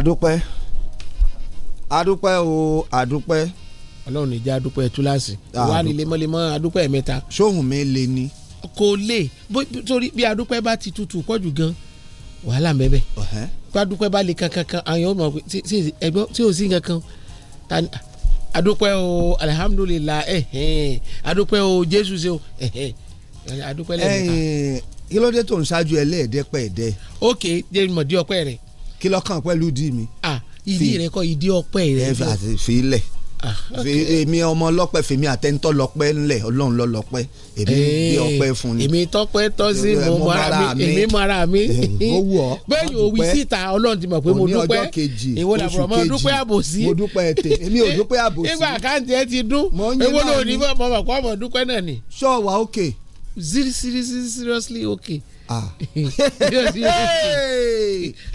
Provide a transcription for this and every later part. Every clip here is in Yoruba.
àdúpẹ́ àdúpẹ́ o àdúpẹ́. ọlọ́run ní jẹ́ àdúpẹ́ túláàsì wà ní lemọ́lemọ́ àdúpẹ́ mẹ́ta. sóhùn mi le ni. kò lè torí bí àdúpẹ́ bá ti tutù pọ̀jù gan wàhálà mẹ́bẹ̀. gbàdúpẹ́ bá le kankankan àyàn ọmọ ẹgbọ́n tí ò sí kankan àdúpẹ́ o alihamudulilayi ẹ̀hẹ́n àdúpẹ́ o jésù ṣe o ẹ̀hẹ́n àdúpẹ́ lẹ́yìn ká. kí ló dé tó ń ṣáájú ẹlẹ́ẹ̀dẹ́pẹ̀ẹ́dẹ́. ok jẹ́ ìmọ̀dí ọpẹ́ rẹ̀ kí lọ́kàn pẹ̀lú ìdí mi. ah, ìdí rẹ kọ ìdí ọpẹ rẹ. ẹ ah, fi ilẹ̀ èmi ọmọ ọlọ́pẹ́ fèmi àtẹ́ńtọ́ lọ́pẹ́ ńlẹ̀ ọlọ́run lọ lọ́pẹ́ èmi bí eh, ọpẹ́ fún ni. èmi tọpẹ́ tọ́ sí mo mara mi èmi mara mi bẹ́ẹ̀ni òwì síta ọlọ́run ti mọ̀ pé mo dúpẹ́ ọjọ́ kejì oṣù kejì mo dúpẹ́ àbòsí mo dúpẹ́ ẹ̀tẹ̀ èmi ò eh, dúpẹ́ àbòsí. nígbà àkáǹtì ẹ ti dún èwo ló ní mọ̀ mọ̀ kọ́ mọ̀ dúpẹ́ náà ni. Sure, wa okay. seriously okay. Ah.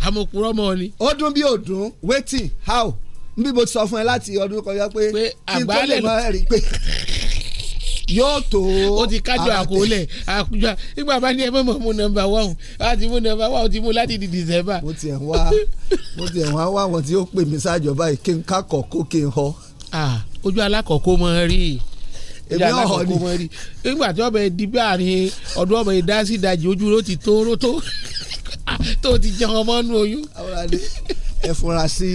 amòkúrọ́ mọ́ ni. ó dún bí ó dún wetin how nbí mo ti sọ fún ẹ láti ọdún kọjá pé kí n tó lè máa rí i pé yóò tó o ti kájọ àkọọ́lẹ̀ àkójọ nígbà bá ní ẹ mọ̀ mú nọ́mbà one a ti mú nọ́mbà one o ti mú láti di december. mo tiẹ̀ wá mo tiẹ̀ wá wá àwọn tí ó pè mí sáàjọba yìí kí n ká kọ̀ọ̀kọ́ kí n họ. Ah, ojú alákọ̀ọ́kọ́ mọ́ rí i èmi ọ̀họ́ ni nígbà tí ọbẹ̀ di bí àárín ọdún ọbẹ̀ dá sí ìdajì ojú ló ti tóóró tó tó ti jẹun ọmọ nù oyún. ẹ fura sí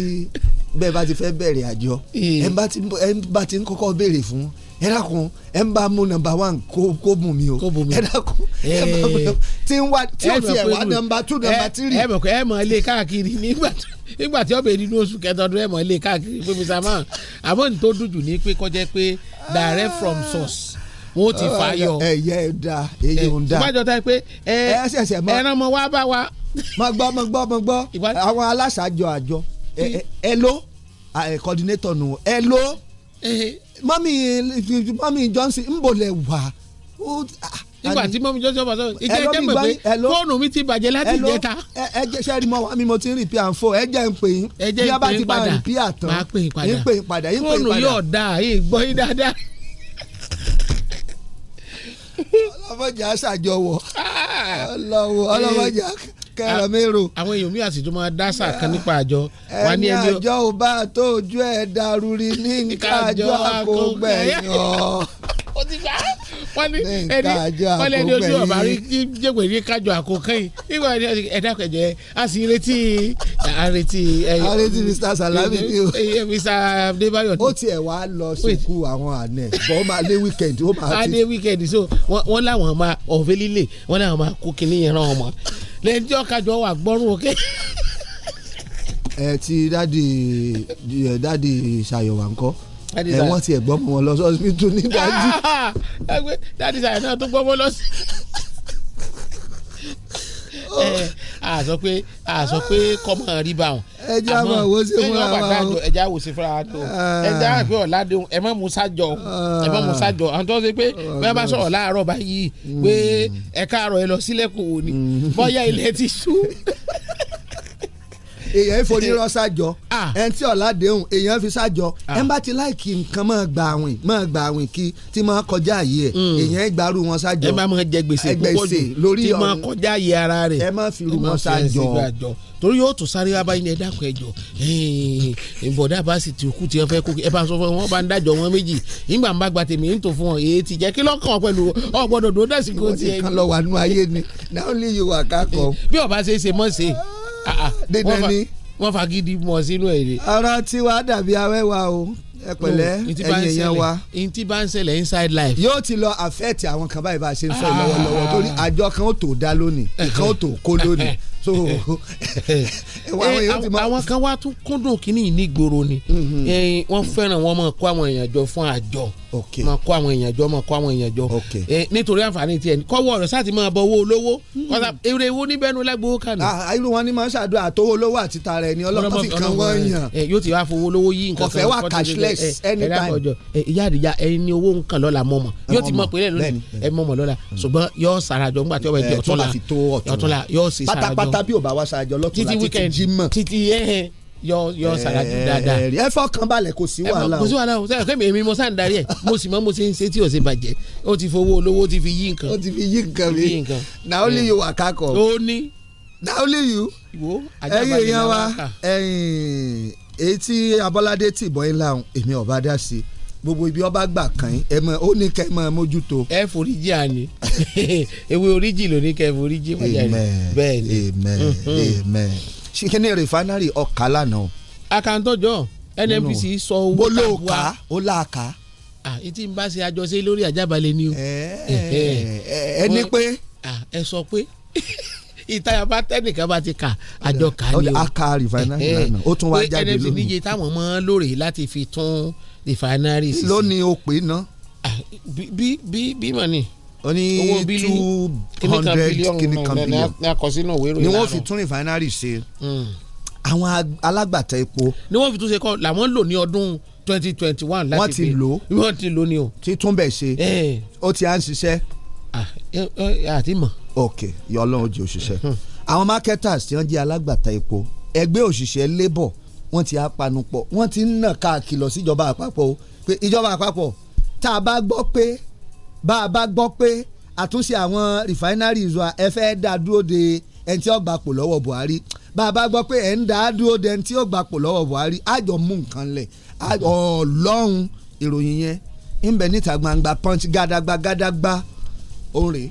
bẹ́ẹ̀ bá ti fẹ́ bẹ̀rẹ̀ àjọ eh. ẹ bá ti ń kọ́kọ́ béèrè fún ẹ dákun ẹ ń bá mú nọ́mbà one kó bùn mí o ẹ dákun ẹ eh. bá mú tí ń wá tí ò tiẹ̀ wá nọ́mbà two nọ́mbà eh, three. ẹ mọ̀ ẹ mọ̀ ilé káàkiri nígbà tí ọbẹ̀ nínú oṣù kẹtọ́dún ẹ mọ̀ ilé káàkiri pé mr man àmọ́ ní tó dùn jù ní pé kọjá pé direct from ah. source wọn ó ti ah, fà á yọ. ẹyẹ ẹdá èyí eh, ń dá. ìbájọ́ ta pé eh, ẹ ẹran mọ wá bá wa. mo gbọ́ mo gbọ́ mo gbọ́ àwọn aláṣàjọ àjọ ẹ ló coordinator nù ẹ ló eh, mọ́mí mọ́mí Johnson ń bò lẹ̀ wá nígbà tí mọ́mí jọ́jọ́ bá sọ̀rọ̀ ìjẹ́ ẹjẹ́ mọ̀ pé fóònù mi ti bàjẹ́ láti ìjẹta. ẹ jẹ́ sẹ́ẹ̀rì mọ́ wa mi mo ti ń rìpíà ń fò ẹ ń pè yín bí a bá ti bá rìpíà tán ń pè yín padà fóònù yóò da yìí gbọ́ yín dáadáa. ọlọ́mọdé aṣàjọwọ̀ eh, ọlọ́mọdé kẹrọ mérò. àwọn èèyàn míì àti tó máa dá sàkán nípa àjọ. ẹni àjọ ò bá tó ojú ẹ̀ darúri ní nǹkan àjọ àkógbẹ̀yàn. ó wọ́n ní ẹni wọ́n ní ẹni ojú ọ̀bà rí jẹ́gbẹ̀ ní kájọ àkókò yìí nígbà ẹ̀dá kẹjẹ a sì retí àretí. àretí Mr Salami ni o Mr Adébáyọ̀ ni. ó tiẹ̀ wá lọ sìnkú àwọn àna ẹ̀ bọ́ máa lé weekend ó máa ti. adé weekend so wọ́n láwọn máa ọ̀fẹ́ líle wọ́n láwọn máa kó kinní yẹn rán ọmọ lẹ́yìn tí wà gbọ́rùn òkè ẹ ti dáàdi dáàdi ṣàyẹ̀wò à ẹ wọ́n ti ẹ̀ gbọ́mọ wọn lọ sọ́sibítù ní dájú. dájú sàyẹn náà tó gbọ́mọ lọ sí. Oh. Eh, a sọ pé a sọ pé kọ́mọ rí bá wọn. ẹja ma wo se fúnra wa o ẹja wo se fúnra wa o ẹja àgbẹ̀ ọ̀làdé ẹ má musa jọ ẹ má musa ah. jọ àwọn tó ń sọ pé oh, bẹ́ẹ̀ bá sọ̀rọ̀ láàárọ̀ báyìí pé hmm. ẹ káàárọ̀ ẹ lọ sílẹ̀kùn òní hmm. bọ́yá ilẹ̀ ti ṣú. èèyàn ìfò onírọ́ sájọ ah. ẹni tí ọ̀la dẹ̀hùn èèyàn fi sájọ ah. ẹ̀ ń bá ti láìkì nǹkan máa gbà àwìn máa gbà àwìn kí tí máa kọjá àyè ẹ̀ hmm. èèyàn ìgbàrú wọn sájọ ẹ máa jẹ gbèsè púpọ̀ jù tí máa kọjá àyè ara rẹ̀ ẹ máa fi rú wọn sájọ torí yóò tún sáré wá báyìí ní ẹ̀dá ẹ̀jọ̀ ìbọ̀dá bá sì ti kú tí fẹ́ kó ẹ bá sọ fún wọn bá ń dájọ́ wọn méjì nígbà ń gba tèmi ń fún ọ èyí ti jẹ́ kí lọ́kàn pẹ̀lú ọgbọ́dọ̀ tó dẹ̀sí kó tiẹ̀. ìkan lọ wà nú ayé ni na only you wà kákọ. bí ọba ṣe ṣe mọ̀ ṣe ah, ah, ah. dédé ni wọ́n fagídí sínú ẹ̀ rè. ọ̀rọ̀ tiwa dàbí awẹ́wà o ẹ pẹ̀lẹ́ oh, ẹ̀yin èèyàn wa. n bá ń ṣẹlẹ̀ inside life. yóò ti lọ affect àwọn kan báyìí bá a ṣe ń sọ lọ́wọ́lọ́wọ́ torí àjọ kan ó tó dá lónìí ìkan ó tó kó lónìí eh, eh so eh, eh, eh, àwọn kan wá tún kúndùn kínní ní ìgboro ni mm-hmm. wọ́n fẹ́ràn wọn máa kó àwọn èèyàn jọ fún àjọ mọ̀ kó àwọn èèyàn jọ mọ̀ kó àwọn èèyàn jọ nítorí àǹfààní tiẹ̀ kọ́wọ́ rẹ̀ sáà ti máa bọ owó olówó hmm. kọ́sà eré owó níbẹ̀ nu lágbó kànú. Ah, irú wọn ni màá ṣàdúrà tó owó olówó àti tara ẹni ọlọ́run fi kan wọ́n yàn. yóò ti wá fowó olówó yí nǹkan kan kọfẹ́ wà cashless anytime. ìyá àdìyà ẹni owó nǹkan lọ́la mọ̀mọ̀ yóò ti mọ̀ pé lẹ́nu ẹ mọ̀mọ̀ lọ́la hmm. ṣùgbọ́n yóò sàràjọ ńgbà tí ó bẹ di ọ̀túnla ọ̀túnla yóò sì sàràjọ. pátápátá bí yọ yọ eh, sàràjù dáadáa. ẹ̀rí eh, eh, ẹ fọkàn balẹ̀ kò sí wàhálà o. kò sí wàhálà o sẹ́yìn kẹ́mi èmi mo sáà ń darí ẹ̀ mo sì mọ́ mo ṣe ń ṣe tí o ṣe bàjẹ́ o ti fowó olówó o ti fi yí nǹkan. o ti fi yí nǹkan mi na only you wà kakọ. o ní. na only you. wo ẹyin èèyàn wa ah. ẹyin èyí abọ́ládé tì bọ́ ilá òun èmi ọ̀bá dá sí gbogbo ibi ọba gbà kàn yín ẹ mọ ó ní kẹ mọ mójútó. ẹ foríjì àní ewé oríjì ló ní kẹ foríjì wájà rẹ bẹ́ẹ̀ ni. amen mm-hmm. amen amen kíní rìfánárì ọkà lánàá. akantọjọ nnpc sọ owó tàbúà ó láàka. etí n bá ṣe àjọṣe lórí àjábalẹ̀ ni o. ẹ ní pé. ẹ sọ pé ìtayà bá tẹnìkan bá ti kà àjọ kà ni o. a ka rìfánárì lánàá ó tún wá jáde lónìí. nnpc níye táwọn mọ lórí láti fi tún rìfánárì sí. lónìí o pè é ná. bí bí bí mọ̀ ni ó ní two hundred kìnnìkan billion ni wọ́n fi tún refinery ṣe hmm. àwọn alágbàtà epo. ni wọ́n fi tún ṣe kọ́ làwọn lò ní ọdún twenty twenty one láti pé wọ́n ti lò wọ́n ti lò ni o. ti tún bẹ̀ ṣe ó ti à ń ṣiṣẹ́. àti ah, mọ̀. ok yọ ọlọ́run ojú òṣìṣẹ́ hmm. àwọn marketers tí wọ́n jẹ́ alágbàtà epo ẹgbẹ́ òṣìṣẹ́ labour wọ́n ti apanupọ̀ wọ́n ti ń nà káàkiri lọ sí ìjọba àpapọ̀ pé ìjọba àpapọ̀ tá a bá gbọ́ pé bá a bá gbọ́ pé àtúnṣe àwọn refineries wa ẹ fẹ́ dá dúró de ẹni tí ó gbapò lọ́wọ́ Buhari bá a bá gbọ́ pé ẹ̀ ń dá dúró de ẹni tí ó gbapò lọ́wọ́ Buhari àjọ mú nǹkan lẹ̀ ọlọ́run ìròyìn yẹn ń bẹ níta gbangba punch gàdàgbà gàdàgbà òrè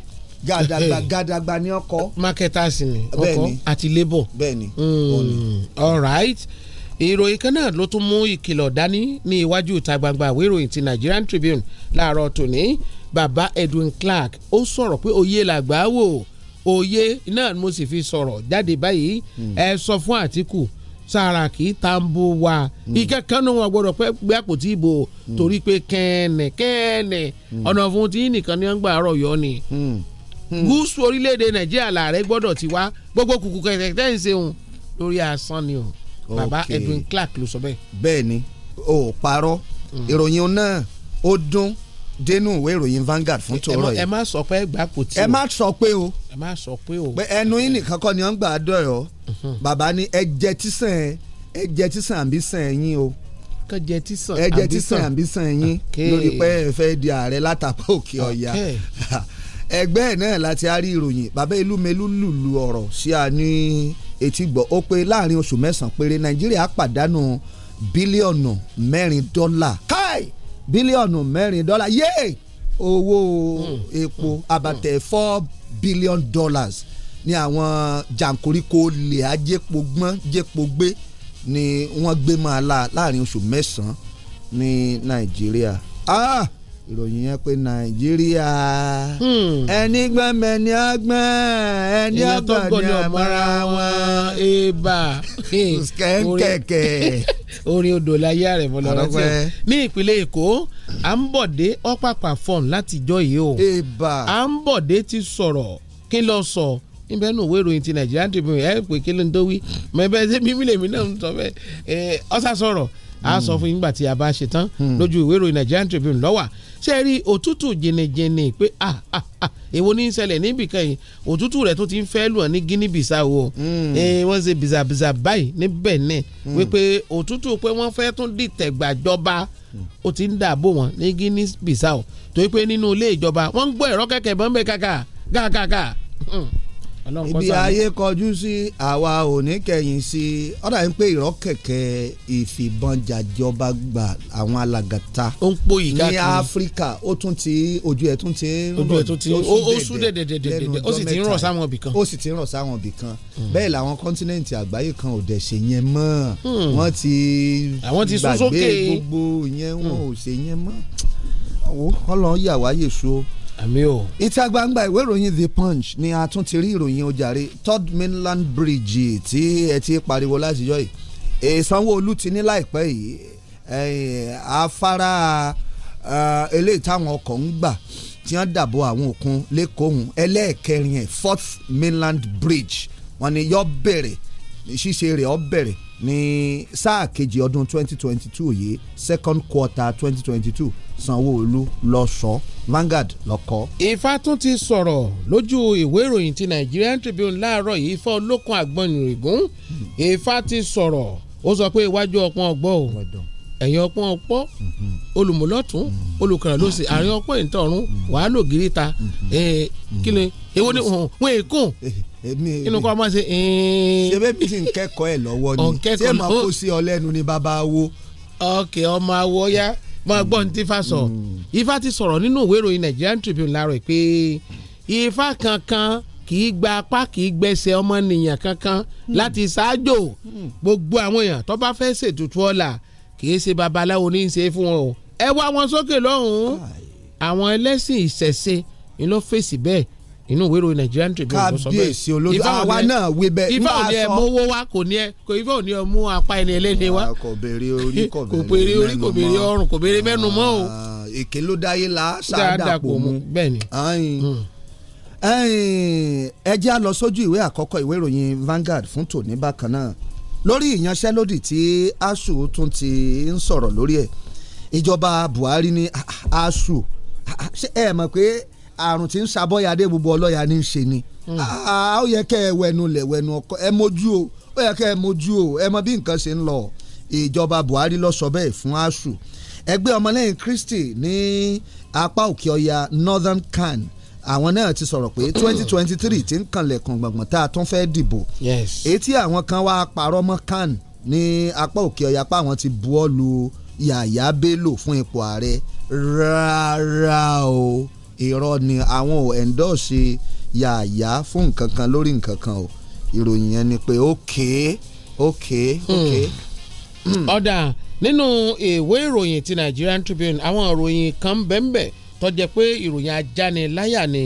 gàdàgbà gàdàgbà ní ọkọ. marketers ni ọkọ àti labour. bẹ́ẹ̀ni mm, all right ìròyìn kan náà ló tún mú ìkìlọ̀ dání ní iwájú ìta gbangba ìwé ìròyìn Nigerian Tribune láàárọ̀ tòní Baba Edwin Clark ó sọ̀rọ̀ pé òye làgbà wò òye náà mo sì fi sọ̀rọ̀ jáde báyìí hmm. ẹ sọ fún Àtìkù Sàràkí tambo wa hmm. ìkẹ́kẹ́nu wọn gbọ́dọ̀ pẹ́ gbé àpótí ìbò hmm. torí pé kẹ́ẹ̀nẹ̀ kẹ́ẹ̀nẹ̀ ọ̀nà fún tí nìkan ní ọgbà àárọ̀ yọ ni gúúsù orílẹ̀-èdè Nàìjíríà làárẹ̀ gbọ́dọ̀ ti wá gbogbo kùkù kẹ̀kẹ́ tẹ́ ń ṣeun lórí asán ni o bàbá Edwin Clark ló sọ bẹ́ẹ̀. bẹ́ẹ̀ ni o ò ìròyìn náà ó dún dénú ìwé ìròyìn Vanguard fún tòórọ yìí. ẹ má sọ pé ẹgbàá kò tí o. ẹ má sọ pé o. ẹ má sọ pé o. pé ẹnu yín nìkan kọ́ ni wọ́n ń gbà dọ̀yọ́ mhm. bàbá ni ẹ jẹ tísàn ẹ jẹ tísàn àbí sàn yín o. kàn jẹ tísàn àbí sàn. ẹ jẹ tísàn àbí sàn yín lórí pé ẹ fẹ́ di ààrẹ látàpá òkè ọ̀yà ẹgbẹ́ ẹ̀ náà láti á ìròyìn bàbá ìlú melu lùlù ọ̀rọ̀ sí a ní etí gbọ́ ó pé láàrin oṣù mẹ́sàn-án péré Nàìjíríà pàdánù bílíọ̀nù mẹ́rin dọ́là káì bílíọ̀nù mẹ́rin dọ́là yéè owó hmm. epo hmm. abatẹ four billion dollars ni àwọn jàǹkóríkó lè ajépo gbọ́n jépo gbé ni wọ́n gbé máa la láàrin oṣù mẹ́sàn-án ní nàìjíríà. Ah! ìròyìn yẹn pé nàìjíríà hmm. ẹni gbọ́nbẹ ni a gbọ́n ẹni ọgbọ́n ni àmọ́ra wọn ebà kẹ́ńkẹ́kẹ́. orin odò láyé ààrẹ bọ́lá rántí ẹ̀ ní ìpínlẹ̀ èkó à ń bọ̀dé ọ́pàpà fọ́ọ̀n láti ìjọ yìí o à ń bọ̀dé ti sọ̀rọ̀ kí ló sọ níbẹ̀ nù wérò yìí ti Nigerian Tribune ẹ̀ pé kí ló ń dówí mẹ́bẹ́ ṣé mímí lèmi náà ń sọ bẹ́ẹ̀ ọ̀sà sọ̀rọ̀ a sọ hmm. fún yín nígbà tí a bá ṣe tán hmm. lójú ìwé ìròyìn Nigerian Tribune lọ́wà ṣe rí òtútù jìnnìjìnnì pé ah ah ah èwo ní í ṣẹlẹ̀ níbìkan yìí òtútù rẹ̀ tó ti ń fẹ́ lù ọ́ ní Guinea Bissau o hmm. wọ́n ṣe bìzàbìzà báyìí ní Benin hmm. wípé òtútù pé wọ́n fẹ́ tún dìtẹ̀ gbàjọba ó ti ń dààbò wọn ní Guinea Bissau torí pé nínú ilé ìjọba wọ́n ń gbọ́ ẹ̀rọ kẹ̀kẹ́ bọ́ńbẹ́ kàkà kàkà kàkà. Hmm ibi ayé kọjú sí àwa ò ní kẹ̀yìn sí i ọ̀dà yín pé ìrọ́kẹ̀kẹ̀ ìfìbọnjàjọba gba àwọn alàgàtà ní áfíríkà ó tún ti ojú ẹ̀ tún ti ń rọ̀ ojú ẹ̀ tún ti ó sún dẹ̀dẹ̀dẹ̀dẹ̀dẹ̀ ó sì ti ń rọ̀ sáwọn ibì kan ó sì ti ń rọ̀ sáwọn ibì kan hmm. bẹ́ẹ̀ làwọn kọ́ńtínẹ̀ǹtì àgbáyé kan ò dẹ̀ ṣe yẹn mọ́ hmm. wọ́n ti gbàgbé gbogbo yẹn wọn hmm. ò ṣe yẹn mọ́ ọlọ́run yà wá yèso àmì o. ìta gbangba ìwé ìròyìn the punch ni a tún ti rí ìròyìn ojàre third mainland bridge tí ẹ ti pariwo látijọ́ yìí ìsanwó-olú ti ní láìpẹ́ yìí afárá eléyìí táwọn ọkọ̀ ń gbà tí wọ́n dàbọ̀ àwọn òkun lẹ́kọ̀ọ́hún ẹlẹ́ẹ̀kẹrin ẹ̀ fourth mainland bridge wọ́n ní yọ bẹ̀rẹ̀ ṣíṣe rẹ̀ ọ bẹ̀rẹ̀ ní sáà kejì ọdún 2022 yìí second quarter 2022 Sanwó-Olú lọ sọ Vanguard lọkọ. Ifá tún ti sọ̀rọ̀ lójú ìwé ìròyìn ti Nigerian Tribune láàárọ̀ yìí Ifá olókun àgbọ̀nrìngún Ifá ti sọ̀rọ̀ ó sọ pé iwájú ọpọ́n ọgbọ́ o ẹ̀yìn ọpọ́n ọpọ́ olùmúlọ́tún olùkàrà ló sì àárín ọpọ́n ìtọ̀run wàá lògiri ta mm-hmm. eh, kí ni èwo ni wọ́n mm-hmm. èkó inú kọ́ ọmọ ṣe. ṣé bébí sì ń kẹ́kọ̀ọ́ ẹ̀ lọ́wọ́ ni ṣé màá kó sí ọ lẹ́nu ni bàbá awo. ọkẹ́ ọmọ awo yá máa gbọ́n tí Ifá sọ hmm. Ifá ti sọ̀rọ̀ nínú ìwé ìròyìn Nigerian Tribune láàárọ̀ pé Ifá kankan kì í gba apá kì í gbẹsẹ̀ ọmọnìyàn kankan hmm. láti ṣáájò hmm. gbogbo àwọn èèyàn tó bá fẹ́ ṣètùtù ọ̀la kì í ṣe babaláwo ní í ṣe fún wọn o ẹ wá wọn sókè lọ́hùn-ún àwọn ẹlẹ́sìn ìṣẹ̀ṣe ni ló fèsì bẹ́ẹ̀ inú ìwé ìròyìn Nigerian Tribune ló sọ bẹ́ẹ̀. kábíyèsí olódò àwa náà wí bẹ́ẹ̀. ifá ò ní ẹ mówó wá kò ní ẹ kò ifá ò ní ẹ mú apá ẹni ẹlẹ́ni wá. kò béèrè orí kò béèrè orí kò béèrè ọrùn kò béèrè mẹ́nu mọ́ o. Ah, èké ló dáyé la sáadàpò mu bẹ́ẹ̀ni. Hmm. ẹ jẹ́ a lọ sójú ìwé àkọ́kọ́ ìwé ìròyìn Vanguard fún tòní bákan náà lórí ìyanṣẹ́lódì tí ASUU tún ti ń sọ̀rọ̀ lórí ẹ̀ ìjọba Buhari ní ah, ah, ASUU ẹ mọ̀ pé àrùn tí ń ṣàbọ̀yàdé gbogbo ọlọ́yà ní í ṣe ni hmm. ó yẹ kẹ́ ẹ wẹnu lẹ̀ wẹnu ọkọ ẹ mójú o ó yẹ kẹ́ ẹ mójú o ẹ mọ bí nǹkan ṣe ń lọ ìjọba Buhari lọ sọ bẹ́ẹ̀ fún ASUU ẹgbẹ́ ọmọlẹ́yìn Kristi ní apá òkè ọya Northern Can àwọn náà ti sọ̀rọ̀ pé twenty twenty three ti ń kanlẹ̀kùn gbọ̀ngbọ̀n tá a tún fẹ́ dìbò etí àwọn kan wá parọ́ mọ́ Can ní apá òkè ọya pa àwọn ti buọ́ lu Yàyà Bello fún ipò ààrẹ rárá o irọ́ ni àwọn ò endorse yàyà fún nǹkan kan lórí nǹkan kan o ìròyìn yẹn ni pé okay okay okay. ọ̀dà nínú ìwé ìròyìn ti Nigerian Tribune àwọn ìròyìn kan bẹ́ẹ̀nbẹ́ tó jẹ́ pé ìròyìn ajániláyà ni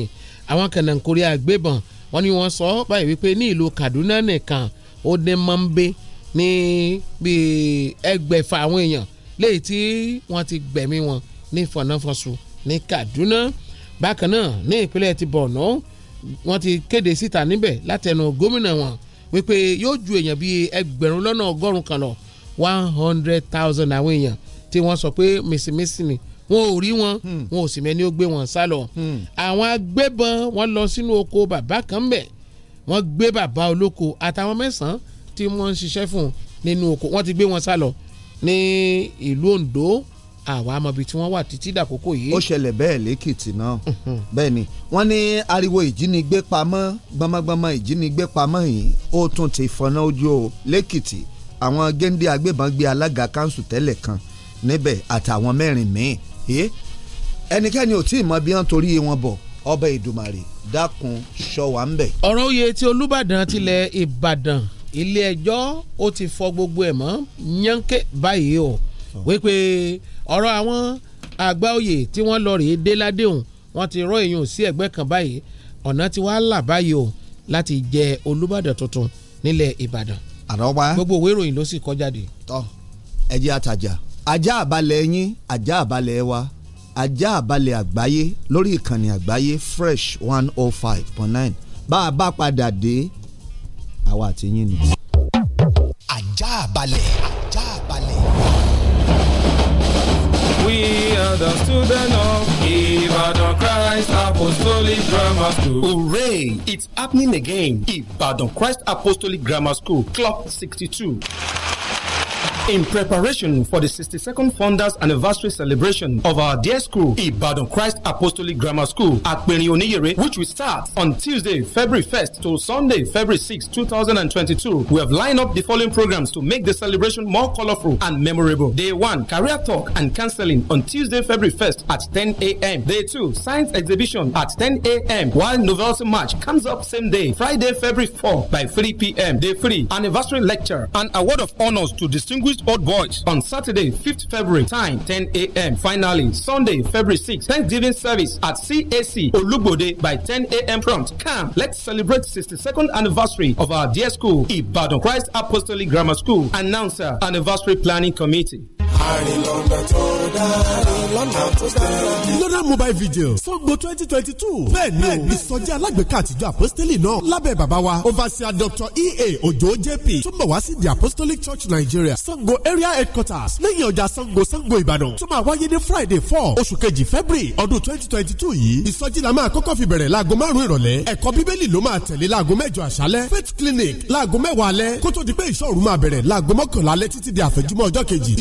àwọn kànáńkórí àgbébọn wọn ni wọ́n sọ báyìí wípé ní ìlú Kaduna nìkan ó dé mọ́ńbé ní bíi ẹgbẹ̀fà àwọn èèyàn léyìí tí wọ́n ti gbẹ̀mí wọn ní fọ̀nàfọ̀sù ní Kaduna bákan náà ní ìpínlẹ̀ ti Borno wọ́n ti kéde síta níbẹ̀ látẹnu gómìnà wọn wípé yóò ju èèyàn bíi ẹgbẹ̀rún lọ́nà ọgọ́rùn-ún kan lọ one hundred thousand àwọn èèyàn tí wọ́n sọ pé mèsìmèsì ni wọn ò rí wọn hmm. wọn ò sì mẹ́ni ó gbé wọn sá lọ. Hmm. àwọn agbébọn wọ́n lọ sínú oko bàbá kan bẹ̀ wọ́n gbé bàbá olóko àtàwọn mẹ́sàn-án tí wọ́n ń ṣiṣẹ́ fún nínú oko wọ́n ti gbé wọn sá lọ ní ìlú Ondo àwa mọbi tí wọ́n wà títí dàkókò yìí. ó ṣẹlẹ̀ bẹ́ẹ̀ lẹ́kìtì náà bẹ́ẹ̀ ni wọ́n ní ariwo ìjínigbé pamọ́ gbọmọgbọmọ ìjínigbé pamọ́ yìí ó tún ti fọná ojú o lẹ́kìtì àwọn géńdé agbébọn gbé alága kanṣu tẹ́lẹ̀ kan níbẹ̀ àtàwọn mẹ́rin míì ẹnikẹ́ni ò tí ì mọ bí wọ́n torí wọn bọ̀ ọba ìdùmarè dákun ṣọwà ń bẹ̀. ọ̀rọ̀ oyè tí olúbàdàn tilẹ̀ ìbàdàn ilé ẹjọ́ ó ti fọ gbogbo ẹ̀ mọ́ yánkẹ́ báyìí o wípé. Oh ọ̀rọ̀ àwọn àgbà oyè tí wọ́n lọ rèé dé ládéhùn wọ́n ti rọ èèyàn sí ẹ̀gbẹ́ kan báyìí ọ̀nà tí wàá là báyìí o láti jẹ olùbàdàn tuntun nílẹ̀ ìbàdàn. àdọ́gba gbogbo òwe ìròyìn ló sì kọ́ jáde. tọ́ ẹ jẹ́ àtàjà ajá àbálẹ̀ yín ajá àbálẹ̀ wa ajá àbálẹ̀ àgbáyé lórí ìkànnì àgbáyé fresh one oh five point nine bá a bá padà dé àwa àti yín ni. ajá àbálẹ̀. elder student of Ibadan Christ Apostolic Grammar School. Hooray! It's happening again. Ibadan Christ Apostolic Grammar School, Clock 62. In preparation for the 62nd Founders Anniversary celebration of our dear school, Ibadan Christ Apostolic Grammar School at Peri Oniyere, which will start on Tuesday, February 1st to Sunday, February 6, 2022, we have lined up the following programs to make the celebration more colorful and memorable. Day 1, Career Talk and Counseling on Tuesday, February 1st at 10 a.m. Day 2, Science Exhibition at 10 a.m. While Novelty March comes up same day, Friday, February 4 by 3 p.m. Day 3, Anniversary Lecture and Award of Honors to distinguished used old boys on Saturday, 5th February, time 10 a.m. Finally, Sunday, February 6th, Thanksgiving service at CAC Olugbode by 10 a.m. prompt. Come, let's celebrate 62nd anniversary of our dear school, Ibadan Christ Apostolic Grammar School. Announcer, Anniversary Planning Committee lọ́nà mobile vigil sango twenty twenty two bẹ́ẹ̀ ni ìsọjí alágbèéká àtijọ́ apostoli náà lábẹ́ bàbá wa overseer doctor ea ojo jp tún bọ̀ wá sí the apostolic church nigeria sango area headquarters lẹ́yìn ọjà sango sango ìbàdàn tún máa wáyé ní friday four oṣù kejì february ọdún twenty twenty two yìí ìsọjí la máa kọ́kọ́ fi bẹ̀rẹ̀ láago márùn-ún ìrọ̀lẹ́ ẹ̀kọ́ bíbélì ló máa tẹ̀lé láago mẹ́jọ àṣálẹ́ faith clinic láago mẹ́wàá alẹ́ kótó di pé ìṣọ́ òru máa bẹ̀rẹ̀ láago mọ́kànlá alẹ́ títí di àfẹ́júmọ́ ọjọ́ kejì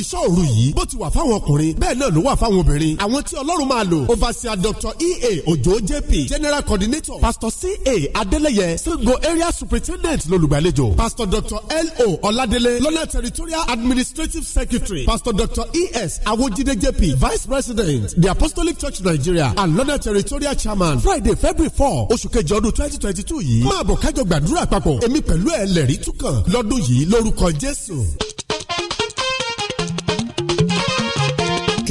yìí bó ti wà fáwọn ọkùnrin bẹ́ẹ̀ náà ló wà fáwọn obìnrin àwọn tí ọlọ́run máa lò overseer dr ea ojo jp general coordinator pastor ca adeleye sango area superintendent lolùgbàlejò pastor dr lo ọládélé lọ́nà territorial administrative secretary pastor dr es awojide jp vice president the apostolic church nigeria and lọ́nà territorial chairman friday february four oṣù kejì ọdún twenty twenty two yìí máa bọ̀ kájọ gbàdúrà papọ̀ èmi pẹ̀lú ẹ̀ lẹ́rìí túkàn lọ́dún yìí lórúkọ jésù.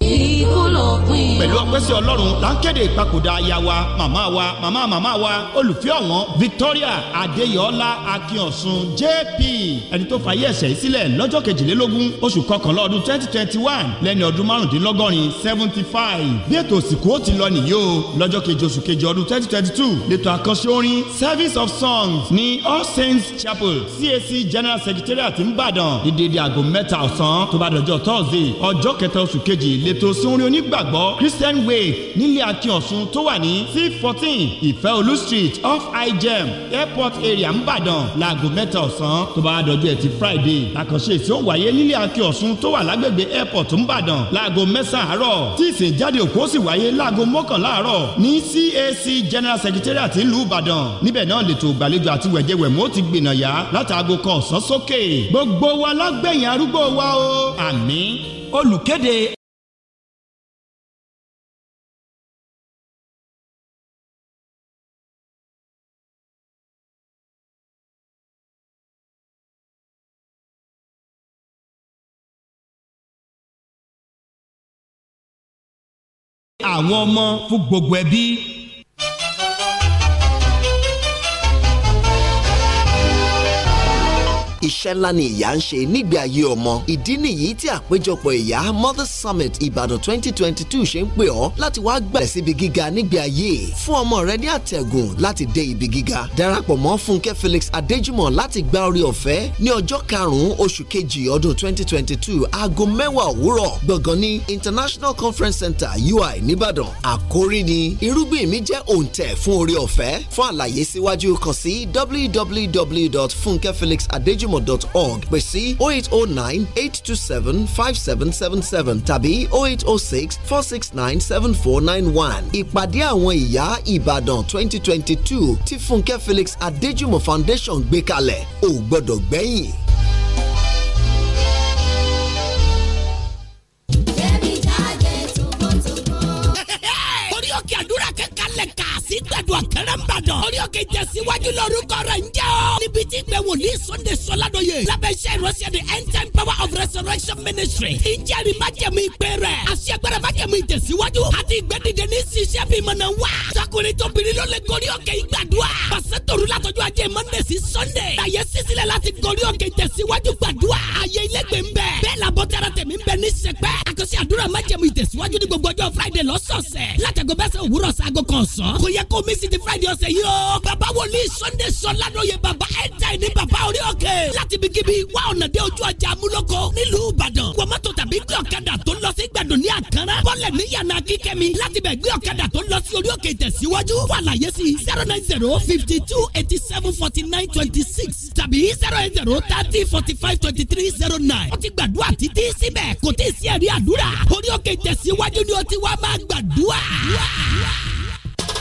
pẹ̀lú ọpẹ́ sí ọlọ́run tá ń kéde ìpakòdà aya wa màmá wa màmá màmá wa olùfẹ́ ọ̀wọ́n Victoria Adéyọ̀ọ́lá Akínọ̀sùn JP ẹni tó fàyè ẹ̀sẹ̀ yìí sílẹ̀ lọ́jọ́ kejìlélógún oṣù kọkànlá ọdún twenty twenty one lẹ́ni ọdún márùndínlọ́gọ́rin seventy five bí ètò òsìnkú ó ti lọ nìyí o lọ́jọ́ kejì oṣù kejì ọdún twenty twenty two lẹ́tọ̀ àkànṣe orin service of songs ní All Saints Chapel CAC General Secretariat Ìbàdàn ní déédéé aago mẹ́ta ọ̀sán tó bá dọjọ́ Thursday ọjọ́ kẹta oṣù kejì ìletò sunre onígbàgbọ́ Christian Wave nílé Akin Ọ̀ṣun tó wà ní c fourteen ìfẹ́ olú street off Igem airport area ńbàdàn láago mẹ́ta ọ̀sán tó bá dọjú ẹtì Friday àkànṣe tí ó wáyé nílé Akin Ọ̀ṣun tó wà lágbègbè airport ńbàdàn láago mẹ́sàn-án àárọ̀ tí ìsìnjáde òkú ó sì wáyé láago mọ́kànlá àárọ̀ ní CAC General Secretariat ìlú Ìbàdàn níbẹ̀ náà lètò ìgbàlejò àti wẹ̀jẹ̀wẹ̀mú ó ti gbìnà yá látàgò kan ọ̀sán sókè gbogbo wa lágbẹ̀yìn arúgbó wa o àmín olùkéde àwọn ọmọ fún gbogbo ẹbí. iṣẹ́ ńlá ni ìyá ń ṣe nígbà ayé ọmọ ìdí nìyí tí àpéjọpọ̀ ìyá Mother Summit Ìbàdàn 2022 ṣe ń pè ọ́ láti wá gbẹ̀rẹ̀ síbi gíga nígbà ayé fún ọmọ rẹ ní àtẹ̀gùn láti dé ibi gíga darapọ̀ mọ́ Fúnkẹ́ Felix Adéjùmọ̀ láti gba orí ọ̀fẹ́ ní ọjọ́ karùn-ún oṣù kejì ọdún 2022 aago mẹ́wàá òwúrọ̀ gbọ̀ngàn ní International Conference Center UI nìbàdàn àkórí ni irúgbìn mi jẹ́ òǹtẹ̀ fún orí ọ̀fẹ́ fún àlàyé síwájú kàn sí www.funkefelisadejum ajimo.org pè sí 0809 827 5777 tàbí 0806 469 7491 ìpàdé àwọn ìyá Ìbàdàn 2022 tí Fúnkẹ́ Felix Adéjùmọ̀ Foundation gbé kalẹ̀ ò gbọ́dọ̀ gbẹ́yìn. orí òkè ìtẹ̀síwájú lórúkọ rẹ̀ ń jẹ́ o. níbi tí ìgbẹ́ wòlíì sunday sọládọ́yè lábẹ́sẹ̀ ìrọsẹ̀ the end time power of resurrection ministry ti ń jẹ́rìí májẹ̀mú ìpè rẹ̀ àṣẹ agbára májẹ̀mú ìtẹ̀síwájú àti ìgbẹ́dìde ní ṣiṣẹ́ bí mọ̀nà wá. sọkùnrin tóbìnrin ló lè gorí òkè ìgbàdúrà. pàṣẹ tòru látọjú ajé monday sí sunday. àyè sísílẹ̀ láti gorí òkè ìtẹ̀síwájú gbàdúrà. àyè ilé gbé ń bẹ̀. bẹ́ẹ̀ làbọ̀ tẹ́ra tẹ̀mí ń bẹ sí àdúrà májẹ̀mú ìtẹ̀síwájú ní gbogbo ọjọ́ friday lọ́sọ̀ọ̀sẹ̀ látàgọ́ bẹ́sẹ̀ òwúrọ̀ sago kan sàn. kò yẹ kó mísì ti friday ọ̀sẹ̀ yìí o. bàbá wòlíì sunday sọlá ló yẹ bàbá ẹ̀ńtà ní bàbá orí òkè. láti bí kíbi wá ọ̀nà dé ojú ọjà amúlòkọ nílùú ìbàdàn. wọ́n mọ́tò tà tàbí gbé ọ̀kadà tó lọ sí gbẹ̀dùn ní àkàrà bọ́lẹ̀ ní yàrá kíkẹ́mi láti bẹ̀ gbé ọ̀kadà tó lọ sí orí òkè tẹ̀síwájú wà láyé sí zero nine zero fifty two eighty seven forty nine twenty six tàbí zero eight zero thirty forty five twenty three zero nine. ó ti gbàdúrà títí síbẹ̀ kò tí ì sí ẹ̀rí àdúrà orí òkè tẹ̀síwájú ni ó ti wá máa gbàdúrà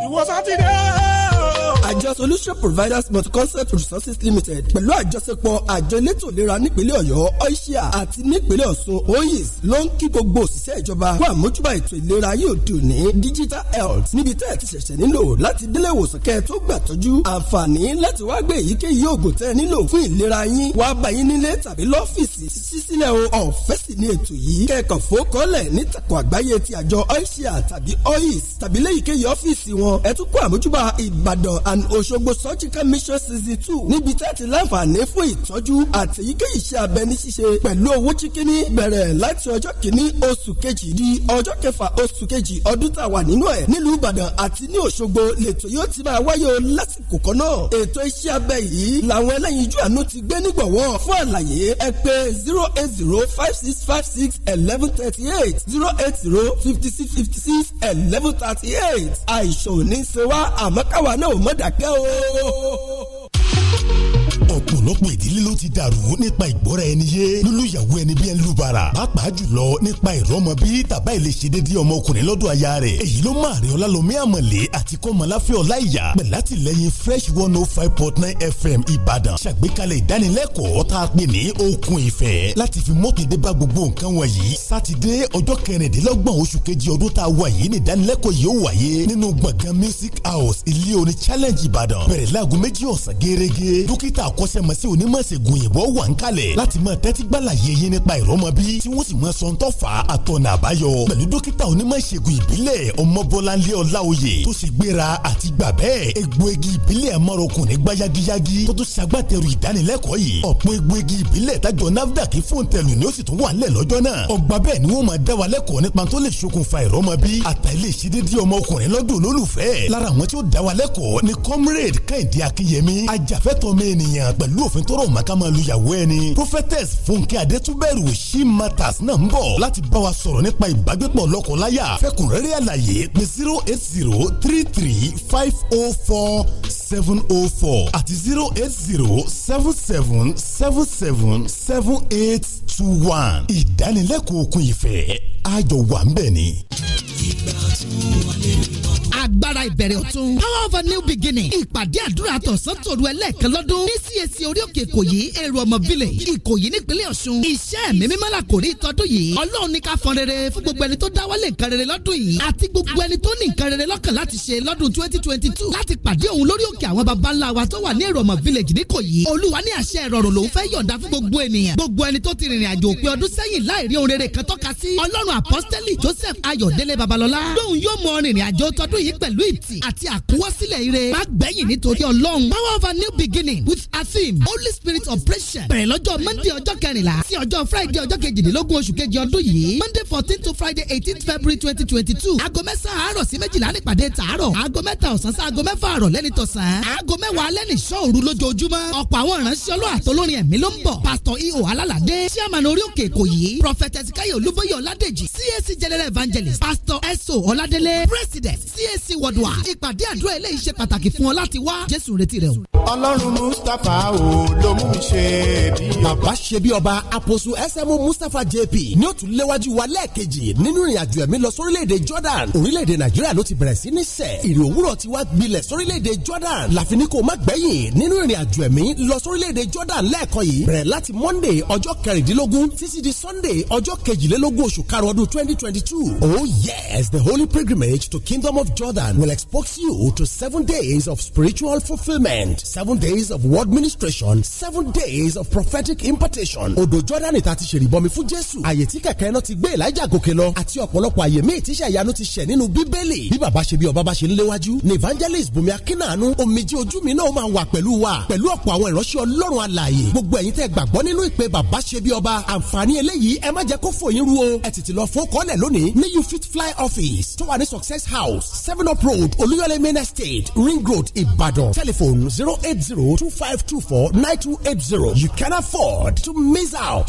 ìwọ sátidé àjọ solution providers multi-concept resources limited pẹ̀lú àjọṣepọ̀ àjọ elétò ìlera nípínlẹ̀ ọ̀yọ́ oisia àti nípínlẹ̀ ọ̀ṣun oyis ló ń kí gbogbo òṣìṣẹ́ ìjọba fún àmójúbà ètò ìlera yóò di òní digital health níbi tẹ́ ẹ̀ ti ṣẹ̀ṣẹ̀ nílò láti délé ìwòsàn kẹ́ ẹ tó gbà tọ́jú àǹfààní láti wá gbé èyíkéyìí oògùn tẹ́ ẹ nílò fún ìlera yín wá bá yín nílé tàbí lọ́fíìsì sísílẹ̀ o ọ̀fẹ́ sì ni ètò yìí kẹ́kọ̀ọ́ fòókọ́lẹ̀ nítakùn àgbáyé ti àjọ oisia tàbí oyis tàbí léyìíkéyìí ọ́fíìsì w wọn ẹ tún kó àmójúbà ìbàdàn and òṣogbo surgical mission season two níbi tẹ́tí láǹfààní fún ìtọ́jú àti èyíkéyìí iṣẹ́ abẹ ní ṣíṣe pẹ̀lú owó chíkíní bẹ̀rẹ̀ láti ọjọ́ kìíní oṣù kejì di ọjọ́ kẹfà oṣù kejì ọdún tá a wà nínú ẹ̀ nílùú ìbàdàn àti ní òṣogbo lẹ́tọ̀ yóò ti máa wáyé o lásìkò kan náà ètò iṣẹ́ abẹ yìí làwọn ẹlẹ́yinjú àánú ti gbé nígbọ̀wọ́ fún àlàyé ẹ pè zero eight zero five six five six eleven thirty eight zero eight zero fifty six fifty six eleven thirty eight àìsàn òní ṣe wá àmọ́ káwa náà ò mọ̀ dákẹ́ o ọ̀pọ̀lọpọ̀ ìdílé ló ti dàrú nípa ìgbọ́ra ẹni yé lólùyàwó ẹni bí ẹni lùbàrà pàápàá jùlọ nípa ìrọmọ bí tàbá ìlèṣe dédé ọmọkùnrin lọ́dọ̀ aya rẹ̀ èyí ló máa rí ọlálọ́mí àmọ̀lé àti kọ́mọláfẹ́ ọláìyá pẹ̀látìlẹ́yìn fresh one oh five point nine fm ìbàdàn ṣàgbékalẹ̀ ìdánilẹ́kọ̀ọ́ tá a pè ní okun ìfẹ́ láti fi mọ́tòdé bá gbogbo nǹkan wọ̀nyí sátidé ọjọ́ kẹrìndínlọ́gbọ̀n oṣù kejì ọdún tá a wà yìí ní ìdánilẹ́kọ̀ọ́ yìí ó wáyé nínú gbọ̀ngàn music house ilé orin challenge ìbàdàn bẹ̀rẹ̀ láago méjì ọ̀sán gẹ́gẹ́ dókítà k akọ́ṣẹ́mọṣẹ́ onímọ̀ṣègùn ìbò wà ń kalẹ̀ láti máa tẹ́tí gbàlàyé yín nípa ìrọ́mọbí tí wọ́n sì máa sọ ń tọ́fà àtọ̀nà àbáyọ pẹ̀lú dókítà onímọ̀ṣègùn ìbílẹ̀ ọmọbọ́láńlé ọláoyè tó sì gbéra àti gbà bẹ́ẹ̀ egbòogi ìbílẹ̀ amárokùn ní gbáyagíyágí tó tún ṣagbátẹrù ìdánilẹ́kọ̀ọ́ yìí ọ̀pọ̀ egbòogi ìbílẹ̀ tájọ nafdac fóńtẹ̀lù ni ó sì tún wà nílẹ̀ lọ́jọ́ náà ọgbà bẹ́ẹ̀ ni wọ́n máa dá wa lẹ́kọ̀ọ́ nípa tó lè ṣokùnfà ìrọ́mọbí àtàlẹ́ ìṣedédé ọmọ ọkùnrin lọ́dún olólùfẹ́ lára àwọn tí ó dá ìlànà pẹ̀lú òfin tó rọ̀ mọ́ ká máa lu ìyàwó ẹni. prophetess fúnkẹ́ adétúbẹ̀rù she matters náà ń bọ̀ láti bá wa sọ̀rọ̀ nípa ìbágbépọ̀ lọ́kọ̀láyà fẹ́kùnrẹ́rẹ́ àlàyé pé zero eight zero three three five oh four seven oh four àti zero eight zero seven seven seven seven seven eight two one. ìdánilẹ́kọ̀ọ́ òkun ìfẹ́ àjọ wà ń bẹ̀ ni. ìgbà tí wọ́n wọlé agbára ìbẹ̀rẹ̀ ọ̀tun. power of a new beginning. ìpàdé àdúrà tọ̀sán tòru ẹlẹ́ẹ̀kan lọ́dún. ní CAC orí òkè ìkòyí èrò ọmọ village ìkòyí nípínlẹ̀ ọ̀ṣun. iṣẹ́ mi mímọ́ la kò rí ìtọ́dún yìí. ọlọ́run ní ká fọn rere fún gbogbo ẹni tó dáwọ́lé nǹkan rere lọ́dún yìí. àti gbogbo ẹni tó ní nǹkan rere lọ́kàn láti ṣe lọ́dún twenty twenty two. láti pàdé òun lórí òkè òkè àwọn baba ńlá wa tó wà ní ìrọ̀mọ̀ village níkòyí olúwa ní àṣẹ ìrọ̀rùn lòún fẹ́ yọ̀ǹda fún gbogbo ènìyàn gbogbo ẹni tó ti rìnrìn àjò òpin ọdún sẹ́yìn láìrí ohun rere kan tọ́ka sí ọlọ́run apọ́sítẹ́lì joseph ayọ̀délé babalọ́lá lóun yóò mọ rìnrìn àjò tọdún yìí pẹ̀lú ìtì àti àkúwọ́sílẹ̀ ire má gbẹ̀yìn nítorí ọlọ́run power of a new beginning with a theme holy spirit operation bẹ̀rẹ̀ lọ́jọ́ monday ọjọ́ kẹrìnlá sí ọjọ́ friday ọjọ́ kejìdínlógún oṣù kejì ọdún yìí monday fourteen to friday eighteen february twenty twenty two aago mẹ́sàn-án àárọ̀ sí méjìlá nípàdé tààrọ̀ aago mẹ́ta ọ̀sán sí aago mẹ́fà àrọ̀ lẹ́ni tọ̀sán mọ́kànlá aago mẹ́wàá alẹ́ ní lójoojúmọ́ ọ̀pọ̀ àwọn ìránṣẹ́ ọlọ́run àtolórin ẹ̀mí ló ń bọ̀ pásítọ̀ ihò e alálàdé chairman orí òkè èkó yìí prophet ezekiel olúbóyè ọládèjì cac general evangelist pastor eso ọládélé president cac worldwide ìpàdé àdúrà eléyìí ṣe pàtàkì fún ọ láti wá jésù retí rẹ o. ọlọ́run mustapha ò ló mú mi ṣe bí ọba. bàbá ṣe bí ọba àpòsù ẹsẹmú mustapha jp ní ó tún léwájú wa lẹ́ẹ̀kejì nínú ìrìnàjò ẹ̀mí lọ sórílẹ̀-èdè jordan orílẹ̀-èdè nàìjíríà ló ti bẹ̀rẹ̀ sí ní sẹ̀ ìrìn òwúrọ̀ ti wá gbilẹ̀ sórílẹ̀-èdè jordan Ramadan láfi ní kó má gbẹ̀yìn nínú ìrìn àjò ẹ̀mí lọ sórílẹ̀‐èdè Jordan lẹ́ẹ̀kan yìí bẹ̀rẹ̀ láti Monday ọjọ́ kẹrìndínlógún títí di Sunday ọjọ́ kejìlélógún oṣù karùn-ún ọdún twenty twenty two oh yes the holy pilgrimage to Kingdom of Jordan will expose you to seven days of spiritual fulfilment seven days of word ministration seven days of prophetic impartation odò Jordan ta ti ṣèrìbọmi fún Jésù àyè tí kẹ̀kẹ́ náà ti gbé Elijah gòkè lọ àti ọ̀pọ̀lọpọ̀ àyè míì tíṣà ìyanu ti ṣẹ̀ nínú Bíbélì bí bàbá ṣe bí ọba bá ṣe ń léwájú ni evangelist Bùnmi Akínàánú omijé ojú mi náà máa wà pẹ̀lú wa pẹ̀lú ọ̀pọ̀ àwọn ìránṣẹ́ ọlọ́run alààyè gbogbo ẹ̀yin tẹ́ gbàgbọ́ nínú ìpè bàbá ṣe bí ọba àǹfààní eléyìí ẹ má jẹ́ kó fòyín ru o ẹ tètè lọ fún kọ́lẹ̀ lónìí ní you fit fly office tó wà ní success house seven up road olúyọlé main estate ring road ìbàdàn telephone zero eight zero two five two four nine two eight zero you can afford to miss out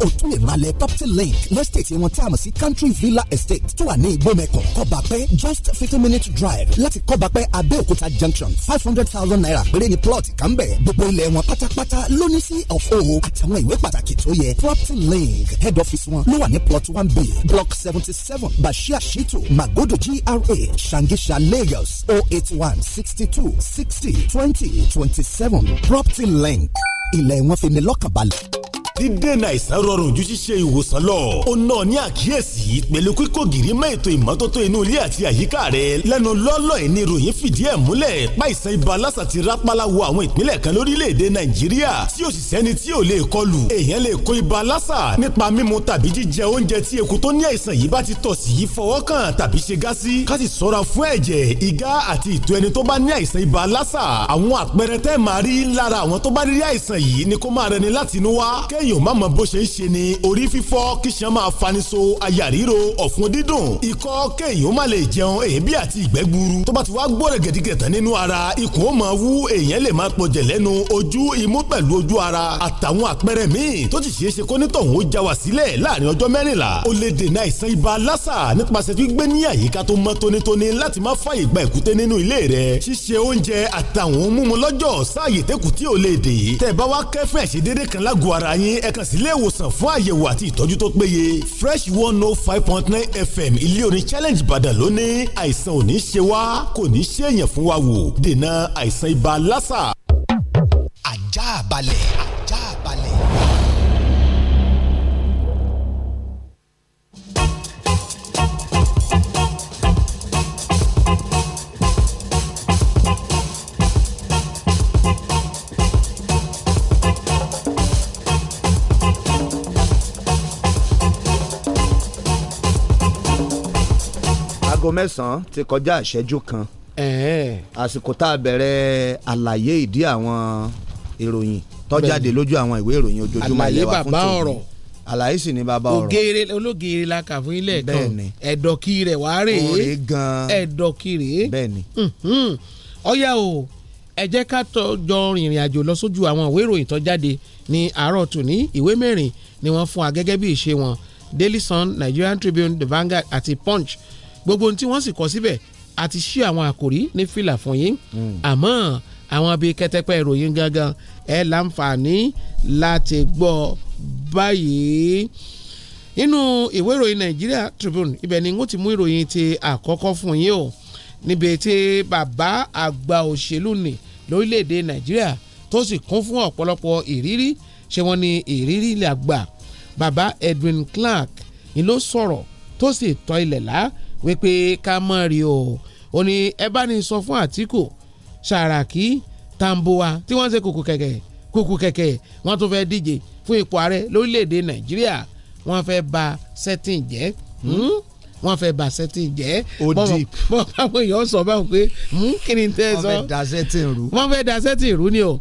wa o lè máa property link lọ́sítẹ̀tì wọn tí a mọ̀ sí country villa estate tó wà ní ìgbọ́mẹ̀kọ̀ kọ́bàpẹ́ just fifteen minute drive láti kọ́bàpẹ́ abẹ́òkúta junction five hundred thousand naira péré ni plot kan bẹ̀ gbogbo ilẹ̀ wọn pátápátá lóní sí ọ̀fọ̀ àtàwọn ìwé pàtàkì tó yẹ property link head office wọn ló wà ní plot one b block seventy seven bashir shitu magodo gra shangisha lagos O oh eight one sixty two sixty twenty twenty seven property link ilẹ̀ wọn fi ni lọ́kàn balẹ̀ dídènà àìsàn rọrùn ju ṣíṣe ìwòsàn lọ ó náà ní àkíyèsí pẹ̀lú kíkó gìrì mọ́ ètò ìmọ́tótó inú ilé àti àyíká rẹ lẹ́nu lọ́lọ́ ìní ìròyìn fìdí ẹ̀ múlẹ̀ páìsàn ibà lásà ti rápálá wo àwọn ìpínlẹ̀ kan lórílẹ̀‐èdè nàìjíríà tí òṣìṣẹ́ ni tí ò lè kọlù èèyàn lè kó ibà lásà nípa mímu tàbí jíjẹ oúnjẹ tí eku tó ní àìsàn yìí bá ti tọ̀ sí yìí fọwọ́ kàn tàbí ṣe gá sí ká sì sọ́ra fún ẹ̀jẹ̀ ìgá àti ìtọ̀ ẹni tó bá ní àìsàn ibà lásà àwọn àpẹẹrẹ tẹ́ẹ̀ máa rí lára àwọn tó bá rí àìsàn yìí ni kó máa rẹni látinú wá kẹ́ kéèyàn má mọ bó ṣe ń ṣe ni orí fífọ́ kíṣàn máa faniṣo àyà ríro ọ̀fun dídùn ikọ́ kéèyàn má lè jẹun èébì àti ìgbẹ́ gbuuru tó bá ti wá gbọ́dọ̀ gẹ̀dígẹ̀tàn nínú ara ikùn ó máa wú èèyàn lè máa pọ̀jẹ̀ lẹ́nu ojú imú pẹ̀lú ojú ara àtàwọn àpẹẹrẹ míì tó ti ṣeé ṣe kó nítọ̀hún ó já wa sílẹ̀ láàrin ọjọ́ mẹ́rìnlá ó lè dènà àìsàn ibà lásà nípasẹ̀ gbígbé ní àyíká tó mọ́ tónítóní láti má fàyè gba èkúté nínú ilé rẹ̀ ṣíṣe oúnjẹ àtàwọn mímu lọ́jọ́ sáàyè tẹ́kù tí ò lè dè tẹ̀ bá wá kẹ́fẹ́ ṣe déédéé kan lágọ̀ọ́ ara yín ẹ kàn sí ilé ìwòsàn fún àyẹ̀wò àti ìtọ́jú tó péye fresh one oh five point nine fm ilé orin challenge ìbàdàn lónìí àìsàn ò ní ṣe wá kò ní ṣe èèyàn fún wa wò dènà àìsàn ibà lásà. ajá balẹ̀ ajá balẹ̀. aago mẹ́sàn-án ti kọjá ìṣẹ́jú kan àsìkò tá a bẹ̀rẹ̀ àlàyé ìdí àwọn ìròyìn tó jáde lójú àwọn ìwé ìròyìn ojoojúmọ́ ilé wa fún tòun àlàyé sì ni bàbá ọ̀rọ̀ ògèrè ológèrè la kà fún ilé ẹ̀kan ẹ̀dọ̀kì rẹ̀ rè é ẹ̀dọ̀kì rè é bẹ́ẹ̀ni ọ̀yá o ẹ jẹ́ ká jọ rìnrìn àjò lọ sójú àwọn ìwé ìròyìn tó jáde ní àárọ̀ tòní ìwé mẹ́rin ni wọ́n fún wa gẹ́gẹ́ bí ìṣe wọn Daily Sun Nigerian Tribune The Vanguard àti Punch gbogbo ohun tí wọ́n sì kọ síbẹ̀ àti ṣí àwọn àkòrí ní fìlà fún yín hmm. àmọ́ àwọn bíi kẹtẹpẹ ìròyìn gangan ẹ láǹfààní láti gbọ́ báyìí nínú ìwé ìròyìn Nigeria Tribune ibẹ̀ ni wọ́n ti mú ìròyìn ti àkọ́kọ́ fún yín o níbi tí bàbá àgbà òṣèlú ni lórílẹ̀‐èdè Nàìjíríà tó sì kún fún ọ̀pọ̀lọpọ̀ ìrírí ṣé wọ́n ní ìrírí ilẹ̀ àgbà bàbá Edwin Clark ni ló sọ̀rọ̀ tó sì tọ́ ilẹ̀ lá wípé ká mọ̀ rí o ò ní ẹ bá ní sọ fún Àtíkù Sàràkí Tambuwa tí wọ́n ń ṣe kùkù kẹ̀kẹ́ kùkù kẹ̀kẹ́ wọ́n tún fẹ́ díje fún ipò ààrẹ lórílẹ̀‐èdè Nàìjíríà wọ́n fẹ́ ba sẹ́tìn jẹ́ hmm? Hmm? wọ́n fẹ́ ba sẹ́tìn jẹ́ bọ́ báwo èèyàn sọ báwo pé mú hmm, kíni tẹ́ sọ wọ́n fẹ́ da sẹ́tìn rú wọ́n fẹ́ da sẹ́tìn rú ni o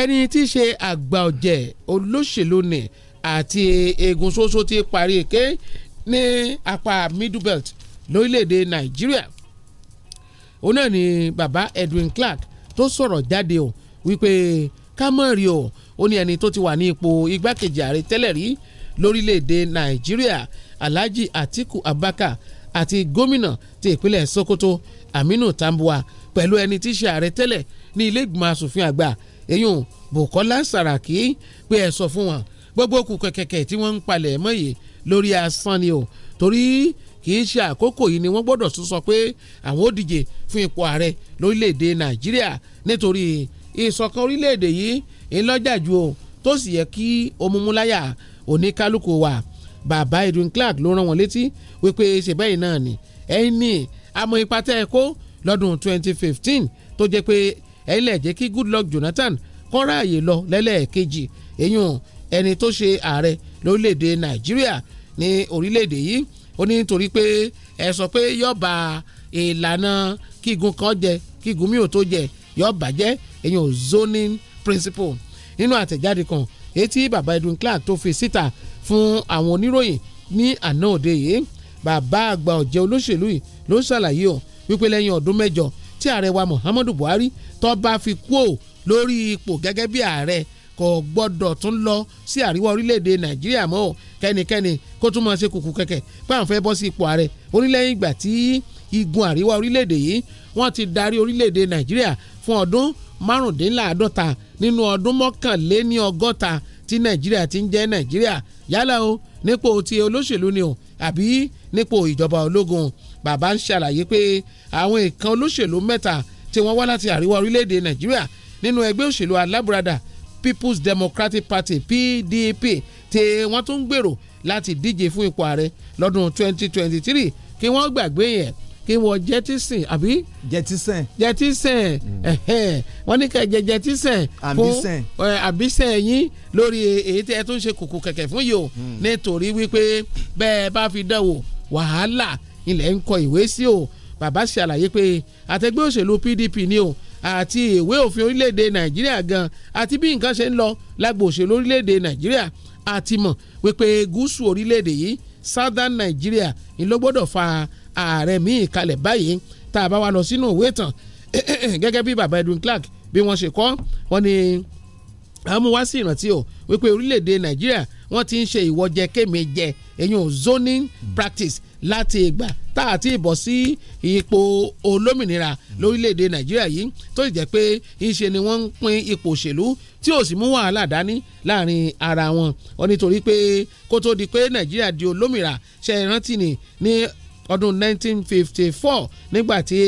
ẹni tí í ṣe àgbà ọ̀jẹ̀ olóṣèlú ni àti eegun ṣoṣo ti parí èké ní apá middle belt lórílẹ̀‐èdè nàìjíríà òun náà ni bàbá Edwin Clark tó sọ̀rọ̀ jáde o wípé kámọ́rì o ó ní ẹni tó ti wà ní ipò igbákejì ààrẹ tẹ́lẹ̀ rí lórílẹ̀‐èdè nàìjíríà Alhaji Atiku abaka àti gómìnà ti ìpínlẹ̀ Sokoto Aminu tambua pẹ̀lú ẹni tí í ṣe ààrẹ tẹ́lẹ̀ ní ilé ìgbìmọ̀ asòfin àgbà eyín Bukola Saraki pé ẹ sọ fún wọn gbogbo okùn kẹ̀kẹ́kẹ́ tí wọ́n ń palẹ̀ mọ́ yìí lórí asán ni o torí kì í ṣe àkókò yìí ni wọ́n gbọ́dọ̀ tún sọ pé àwọn ó díje fún ipò ààrẹ lórílẹ̀‐èdè nàìjíríà nítorí ìṣọ̀kan orílẹ̀‐èdè yìí ńlọ́jà ju o tó sì yẹ kí omumuláyà oníkálukú wà bàbá edwin clark ló rán wọn létí wípé ṣèbẹ́yìn náà ni ẹ̀yin ni àmọ́ ipa tẹ́ ẹ kó lọ́dún 2015 tó jẹ́ pé ẹ̀yin lẹ̀ jẹ́ kí goodluck jonathan kán ráàyè lọ lẹ́lẹ́ẹ̀kejì èyàn ẹni tó ṣe ààrẹ lórílẹ̀‐èdè nàìjíríà ní orílẹ̀‐èdè yìí ó ní nítorí pé ẹ sọ pé yọba ìlànà kígun kan jẹ kígun mi ò tó jẹ yọba jẹ èyàn zoning principle nínú àtẹ̀jáde kan etí bàbá Edwin Clark tó fi síta fún àwọn oníròyìn ní àná òde yìí bàbá àgbà ọ̀jẹ̀ olóṣèlú yìí ló ṣàlàyé o wípé lẹ́yìn ọdún mẹ́jọ tí ààrẹ wa Muhammadu Buhari tó bá fi kú ò lórí ipò gẹ́gẹ́ bí ààrẹ kò gbọ́dọ̀ tún lọ sí àríwá orílẹ̀-èdè nàìjíríà mọ́ kẹ́nikẹ́ni kó tún máa ṣe kùkù kẹ̀kẹ́ páàfẹ́ bọ́ sí ipò ààrẹ onílẹ̀yìn ìgbà tí igun àríwá orílẹ̀-èdè yìí wọ́n ti darí orílẹ̀-èdè nàìjíríà fún ọdún márùndínláàádọ́ta nínú ọdún mọ́kànléní ọgọ́ta tí nàìjíríà ti ń jẹ́ nàìjíríà yálà o nípò ti olóṣèlú ni o àbí nípò ìjọba ológun bàbá ń ṣàlàyé pé àwọn ìkan olóṣèlú mẹ́ta tí wọ́n wá láti àríwá orílẹ̀-èdè nàìjíríà nínú ẹgbẹ́ òṣèlú alábùradà People's Democratic Party PDP tí wọ́n tún ń gbèrò láti díje fún ipò ààrẹ lọ́dún 2023 kí wọ́n gbàgbé yẹn kí wọ́n jẹ́tísìn àbí. jẹ́tísìn. jẹ́tísìn mm. wọ́n ní kẹ́ jẹ jẹ́tísìn. àbísìn. àbísìn yín lórí èyí tí ẹ tún ṣe kòkò kẹ̀kẹ́ fún yìí o mm. nítorí wípé bẹ́ẹ̀ bá fi dánwò wàhálà ilẹ̀ ń kọ ìwé sí o bàbá ṣàlàyé pé àtẹgbẹ́ òṣèlú PDP ni o àti ìwé òfin orílẹ̀-èdè nàìjíríà gan àti bí nǹkan ṣe ń lọ lágbo òṣèlú orílẹ̀-èdè nàìjíríà àti mọ̀ wípé gúúsù orílẹ̀-èdè yìí southern nàìjíríà ni ló gbọ́dọ̀ fa ààrẹ míì kalẹ̀ báyìí tá a bá wa lọ sínú ìwé ìtàn gẹ́gẹ́ bí baba Edwin Clark bí wọ́n ṣe kọ́ wọ́n ní àmúwá ìrántí o wípé orílẹ̀-èdè nàìjíríà wọ́n ti ń ṣe ìwọ́jẹ kémi jẹ èyí ò zoning practice láti ìgbà tá a ti bọ̀ sí ipò olómìnira lórílẹ̀‐èdè nàìjíríà yìí tó sì jẹ́ pé ńṣe ni wọ́n ń pín ipò òṣèlú tí ò sì mú wàhálà dání láàrin ara wọn ọ nítorí pé kó tó di pé nàìjíríà di olómìnira ṣe rántí ni ní ọdún 1954 nígbà tí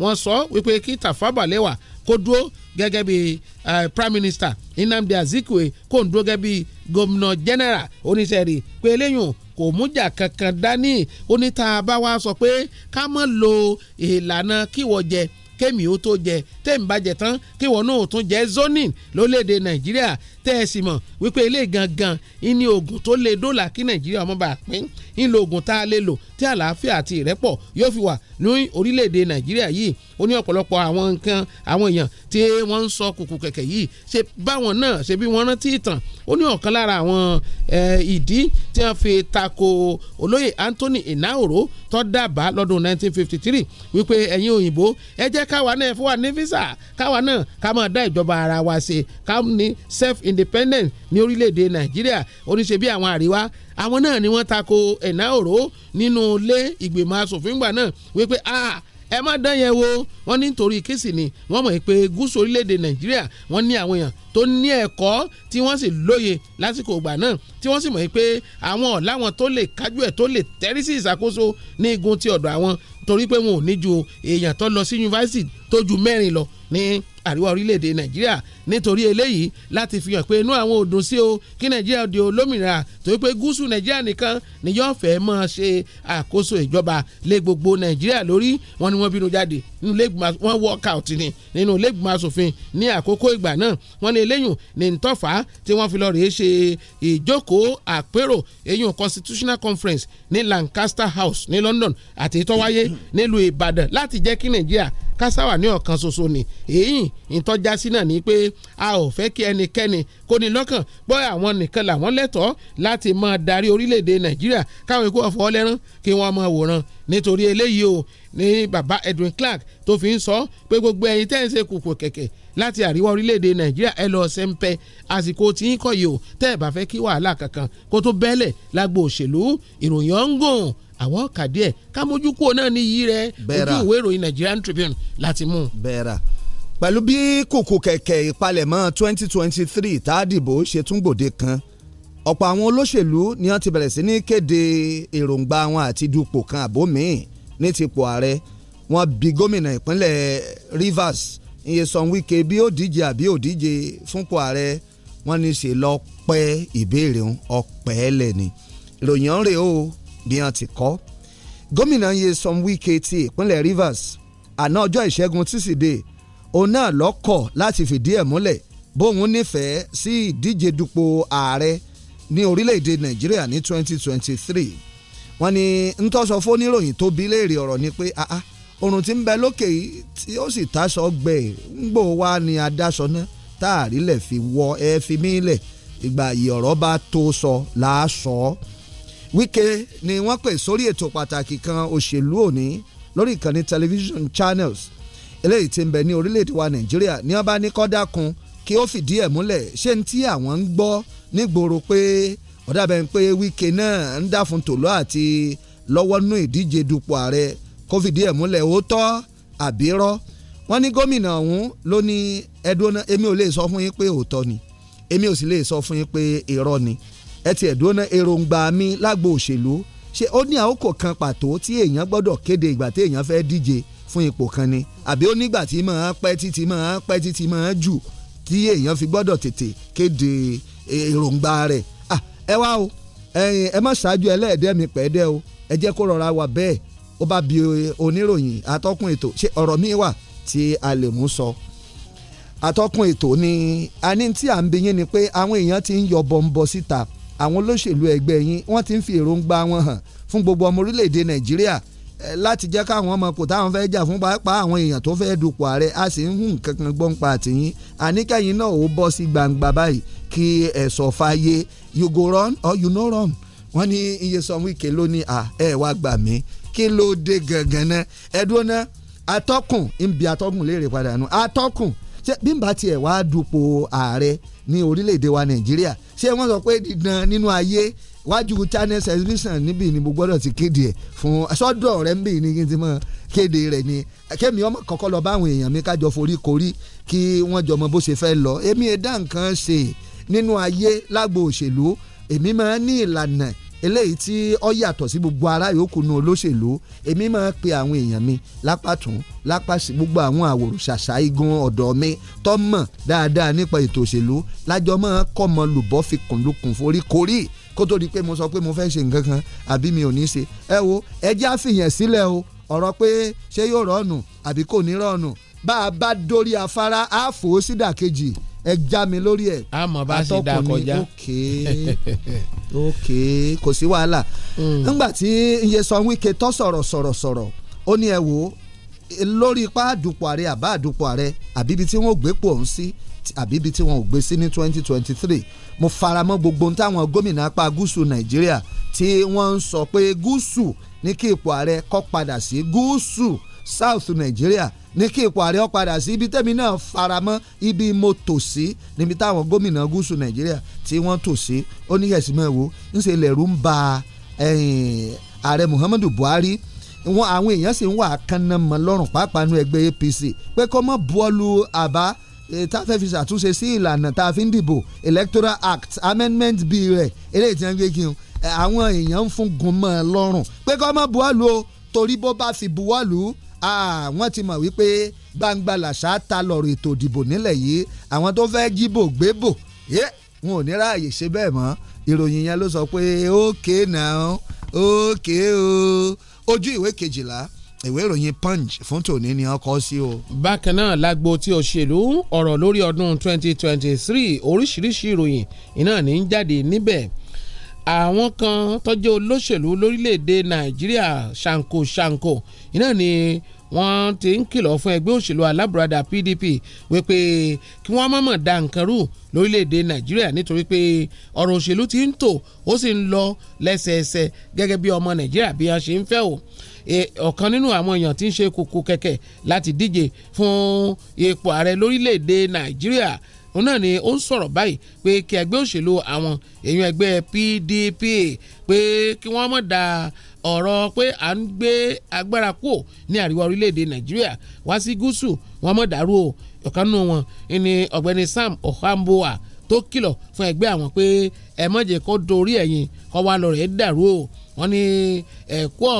wọ́n sọ wípé kí Tafawa Balewa kó dúró gẹ́gẹ́ bí eh, prime minister Nnamdi Azikiwe kó ń dúró gẹ́gẹ́ bí gómìnà general oníṣẹ́ rí pé eléyìí kò mújà kankan dání oníta bá wa sọ pé ká mọ̀ lo ìlànà kíwọ́ jẹ kémi ó tó jẹ tẹ́mi bá jẹ tán kíwọ náà ó tún jẹ zonin lórílẹ̀‐èdè nàìjíríà tẹ́ ẹ sì mọ̀ wípé ilé gangan ní oògùn tó lè dóòlà kí nàìjíríà ọmọ bá pín ní oògùn tá a lè lò tí àlàáfíà àti ìrẹ́pọ̀ yóò fi wà ní orílẹ̀-èdè nàìjíríà yìí ó ní ọ̀pọ̀lọpọ̀ àwọn nǹkan àwọn èèyàn tí wọ́n ń sọ kùkù kẹ̀kẹ́ yìí ṣe báwọn náà ṣe bí wọ́n rántí ìtàn ó ní ọ̀kan lára àwọn ìdí tí wọ́n fi tako olóyè Anthony Ìnáòró tó dábàá lọ́dún 1953 wípé ẹ̀yin òyìnbó ẹ jẹ́ káwa náà fún wa ní visa káwa náà ká máa dá ìjọba ara wa ṣe ká ní self independence ní orílẹ̀-èdè nàìjíríà ó ní ṣe bí àwọn àríwá àwọn náà ni wọ́n tako ẹ̀ná òró nínú ilé ìgbìmọ̀ asòfin gbà náà wípé ah ẹ má dán yẹn wo wọn nítorí kíṣì ni wọn mọ̀ pé gúúsù orílẹ̀-èdè nàìjíríà wọn ní àwọn èèyàn tó ní ẹ̀kọ́ tí wọ́n sì lóye lásìkò ìgbà náà tí wọ́n sì mọ̀ pé àwọn ọ̀làwọn tó lè kájú ẹ̀ tó lè tẹ́rí sí ìṣàkóso ní igun ti ọ̀dọ̀ àwọn torí pé wọn ò ní ju èèyàn tó lọ sí yunifásitì tó ju mẹ́rin lọ ní àríwá orílẹ̀-èdè nàìjíríà nítorí eléyìí láti fi hàn pé inú àwọn ò sí o kí nàìjíríà di olómìnira tó yẹ pé gúúsù nàìjíríà nìkan ni yóò fẹ́ máa ṣe àkóso ìjọba lé gbogbo nàìjíríà lórí wọn ni wọ́n bínú jáde nínú ilé ìgbìmọ̀ wọ́n walk out ni nínú ilé ìgbìmọ̀ asòfin ní àkókò ìgbà náà wọ́n ní eléyùn ní ntọ́fà tí wọ́n fi lọ rèé ṣe ìjókòó àpérò eyín constitutional conference ní Lancaster House ní London àti ìtọ́wáyé nílùú Ìbàdàn láti jẹ́ kí Nàìjíríà kásáwà ní ọ̀kan ṣoṣo ni èyí ìtọ́jásí náà ni pé a ò fẹ́ kí ẹnikẹ́ni kó ní lọ́kàn pé àwọn nìkan làwọn lẹ́tọ̀ọ́ láti máa darí orílẹ̀-èdè Nàìjíríà káwọn ikú ọ̀fọ̀ ọlẹ́rán kí wọ́n máa wòran nítorí eléyìí o ní baba Edwin Clark tó fi ń sọ pé gbogbo ẹ̀yin tẹ́ ń ṣe kòkò kẹ̀kẹ́ láti àríwá orílẹ̀-èdè Nàìjíríà ẹ lọ sẹ́ńpẹ́ àsìkò tí ń kọ̀ yìí o tẹ́ ẹ bá fẹ́ kí wàhálà kankan kó tó bẹ́lẹ̀ lágbo òṣèlú ìròyìn ọ̀ngùn àwọn ọ̀kà díẹ̀ ká mójú kúrò náà ní yí rẹ ojú ìwé ìròyìn Nigerian Tribune láti mú. bẹ́ẹ̀ra pẹ̀lú bí kòkò kẹ̀kẹ́ ìpalẹ̀mọ́ 2023 tá a dìbò ṣe tún kan ọ̀pọ̀ àwọn olóṣèlú ni wọ́n ti bẹ̀rẹ̀ sí ní kéde èròǹgbà wọn àti dupò kan àbómi ní tipò ààrẹ wọ́n bi gómìnà ìpínlẹ̀ Rivers Nyesom Wike bí ó díje àbí ó díje fúnpò ààrẹ wọ́n ní ṣe lọ pẹ́ ìbéèrè ọ̀pẹ́ ẹlẹ̀ ni ìròyìn ọ̀rẹ́ o bí wọ́n ti kọ́ gómìnà Nyesom Wike ti ìpínlẹ̀ Rivers àná ọjọ́ ìṣẹ́gun tísídẹ̀ẹ́ òun náà lọ́kọ̀ láti fìdí ẹ̀ múlẹ̀ bóun nífẹ̀ẹ́ sí ìdíje dupò ààrẹ ní orílẹ̀ Nàìjíríà ní 2023 wọ́n ní ntọ́sọ fóníròyìn tó bí léèrè ọ̀rọ̀ ni pé ah ah oòrùn ti ń bẹ lókè yìí tí ó sì taṣọ gbẹ ń gbò wá ni adáṣọ náà táàrí lẹ̀ fi wọ ẹ fi mí lẹ̀ ìgbà yìí ọ̀rọ̀ bá tó sọ làásọ. Wíkẹ́ ni wọ́n pè sórí ètò pàtàkì kan òṣèlú òní lórí ìkànnì television channels eléyìí ti ń bẹ ní orílẹ̀-èdè wa Nàìjíríà ní wọ́n bá ní kọ́dá kun kí ó fìdí ẹ̀ múlẹ̀ ṣé ní tí àwọn ń gbọ́ nígboro pé ó dàbẹ̀ pé Wike náà ń dà fún tòló àti lọ́wọ́ nú ìdíje dupò ààrẹ kó fìdí ẹ̀ múlẹ̀ ó tọ́ àbí rọ́ wọ́n ní gómìnà ọ̀hún ló ní ẹ̀dùn èmi ò lè sọ fún yín pé òótọ́ ni èmi ò sì lè sọ fún yín pé irọ́ ni ẹ ti ẹ̀dùn èròǹgbà mi lágbo òṣèlú ṣé ó ní àkókò kan pàtó tí èèyàn gbọ́dọ̀ kéde ìgbà tí èèyàn fẹ́ díje fún ipò kan ni àbí ó nígbà tí máa pẹ́ títí máa pẹ́ títí máa jù tí èèyàn fi gbọ́dọ̀ tètè kéde e, èròǹgbà rẹ̀ ẹ wá o ẹyin ẹ má ṣáájú ẹlẹ́ẹ̀dẹ́ mi pẹ́ẹ́dẹ́ o ẹ jẹ́ kó rọra wà bẹ́ẹ̀ ó bá bi oníròyìn atọ́kùn ètò ṣé ọ̀rọ̀ mi wà tí a lè mú sọ atọ́kùn ètò ni a ní tí à ń bi yín ni pé àwọn èèyàn ti ń yọ bọ́ńbọ́ síta àwọn olóṣèlú ẹgbẹ́ yín wọ́n ti ń fi èròǹgbà wọn hàn fún gbogbo ọmọ orílẹ̀-èdè Nàìjíríà láti jẹ́ káwọn ọmọ kò táwọn fẹ́ jà fún pàápàá àwọn èèyàn tó fẹ́ dupò ààrẹ a sì ń hùn kankan gbọ́n pa àtìyín àníkẹ́yìn náà ó bọ́ sí gbangba báyìí kí ẹ̀sọ̀ fàyè you go run or you no run wọ́n ní iye sọ wíkẹ́ lónìí à ẹ wá gbà mí kí ló dé gangan náà ẹ̀dùn náà atọ́kùn ibi atọ́kùn léèrè padà nù atọ́kùn ṣé bí n bá tiẹ̀ wá dupò ààrẹ ní orílẹ̀-èdè wa Nàìjíríà ṣé wọ́n sọ pé dídán nínú ayé wájú channels exhibition níbí ni mo gbọ́dọ̀ ti kéde ẹ̀ fún sọ́dọ̀ rẹ̀ ń bì ní kí n ti mọ̀ kéde rẹ̀ ni kémi ọmọ kọ́kọ́ lọ bá àwọn èèyàn mi kájọ forí korí kí wọ́n jọ mọ bó ṣe fẹ́ lọ èmi ẹ̀dá nǹkan ṣe nínú ayé lágbo òṣèlú èmi máa ń ní ìlànà eléyìí tí ó yàtọ̀ sí gbogbo ará yòókù nu olóṣèlú èmi máa pe àwọn èèyàn mi lápàtún lápàsí gbogbo àwọn àwòrán ṣàṣà igun ọ̀dọ́ mi tọ́mọ̀ dáadáa nípa ètò òṣèlú lájọ máa kọ́ mọ lùbọ́ fi kùnlùkùn forí korí kó tó di pé mo sọ pé mo fẹ́ ṣe nǹkan kan àbí mi ò ní ṣe ẹ wo ẹjẹ́ àfihàn sílẹ̀ o ọ̀rọ̀ pé ṣé yóò rọ̀ọ̀nù àbí kò ní rọ̀ọ̀nù bá a bá dórí afárá á fò ó sídà kejì ẹ já mi lórí ẹ atọ́kùn ni ok ok kò sí wàhálà nígbà mm. tí Nyesom Wike tó sọ̀rọ̀ sọ̀rọ̀ sọ̀rọ̀ ó ní ẹ wo lórí ipá àdùpọ̀ ààrẹ àbá àdùpọ̀ ààrẹ àbíbi tí wọ́n gbé pò ń sí àbí ibi tí wọn ò gbé sí ní twenty twenty three mo faramọ́ gbogbo ohun táwọn gómìnà apá gúúsù nàìjíríà tí wọ́n ń sọ pé gúúsù ní kí ipò ààrẹ kó padà sí gúúsù south nàìjíríà ní kí ipò ààrẹ ó padà sí ibi tẹ́mi náà faramọ́ ibi mo tò sí níbi táwọn gómìnà gúúsù nàìjíríà tí wọ́n tò sí ó ní yẹ̀sí mọ́ ń ṣe lẹ̀rú ń ba ààrẹ muhammadu buhari wọn àwọn èèyàn sì ń wà kánná mọ́ lọ́rùn pàápàá nú ẹgbẹ́ apc pé kó má buọ́lu àbá Eh, tá a fẹ́ fi ṣàtúnṣe sí ìlànà tá a fi ń dìbò electoral act amendment bill rẹ̀ eléyìí tí wọ́n gbé kí n eh, àwọn èèyàn ń fún gun mọ́ ẹ lọ́rùn pé kọ́ mọ́ buwọ́lu o torí bó bá fi buwọ́lu wọ́n ti mọ̀ wípé gbangba làṣà ta lọ́rọ̀ ètò ìdìbò nílẹ̀ yìí àwọn tó fẹ́ jíbò gbébò wọn ò ní ráàyè ṣe bẹ́ẹ̀ mọ́ ìròyìn yẹn ló sọ pé ókè náà ókè o ojú ìwé kejìlá ìwé ìròyìn punch fún tòní ni wọn kọ sí o. bákan náà lágbo tí òṣèlú ọ̀rọ̀ lórí ọdún 2023 oríṣiríṣi ìròyìn iná ní ń jáde níbẹ̀ àwọn kan tọ́jú olóṣèlú lórílẹ̀‐èdè nàìjíríà ṣàǹkó ṣàǹkó iná ni wọ́n ti ń kìlọ̀ fún ẹgbẹ́ òṣèlú alábùradà PDP wípé kí wọ́n mọ̀mọ̀ da nǹkan rú lórílẹ̀‐èdè Nàìjíríà nítorí pé ọ̀rọ̀ òṣèlú ti ń tò ó sì ń lọ lẹ́sẹẹsẹ gẹ́gẹ́ bí ọmọ Nàìjíríà bí wọ́n ṣe ń fẹ́ o. E, ọ̀kan nínú àwọn èèyàn tí ń ṣe kòkò kẹ̀kẹ́ láti díje fún ipò ààrẹ lórílẹ̀‐èdè nàìjíríà òun náà ni ó ń sọ̀rọ̀ báyìí pé kí ẹgbẹ́ òṣèlú àwọn èèyàn ẹgbẹ́ PDP pé kí wọ́n mọ̀ dá ọ̀rọ̀ pé à ń gbé agbára kúò ní àríwá orílẹ̀‐èdè nàìjíríà wá sí gúúsù wọ́n mọ̀ dàrú o ọ̀kan nínú wọn ni ọ̀gbẹ́ni Sam Ohamboa tó kìlọ̀ fún ẹgbẹ́ àwọn pé ẹ má jẹ́ kó dorí ẹ̀yìn kó wá lọ rẹ̀ dàrú o wọ́n ní ẹ̀kọ́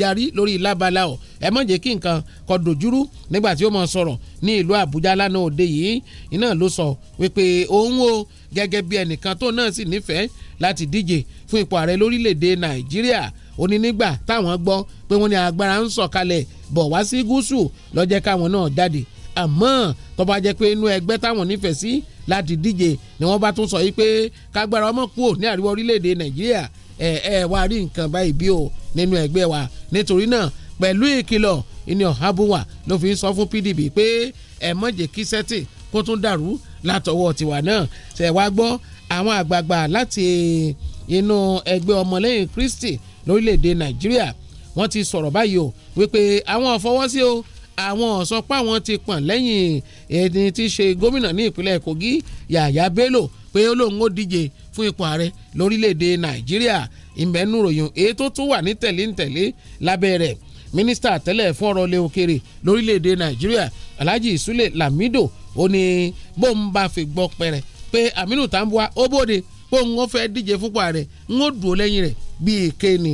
yarí lórí Labala ọ̀ ẹ má jẹ́ kí nǹkan kọ dojúrú nígbà tí ó mọ̀ sọ̀rọ̀ ní ìlú Àbújá lánàá òde yìí iná ló sọ wípé òun o gẹ́gẹ́ bí ẹnìkan tó náà sì nífẹ̀ẹ́ láti díje fún ipò ààrẹ lórílẹ̀‐èdè Nàìjíríà ó ní nígbà táwọn gbọ́ pé wọ́n ní agbára ń sọ̀kalẹ̀ bọ̀ wá sí gúúsù ló jẹ́ káwọn náà jáde àmọ́ tó bá jẹ́ pé inú ẹgbẹ́ táwọn nífẹ̀ẹ́ sí láti díje ni wọ́n bá tún sọ yìí pé kágbára ọmọ kúò ní àríwá orílẹ̀ ẹ ẹ wá rí nǹkan báyìí bí o nínú ẹgbẹ́ wa nítorí náà pẹ̀lú ìkìlọ̀ ìní ọ̀hábùwà ló fi ń sọ fún PDP pé ẹ má jẹ́ kí sẹ́tì kó tún dàrú látọwọ́ tiwa náà ṣe wá gbọ́ àwọn àgbààgbà láti inú ẹgbẹ́ ọmọlẹ́yìn Kristi lórílẹ̀‐èdè Nàìjíríà wọ́n ti sọ̀rọ̀ báyìí o wípé àwọn ọ̀fọwọ́sí o àwọn sọ pé àwọn ti pọ̀n lẹ́yìn ẹni tí í ṣe gómìnà ní ìpínlẹ̀ Kogi Yàyà Bello pé ó lóun ó díje fún ipò ààrẹ lórílẹ̀‐èdè nàìjíríà ìmẹ́nu ròyìn èyí tó tún wà ní tẹ̀lé ń tẹ̀lé lábẹ́ rẹ̀ mínísítà tẹ́lẹ̀ fún ọ̀rọ̀ ilé òkèrè lórílẹ̀‐èdè nàìjíríà alhaji sule lamido ó ní bóun bá fi gbọ́ pẹ́rẹ́ pé aminu tambuwa ó bóde bóun ó fẹ́ díje fúnpọ̀ ààrẹ ń ó dùn ó lẹ́yìn rẹ̀ bíi kéènì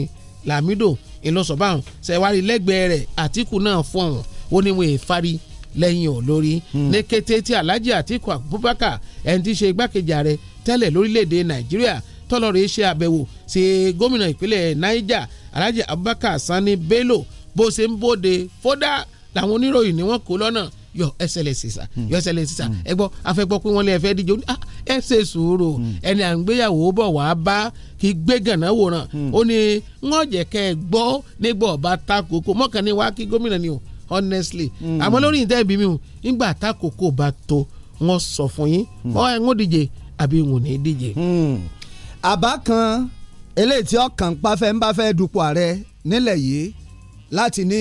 lamido ìlọsọ̀báhùn ṣẹ̀wárí lẹ́gbẹ̀ẹ́ rẹ̀ àtìkù náà fún ọ̀hún ó ní wọn ì fari lẹ́yìn olórí hmm. ní kété tí Alhaji Atiku Abubakar ẹni tí í ṣe igbákejì ààrẹ tẹ́lẹ̀ lórílẹ̀‐èdè Nàìjíríà tọ́lọ́rọ̀ ṣe àbẹ̀wò sí gómìnà ìpínlẹ̀ Niger Alhaji Abubakar Sani Bello bó ṣe ń bóde fódà làwọn oníròyìn ni wọ́n kó lọ́nà yọ ẹsẹ lè sísà yọ ẹsẹ lè sísà ẹ gbọ́ pé wọ́n lè fẹ́ díje ah ẹ ṣe sùúrù hmm. ẹni à ń gbéyàwó bọ̀ wá bá kí gbé gànà wòran hmm. ó ní ń ọ̀jẹ̀ kẹ́ ẹ nígbà ọba ta kókó mọ́kànlélẹ́wà kí gómìnà ni o honestly àmọ́ lórí ìtẹ́ ìbí mi o nígbà tákòókò bá tó wọ́n sọ fún yín ọ ẹ̀ ń díje àbí ń ní díje. Hmm. àbá kan eléyìí tí ọkàn pàfẹ́ ń bá fẹ́ dupò ààrẹ nílẹ̀ yìí láti ní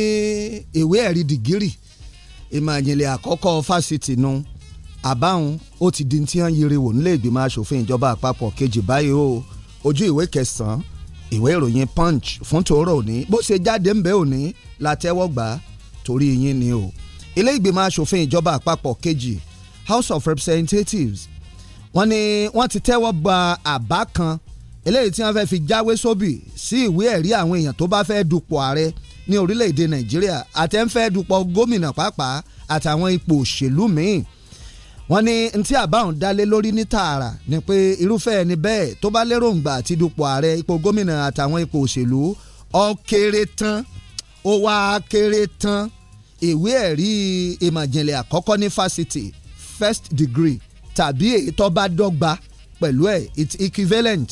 ìwé ẹ̀rí dìgírì ìmọ̀ ìjìnlẹ̀ àkọ́kọ́ fásitì nu àbáhùn ó ti di tí wọ́n yiri wò nílé ìgbìmọ̀ asòfin ìjọba àpapọ̀ kejì báyìí o ojú ìwé kẹsàn-án ìwé ìròyìn punch fún tòórọ́ òní bó ṣe jáde ń bẹ òní látẹ́wọ́ gbà torí yín ni o ilé ìgbìmọ̀ asòfin ìjọba àpapọ̀ kejì House of Representatives wọ́n ní wọ́n ti tẹ́wọ́ gba àbá kan eléyìí tí wọ́n fẹ́ fi jáwé sóbì sí ìwé ẹ̀rí àwọn èèyàn tó bá fẹ́ dupò ààrẹ ní orílẹ̀-èdè Nàìjíríà àtẹ̀ ń fẹ́ dupò gómìnà pàápàá àtàwọn ipò òṣèlú míì wọ́n ní ntí àbáhùn dálé lórí ní tààrà ni pé irúfẹ́ ẹni bẹ́ẹ̀ tó bá lérògbà àti dupò ààrẹ ipò gómìnà àtàwọn ipò òṣèlú ó tán ó wá kéré tán ìwé ẹ̀rí ìmọ̀jìnlẹ̀ àkọ́kọ́ ní fásitì first degree tàbí èyí tó bá dọ́gba pẹ̀lú ẹ̀ it's equivalent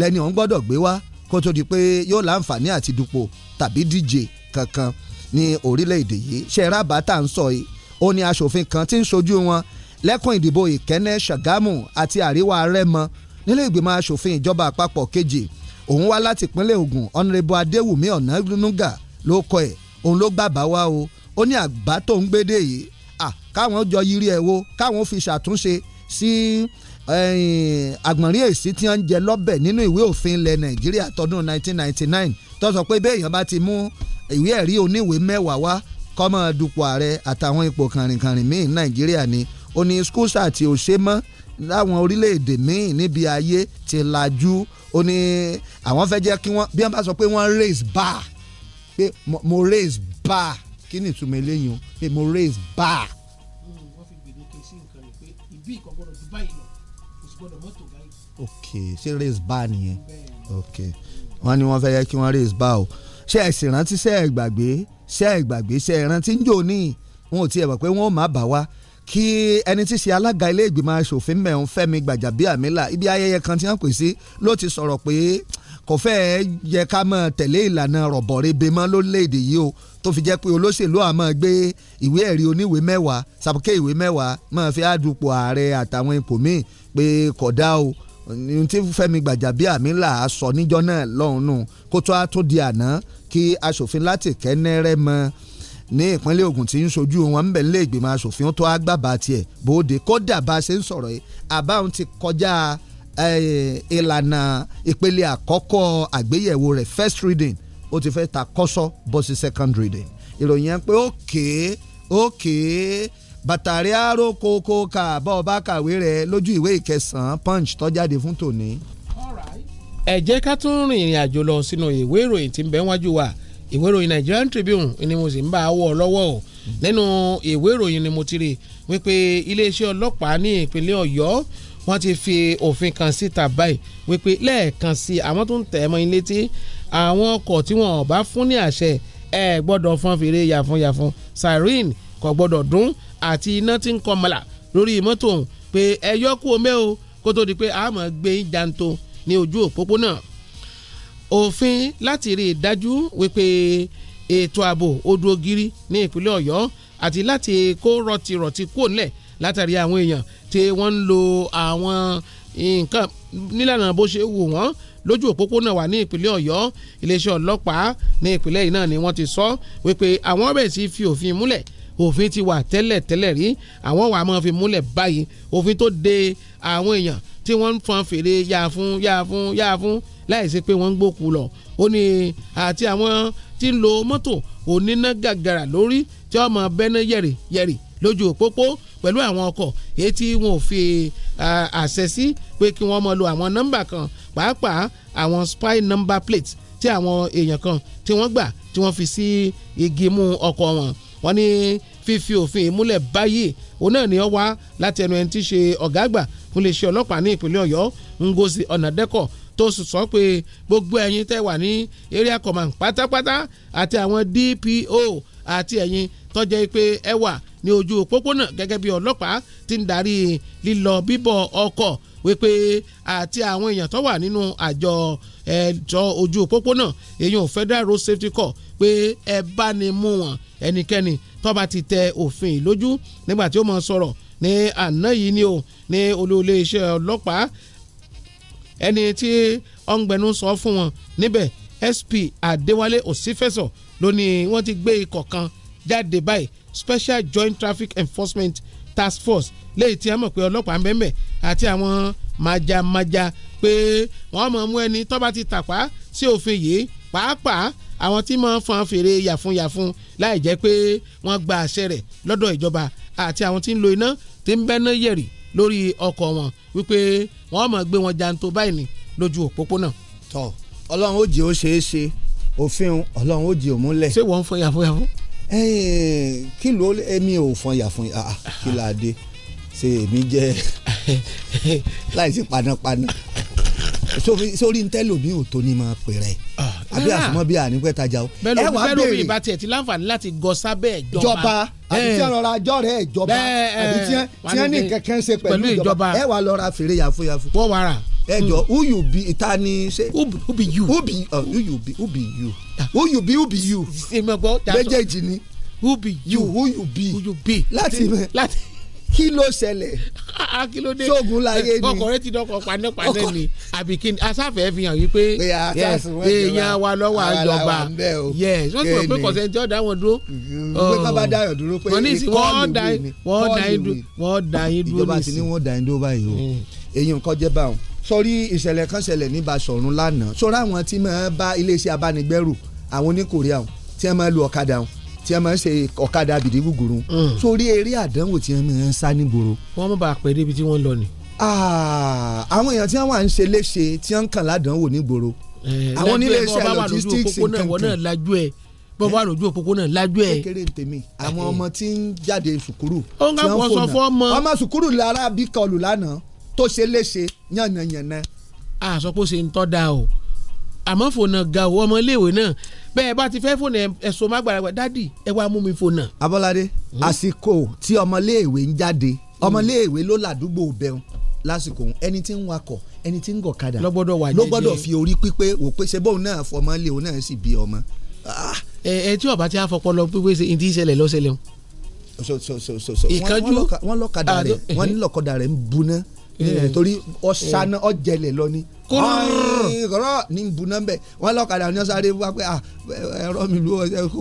lẹ́ni ọ̀hún gbọ́dọ̀ gbé wá kó tó di pé yóò láǹfààní àti dupò tàbí díje kankan ní orílẹ̀-èdè yìí ṣẹ̀rá bàtà ń sọ yìí ó ní aṣòfin kan tí ń ṣojú wọn lẹ́kùn ìdìbò ìkẹ́nẹ́ ṣàgámù àti àríwá rẹ́mọ nílé ìgbìmọ̀ aṣòfin ìjọba àpapọ̀ kejì òun wá láti ìpínlẹ̀ Ògùn ọ̀nrẹ́bù adéwùmí ọ̀nànúgà ló kọ ẹ̀ òun ló gbàbá wá o ó ní àgbá tó ń gbédè yìí à káwọn jọ yiri ẹ̀ wo káwọn fi ṣàtúnṣe sí eh, àgbọ̀nrín èsì tí wọ́n ń jẹ lọ́bẹ̀ nínú ìwé òfin ilẹ̀ nàìjíríà tọdún 1999 tó sọ pé béèyàn bá ti mú ìwé ẹ̀rí oníwèé mẹ́wàá wá kọ́mọ dupò ààrẹ àtàwọn ipò kànrìnkànrìn míì nàìjíríà ni ó ní skúsà tí ò ṣe mọ́ láwọn orílẹ̀-èdè míì níbi ayé ti lajú ó ní àwọn fẹ́ jẹ́ kí wọ́n bí wọ́n bá sọ pé wọ́n raise bar pé mo raise bar kí ni ìtumọ̀ eléyìí o pé mo raise bar. Hmm, wọ́n fi gbèdéke sí nǹkan rẹ̀ pé ìbí ìkọ̀gbọ́dọ̀ ju báyìí lọ kò sì gbọ́dọ̀ mọ́tò báyìí. ok ṣé raise bar nìyẹn ok wọ́n ní wọ́n fẹ́ yẹ kí wọ́n raise bar o ṣé ẹ sì rántí ṣé ẹ gbàgbé ṣé ẹ gbàgbé ṣé ẹ rántí ń jò níyì wọn ò tiẹ̀ mọ̀ pé wọ́n ò má bà wá kí ẹni tí ṣe alága ilé ìgbìmọ̀ asòfin mẹ́rin Fẹ́mi Gbàjàbíàmílà ibi ayẹyẹ kan tí wọ́n pè sí ló ti sọ̀rọ̀ pé kò fẹ́ẹ́ yẹ ká máa tẹ̀lé ìlànà rọ̀bọ̀rebe mọ́ lórílẹ̀‐èdè yìí o tó fi jẹ́ pé olóṣèlú á máa gbé ìwé ẹ̀rí oníwèé mẹ́wàá sàbùkẹ́ ìwé mẹ́wàá máa fi àdùpọ̀ ààrẹ àtàwọn ipò míì pé kódà o ní tí Fẹ́mi Gbàjàbíàmílà sọ níjọ́ náà lọ́hùn-ún kó tó a tó di àná kí aṣòfin láti kẹ́nẹ́rẹ́ mọ́ ní ìpínlẹ̀ Ògùn tí ń sojú wọn ń bẹ̀ lé ìgbìmọ̀ asòfin tó agbábà tiẹ̀ bóde kódà bá ṣe ń sọ̀rọ̀ yìí àbáwọn ti kọjá ìlànà ìpele àkọ́kọ́ àgbéyẹ̀wò rẹ̀ first reading ó ti fẹ́ ta kọ́sọ́ bọ́ sí second reading ìròyìn yẹn pé òkè òkè bàtàrí àárò kókó kà bọ́ ọba kàwé rẹ̀ lójú ìwé ìkẹsàn-án punch tó jáde fún tòní. ẹ ká tún rin ìrìn àjò lọ sínú ìwé ìròyìn tí ń bẹ wájú wa ìwé ìròyìn Nigerian Tribune ni mo sì ń bá a wọ̀ lọ́wọ́ o nínú ìwé ìròyìn ni mo ti rí wípé iléeṣẹ́ ọlọ́pàá ní ìpínlẹ̀ Ọ̀yọ́ wọ́n ti fi òfin kan síta báyìí wípé lẹ́ẹ̀kan sí àwọn tó ń tẹ̀ mọ́ ilé tí àwọn ọkọ̀ tí wọ́n bá fún ní àṣẹ ẹ̀ gbọ́dọ̀ fọ́n fèrè yàfúnyàfún siren kò gbọ́dọ̀ dún àti iná tí ń kọ́ mọ́là lórí mọ́tò ọ̀hún pé ẹ yọ kú omi o kó tó di pé a máa gbé janto ní ojú òpópónà òfin láti rí i dájú wípé ètò ààbò ó dúró gírí ní ìpínlẹ̀ Ọ̀yọ́ àti láti kó rọ̀tìrọ̀tì kúò nílẹ̀ látàrí àwọn èèyàn ète wọ́n ń lo àwọn nǹkan nílànà bó ṣe wù wọ́n lójú òpópónà wà ní ìpínlẹ̀ ọ̀yọ́ iléeṣẹ́ ọlọ́pàá ní ìpínlẹ̀ yìí náà ni wọ́n ti sọ wípé àwọn bẹ̀rẹ̀ sí fi òfin múlẹ̀ òfin ti wà tẹ́lẹ̀ tẹ́lẹ̀ rí àwọn wà máa fi múlẹ̀ báyìí òfin tó de àwọn èèyàn tí wọ́n ń fọn fèrè yáa fún yáa fún yáa fún láìsí pé wọ́n ń gbókù lọ ó ní àti àwọn tí ń lo mọ́tò oníná gàgàrà lórí tí wọ́n máa bẹ́ná yẹ̀rì yẹ̀rì lójú òpópó pẹ̀lú àwọn ọkọ̀ èyí tí wọn ò fi àṣẹ sí pé kí wọ́n máa lo àwọn nọ́mbà kan pàápàá àwọn spy number plate tí àwọn èèyàn kan tí wọ́n gbà tí wọ́n fi sí igi mú ọkọ̀ wọn wọ́n ní fífi òfin ìmúlẹ̀ báyìí òun náà ni ó wá láti ẹnu ẹni tí í ṣe ọ̀gá àgbà fún iléeṣẹ́ ọlọ́pàá ní ìpínlẹ̀ Ọ̀yọ́ Ngozi Ọ̀nàdẹ́kọ̀ tó sọ pé gbogbo ẹ̀yin tẹ́ wà ní area command pátápátá àti àwọn DPO àti ẹ̀yin tọ́jẹ́ pé ẹwà ní ojú òpópónà gẹ́gẹ́ bí ọlọ́pàá ti ń darí lílọ bíbọ̀ ọkọ̀ wípé àti àwọn èèyàn tó wà nínú àjọ ẹ̀tọ́ ojú òpópónà èèyàn Federal Road Safety Corps pé ẹ bá ní mú wọn ẹnikẹ́ni tó bá ti tẹ òfin lójú nígbà tí ó mọ sọ̀rọ̀ ní àná yìí ni o ní olóòlé iṣẹ́ ọlọ́pàá ẹni tí ọ̀ngbẹ́nu sọ fún wọn níbẹ̀ SP Adéwálé Òsínfẹ̀sọ ló ní wọ́n ti gbé ikọ̀ kan jáde báyìí special joint traffic enforcement task force léyìí tí a mọ̀ pé ọlọ́pàá ń bẹ ńbẹ̀ àti àwọn majamaja pé wọ́n mọ̀ mú ẹni tó bá ti tàpá sí òfin yìí pàápàá àwọn tí máa ń fan fèrè yàfùnyàfùn láì jẹ́ pé wọ́n gba àṣẹ rẹ̀ lọ́dọ̀ ìjọba àti àwọn tí ń lo iná tí ń bẹ́ná yẹ̀rì lórí ọkọ̀ wọn wípé wọ́n mọ̀ gbé wọn janto báyìí ní lójú òpópónà. tọ ọlọ́run ó jẹ́ ó ṣeé ṣe òfin ọlọ́run ó jẹ́ òmúlẹ̀. ṣé wọ́n ń fọ yàfùnyàfùn kí ló èmi ò fọyà fún yà ah, kí la dé ṣe èmi jẹ́ láìsí panápaná sórí ntẹ́lò mi ò tó ní máa pè rẹ̀ ah, àbí ah. àsùnmọ́ bí àní pẹ́ tajà o. bẹ́ẹ̀ ló bẹ́ẹ̀ ló mi ìbá tiẹ̀ ti láǹfààní láti gọ sábẹ́ ìjọba àbí eh. tí wọ́n lọ ra ajọ́ rẹ̀ ìjọba àbí tí wọ́n eh. ní kẹ̀kẹ́ ń ṣe pẹ̀lú ìjọba ẹ̀ wà lọ ra fèrè yàfóyàfó. wọ́n wà rà ẹjọ hmm. who you be ta ni ṣe. who be you. who be uh, who you be who be you. Ah. who you be who be you. méjèèjì ni. who be you. who you be. who you be. láti láti kí ló ṣẹlẹ̀. Ah, kí ló dé ṣoògùn láyé ni ọkọ̀ rẹ ti dọ́kọ̀ panẹ́panẹ́ ni àbí kí ni asáfẹ́ fi hàn wípé èèyàn wa lọ́wọ́ àjọba yes wọ́n ti mọ̀ pé kọ̀sẹ̀ tí wọ́n dá wọn dúró. pé ká bá dáyọ̀ dúró pé kọ́ọ̀lù mi ni wọ́n dá yín dúró nísìnyí. ìjọba ti ní wọ́n dá yín dúró báyìí o hmm. èyí nǹkan jẹ́ báwọn sọrí ìṣẹ̀lẹ̀ kan ṣẹlẹ̀ ní Basọ̀run lánàá sọ̀rọ̀ àwọn tí máa bá iléeṣẹ́ abánigbẹ́rù àwọn oníkòríà wọn tí wọ́n máa lu ọ̀kadà wọn tí wọ́n máa ń ṣe ọ̀kadà àbìdí gúgùrú hmm. sórí eré àdánwò tí wọ́n máa ń sá nígboro. wọ́n mọ̀ bá a pè débi tí wọ́n lọ ni. àwọn èèyàn tí wọ́n wà ń ṣe léṣe tí wọ́n kàn ládánwò nígboro. Eh, àwọn onílé iṣẹ́ logistics nǹkan bọ́ bá lójú òpópónà lájú ẹ̀. kékeré ń tèmi àwọn eh. ọmọ tí ń jáde sùkúrù. ó ń kà wọ́n sọ fún ọmọ. ọmọ sùkúrù lára bí kọlù lánàá tó ṣe léṣe yànnàyànnà. a sọ pé ó ṣe ń tọ́ da o àmọ́ fòna ga o ọmọ iléèwé náà bẹ́ẹ̀ bá ti fẹ́ fòna ẹ̀sùn mágbàlagbà dádì ẹ wá mú mi fòna. abọ́ládé hmm? àsìkò tí ọmọléèwé ń jáde ọmọléèwé hmm. ló làdúgbò bẹun lásìkò ẹni tí ń wakọ̀ ẹni tí ń gọ̀kadà ló gbọ́dọ̀ wà jẹ́jẹ́ ló gbọ́dọ̀ fi orí pípé wò pé ṣe bóun náà fọmọ lé òun náà sì bí ọmọ. Ah. ẹ ẹ tí ọba ti á fọpọlọ pípé ṣe ìdí ìṣẹ̀lẹ̀ lọ́sẹ̀lẹ̀ o. ìkánjú wọn lọ́kadà rẹ̀ wọn ní lọ́kadà rẹ̀ ń buná Eh. torí ọ̀sánà eh. ọ̀jẹ̀lẹ̀ lọ ni kọ́rọ́ ní bùnà bẹ́ẹ̀ wọ́n lọ́kadà ní ọ̀sán àdébùwá pé ah, ẹ̀rọ mi ló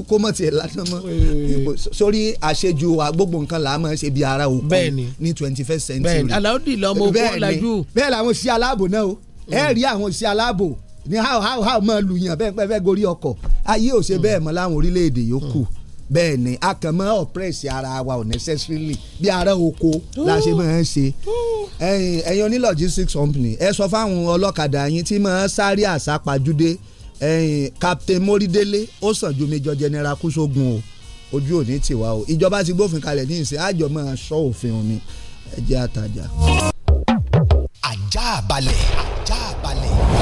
kó mọ̀ tiẹ̀ lásán mọ́ eh. sórí àṣejù wa gbogbo nǹkan là á mọ̀ ṣe bí ara òkú ní twenty first century bẹ́ẹ̀ni aláwọ̀dì lọ́mọ okó lajú bẹ́ẹ̀ làwọn òṣìṣẹ́ aláàbò náà o ẹ̀ mm. rí àwọn òṣìṣẹ́ aláàbò ní how how how máa lùyàn bẹ́ẹ̀ pẹ́ fẹ́ gorí ọkọ̀ ayé ò ṣe mm. bẹ́ẹ̀ mọ́ láwọn orílẹ̀-èdè yòókù. Mm bẹ́ẹ̀ ni a kàn mọ́ ọ̀pẹ́rẹ́sì ara wa unnecessarily bí ara oko la ṣe máa ń ṣe ẹ̀yin oní logistics company ẹ sọ fáwọn ọlọ́kadà yín tí máa ń sáré àsápajúdé captain moridele ó sàn ju major general kúṣogun o ojú òní tiwa o ìjọba ti gbófin kalẹ̀ ní ìsìn àjọ máa sọ òfin òní ẹ jẹ́ àtàjà. ajá balẹ̀ ajá balẹ̀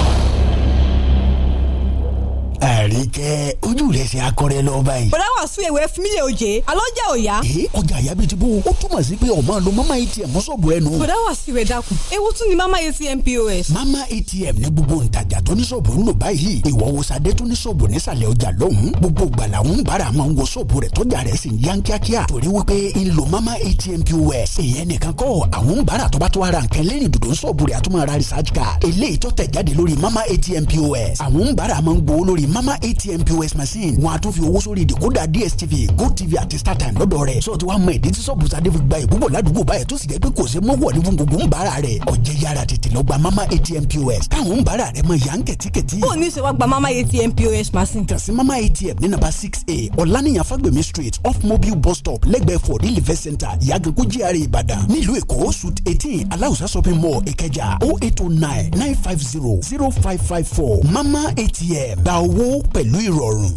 àríkẹ́ ojú rẹ̀ ṣe akọrẹ lọ báyìí. bọ̀dá wà sún ewé fún mi lè oje alọ́ jẹ́ òya. ee ọjà àyà bíi ti bó o túmọ̀ sí pé ọmọ lo mama atm sọ̀bù ẹnu. bọ̀dá wà sí ìwé dàkún ewu tún ni mama atm pos. mama atm ní gbogbo ntajà tó ní sọ̀bù ń lò báyìí ìwọ wo sadé tó ní sọ̀bù nísàlẹ̀ ọjà lọ́hùn gbogbo gbala ń bára máa ń wo sọ̀bù rẹ̀ tọ́jà rẹ̀ sì ń yan kíákíá torí wípé ń lo mama atm pos èèyàn nìkan kọ́ àwọn bára tó bá tó ara nǹkan lẹ́yìn dòdò ń sọ̀bù rẹ̀ àtúmọ̀ ara research card eléyìí tó tẹ̀ jáde lórí mama atm pos àwọn bára máa ń gbowó lórí mama atm pos machine wọn a tún fi owó sórí ìdìkúdà dstv gotv àti startime lọ́dọ̀ rẹ̀ sọ ti wá mọ ìdí tí sọ́ọ̀bù sadé fi gba ìbúbọ̀ ládùúgbò báyìí tó sì jẹ́ pé kò ṣe mọ́wọ́ ní gbogbo ń bára rẹ̀ ọ̀jẹ̀ yára tètè lọ gba mama atm pos táwọn ń bára rẹ̀ mọ yà ń kẹ̀tíkẹ̀tí. ó ní ṣe wá gba mama atm pos machine. kàn sí mama atm ní nàbà six a ọ̀lànìyàn fagbemi street off mobile bus stop lẹ́gbẹ̀ẹ́ for delivery center ìyàgànkú gr ìbàdàn nílùú èkó suit eighteen aláùsá shopping mall ìkẹjà o oh eight o oh nine nine five zero zero five five four mama atm gba owó owó pẹ̀lú ìrọ̀rùn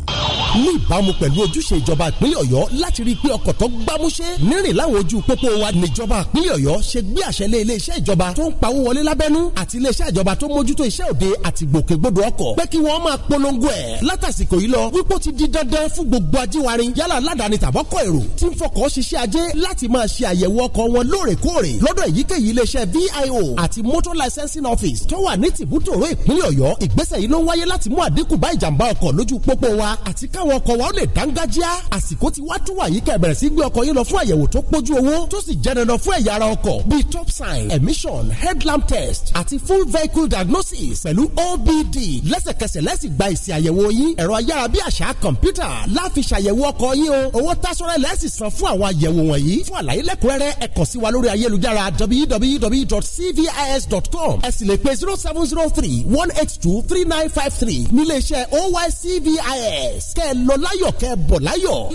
ní ìbámu pẹ̀lú ojúṣe ìjọba ìpínlẹ̀ ọ̀yọ́ láti rí i pé ọkọ̀ tó gbámúṣé nírìn láwọn ojú pópó wa níjọba ìpínlẹ̀ ọ̀yọ́ ṣe gbé àṣẹ lé iléeṣẹ́ ìjọba tó ń pawó wọlé lábẹ́nú àti iléeṣẹ́ ìjọba tó mójútó iṣẹ́ òde àti gbòkègbodò ọkọ̀ pé kí wọ́n máa polongo ẹ̀ látàsìkò yìí lọ wípé ti di dandan fún gbogbo ajíwárin yálà aládàáni tàbọ́kọ̀ èrò tí ń fọkọ̀ ṣiṣẹ́ ajé láti máa ṣe àyẹ̀wò ọkọ̀ wọn lóòrèkóòrè lọ́dọ̀ èyíkéyìí iléeṣẹ́ VIO àti motor licensing office tó wà ní tìbútòrò ìpínlẹ̀ ọ̀yọ́ ìgbésẹ̀ yìí ló wáyé láti mú àdínkù bá ìjàmb ìjàmbá ọkọ̀ lójú pópó wa àti káwọn ọkọ̀ wa ó lè dángájíá àsìkò tí wá tún wà yìí kẹ́ bẹ̀rẹ̀ sí gbé ọkọ̀ yín lọ fún àyẹ̀wò tó pójú owó tó sì jẹ́ dandan fún ẹ̀yà ara ọkọ̀ bíi top sign emission headlamp test àti full vehicle diagnosis pẹ̀lú OBD lẹ́sẹ̀kẹsẹ̀ lẹ́sìn gba èsì àyẹ̀wò yín ẹ̀rọ ayára bí àṣà kọ̀mpútà láfi ṣàyẹ̀wò ọkọ̀ yín o owó tásọ̀rẹ́ lẹ́sìn san fún àwọn àyẹ̀wò wọ̀nyí fún àlàyé lẹ́kùnrẹ́rẹ́ ẹ kàn sí wa lórí ayélujára www.cvis.com ẹ sì lè pe zero seven zero three one eight two three nine five three nílé iṣẹ́ oycvis kẹ́ lọ láyọ̀ kẹ́ ẹ bọ̀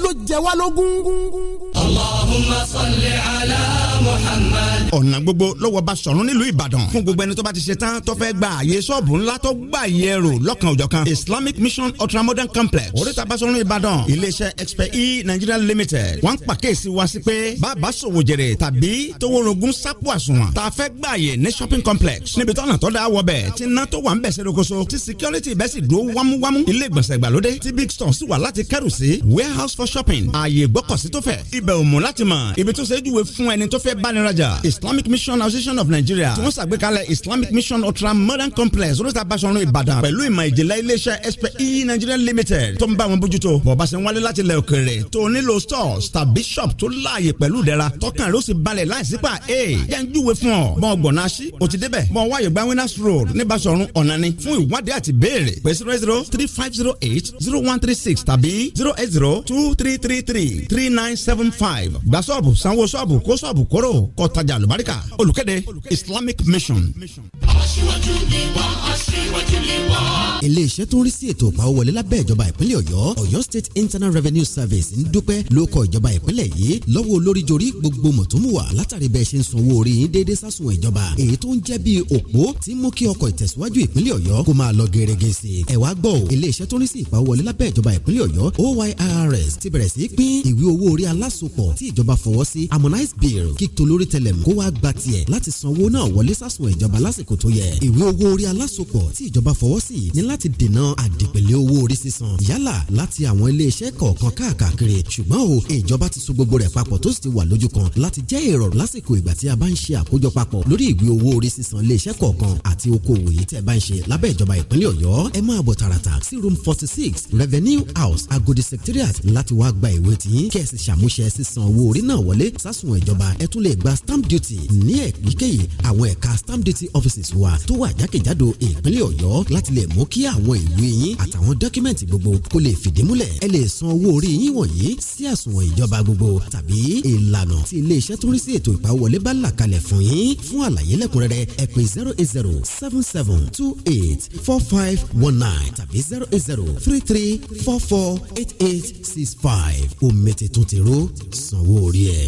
ló jẹ wá lógún. Allahumma salli ala Muhammad. ọ̀nà gbogbo lọ́wọ́ Basọ̀rún nílùú Ìbàdàn fún gbogbo ẹni tó bá ti ṣe tán tó fẹ́ gba àyè sọ́ọ̀bù ńlá tó gbà yẹ rò lọ́kàn òjọ̀kan Islamic Mission Ultramodern Complex oríta Basọ̀rún Ìbàdàn iléeṣẹ́ expert e Nigeria Limited wọ́n ń pàkíyèsí wa sí pé bàbá sòwò jèrè tàbí toworogun sápò àsùnwọ̀n tá a fẹ́ gba àyè ní shopping complex níbi tọ́nà tó wọ bẹ̀ tí ná tó wà ń bẹ̀ ṣe rokoṣo security bẹ́ẹ̀ sì dúró wámúwá wámúwámú ilé ìgbọ̀nsẹ̀ ìgbàlódé tí big stone sì wà láti kẹ́rù sí warehouse for shopping ààyè ìgbọ́kọ̀sí tó fẹ̀ ibẹ̀ ò mọ̀ láti mọ̀ ibi tó ṣe é júwe fún ẹni tó fẹ́ báni rajà islamic mission association of nigeria tí wọ́n ṣàgbékalẹ̀ islamic mission ultra modern complex olóòtú abáṣọrun ìbàdàn pẹ̀lú ìmọ̀ ìjìnlẹ̀ iléeṣẹ́ expe nigeria limited tó ń bá wọn bójútó bọ̀bá ṣe ń wálé láti ilẹ̀ òkèèrè tó nílò stores ta bishop tó láàyè pẹ̀lú ìdẹ̀ra tọkàn rẹ ó sì balẹ̀ láìsí pa e jẹ́ ń júwe fún ọ mọ ọgbọ̀nà aṣí òtídébẹ̀ mọ wáyé gba winners road níbàṣọrun ọ̀nani fún ìwádìí àti béèrè pé zero three five zero eight zero one three six tàbí zero eight zero two three three three three nine seven five gba sọ́ọ̀bù sanwó sọ́ọ̀bù kó sọ́ọ̀bù kóró kó tajà àlùbáríkà olùkéde Islamic Mission. aṣíwájú ni wá aṣíwájú ni wá. iléeṣẹ́ tó ń rí sí ètò ìpawówọlé lábẹ́ ìjọba ìpínlẹ̀ ọ̀yọ́ ọ̀yọ́ state internal revenue service ń dúpẹ́ ló kọ ìjọba ìpínlẹ̀ yìí lọ́wọ́ olóríjorí gbogbo mọ̀tòmùwà látàrí bẹ́ẹ̀ ṣe ń sanwó orí yín déédéé sásùn ìjọba èyí tó ń jẹ́ bíi òpó tí mú kí ọkọ̀ ìtẹ̀síwájú ìpínlẹ̀ ọ̀yọ́ kó máa lọ gẹ̀rẹ́gẹ̀ sí ẹ̀ gbọ́ o iléeṣẹ́ tó ń rí sí ìpawówọlé lábẹ́ ìjọba ìpínlẹ̀ ọ̀yọ́ OYRS ti bẹ̀rẹ̀ sí pín ìwé owó orí alásopọ̀ tí ìjọba fọwọ́ sí harmonize bill kí tolórí tẹlẹ̀mù kó wá gba tiẹ̀ láti san owó náà wọlé sásùn ìjọba lásìkò tó yẹ ìwé owó orí alásopọ̀ tí ìjọba fọwọ́ sí ní láti dènà àdìpẹ̀lẹ̀ owó orí sísan yálà láti àwọn iléeṣẹ́ kọ̀ọ̀kan káàkiri ṣùgbọ́n o ìjọba ti so gbogbo rẹ̀ papọ̀ tó sì ti wà lójú kan láti jẹ́ ìrọ̀rùn lásìkò ìgbà tí a bá ń ṣe àkójọ papọ̀ lórí ìwé owó orí sísan iléeṣẹ́ kọ̀ọ̀kan àti okòwò yìí tẹ́ bá ń ṣe lábẹ́ ìjọba ìpínlẹ̀ ọ̀yọ́ ẹ máa bọ̀ tààràtà taxi room forty six revenue house agodi secretariat láti wá gba ìwé tí kẹ̀sì ṣàmúṣe sísan owó orí náà wọlé sásùn ìjọba ẹ tún lè gba stamp duty ní èyíkéyìí àwọn ẹ̀ka stamp duty offices wa tó wà jákèjádò ìpínlẹ̀ ọ̀yọ́ láti lè mú kí àwọn ìwé yín àtàwọn dọ́kímẹ̀ntì gbogbo kó lè fìdí múlẹ̀ ẹ lè san owó orí yín wọ̀nyí sí àsùnwọ̀n ìjọba gbogbo tàbí ìlànà tí iléeṣẹ́ tó ń rí sí ètò ìpawọlé bá là kalẹ̀ fún yín fún àlàyé lẹ́kùnrẹ́rẹ́ ẹ pè zero eight zero seven seven two eight four five one nine tàbí zero eight zero three three four four eight eight six five omi tuntun ti ro sanwó orí ẹ̀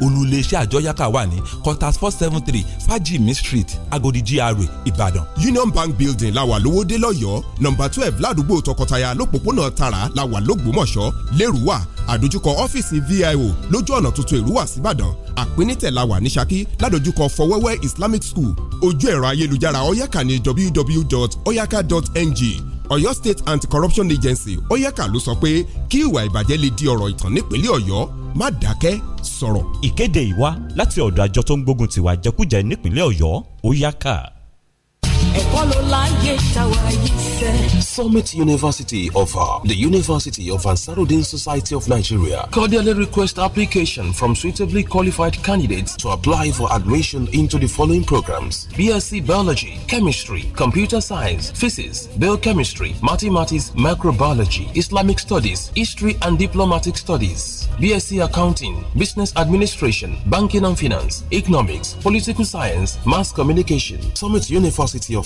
olùléṣẹ́ àjọyàká wà ní contact four seven three fajimi street agodi gra ìbàdàn. union bank building làwà lówódé lọ́yọ́ọ́ nọ́mbà twelve ládùúgbò tọkọtaya lọ́pọ̀pọ̀nà tara làwà lógbómọ̀ṣọ́ lẹ́rùwà àdójúkọ ọ́fíìsì vio lójú ọ̀nà tuntun ìrúwà síbàdàn àpínítẹ̀ làwà ní ṣakí ládójúkọ fọwẹ́wẹ́ islamic school ojú ẹ̀rọ ayélujára oyaka ní www.oyaka.ng Ọ̀yọ́ State Anti-Corruption Agency oyeka ló sọ pé kí ìwà ìbàjẹ́ lè di ọ̀rọ̀ ìtàn nípínlẹ̀ Ọ̀yọ́ má dákẹ́ sọ̀rọ̀. Ìkéde ìwá láti ọ̀dọ̀ àjọ tó ń gbógun tiwa jẹkújẹ nípínlẹ̀ Ọ̀yọ́ oyeka. Summit University offer. Uh, the University of Ansarudin Society of Nigeria cordially request application from suitably qualified candidates to apply for admission into the following programs BSc Biology, Chemistry, Computer Science, Physics, Biochemistry, Mathematics, Microbiology, Islamic Studies, History and Diplomatic Studies, BSc Accounting, Business Administration, Banking and Finance, Economics, Political Science, Mass Communication. Summit University of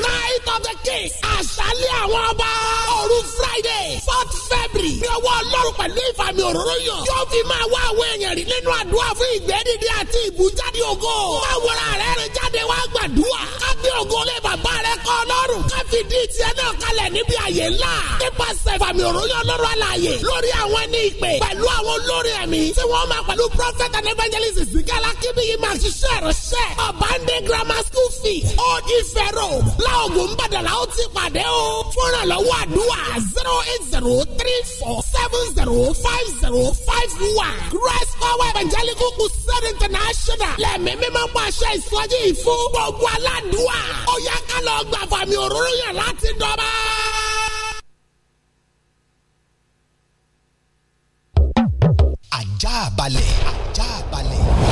night of the king. àṣálẹ̀ àwọn ọba. òru friday fourth february. ní ọwọ́ ọlọ́run pẹ̀lú ìfàmì òróró yàn. yóò fi máa wá àwọn èèyàn rí nínú àdúrà fún ìgbẹ́dìde àti ìbújáde ògo. máa wọra rẹ lè wá gbàdúrà. ká gbé bàbá rẹ kọ́ lọ́rùn. ká di tiẹ̀ náà kalẹ̀ níbi àyè ńlá. nípasẹ̀ fàmì òróyìn ọlọ́run àlàyé lórí àwọn ẹni ìpè pẹ̀lú àwọn olórí ẹ̀mí tí wọ́n máa pẹ̀lú prophet and evangelist Zikala Kibiyi máa ṣiṣẹ́ ránṣẹ́. ọ̀bánde grammar school fee old ife road láògùn ńbàdàlà ó ti pàdé o. fúnra lọ́wọ́ àdúrà zero eight zero three four seven zero five zero five one fún gbogbo aládùúwà. ó yẹ ká lọ gbàgbọ́ mi òróró yẹn láti dọ́ba. ajá balẹ̀ ajá balẹ̀.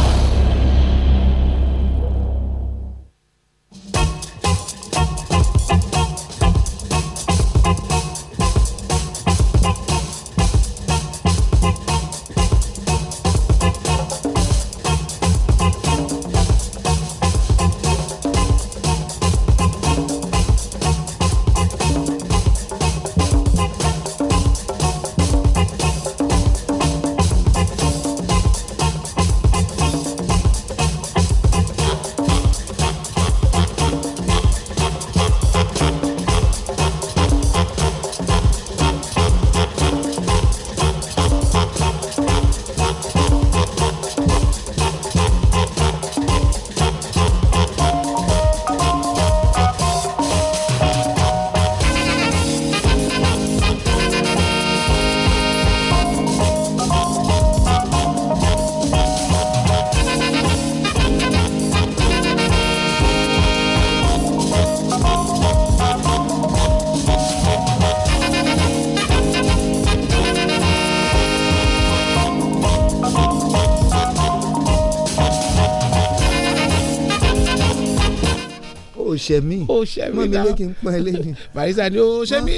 ṣe mí ó ṣe mí náà mọ mi lé kí n pọn ilé ni. barisa ni ó ṣe mí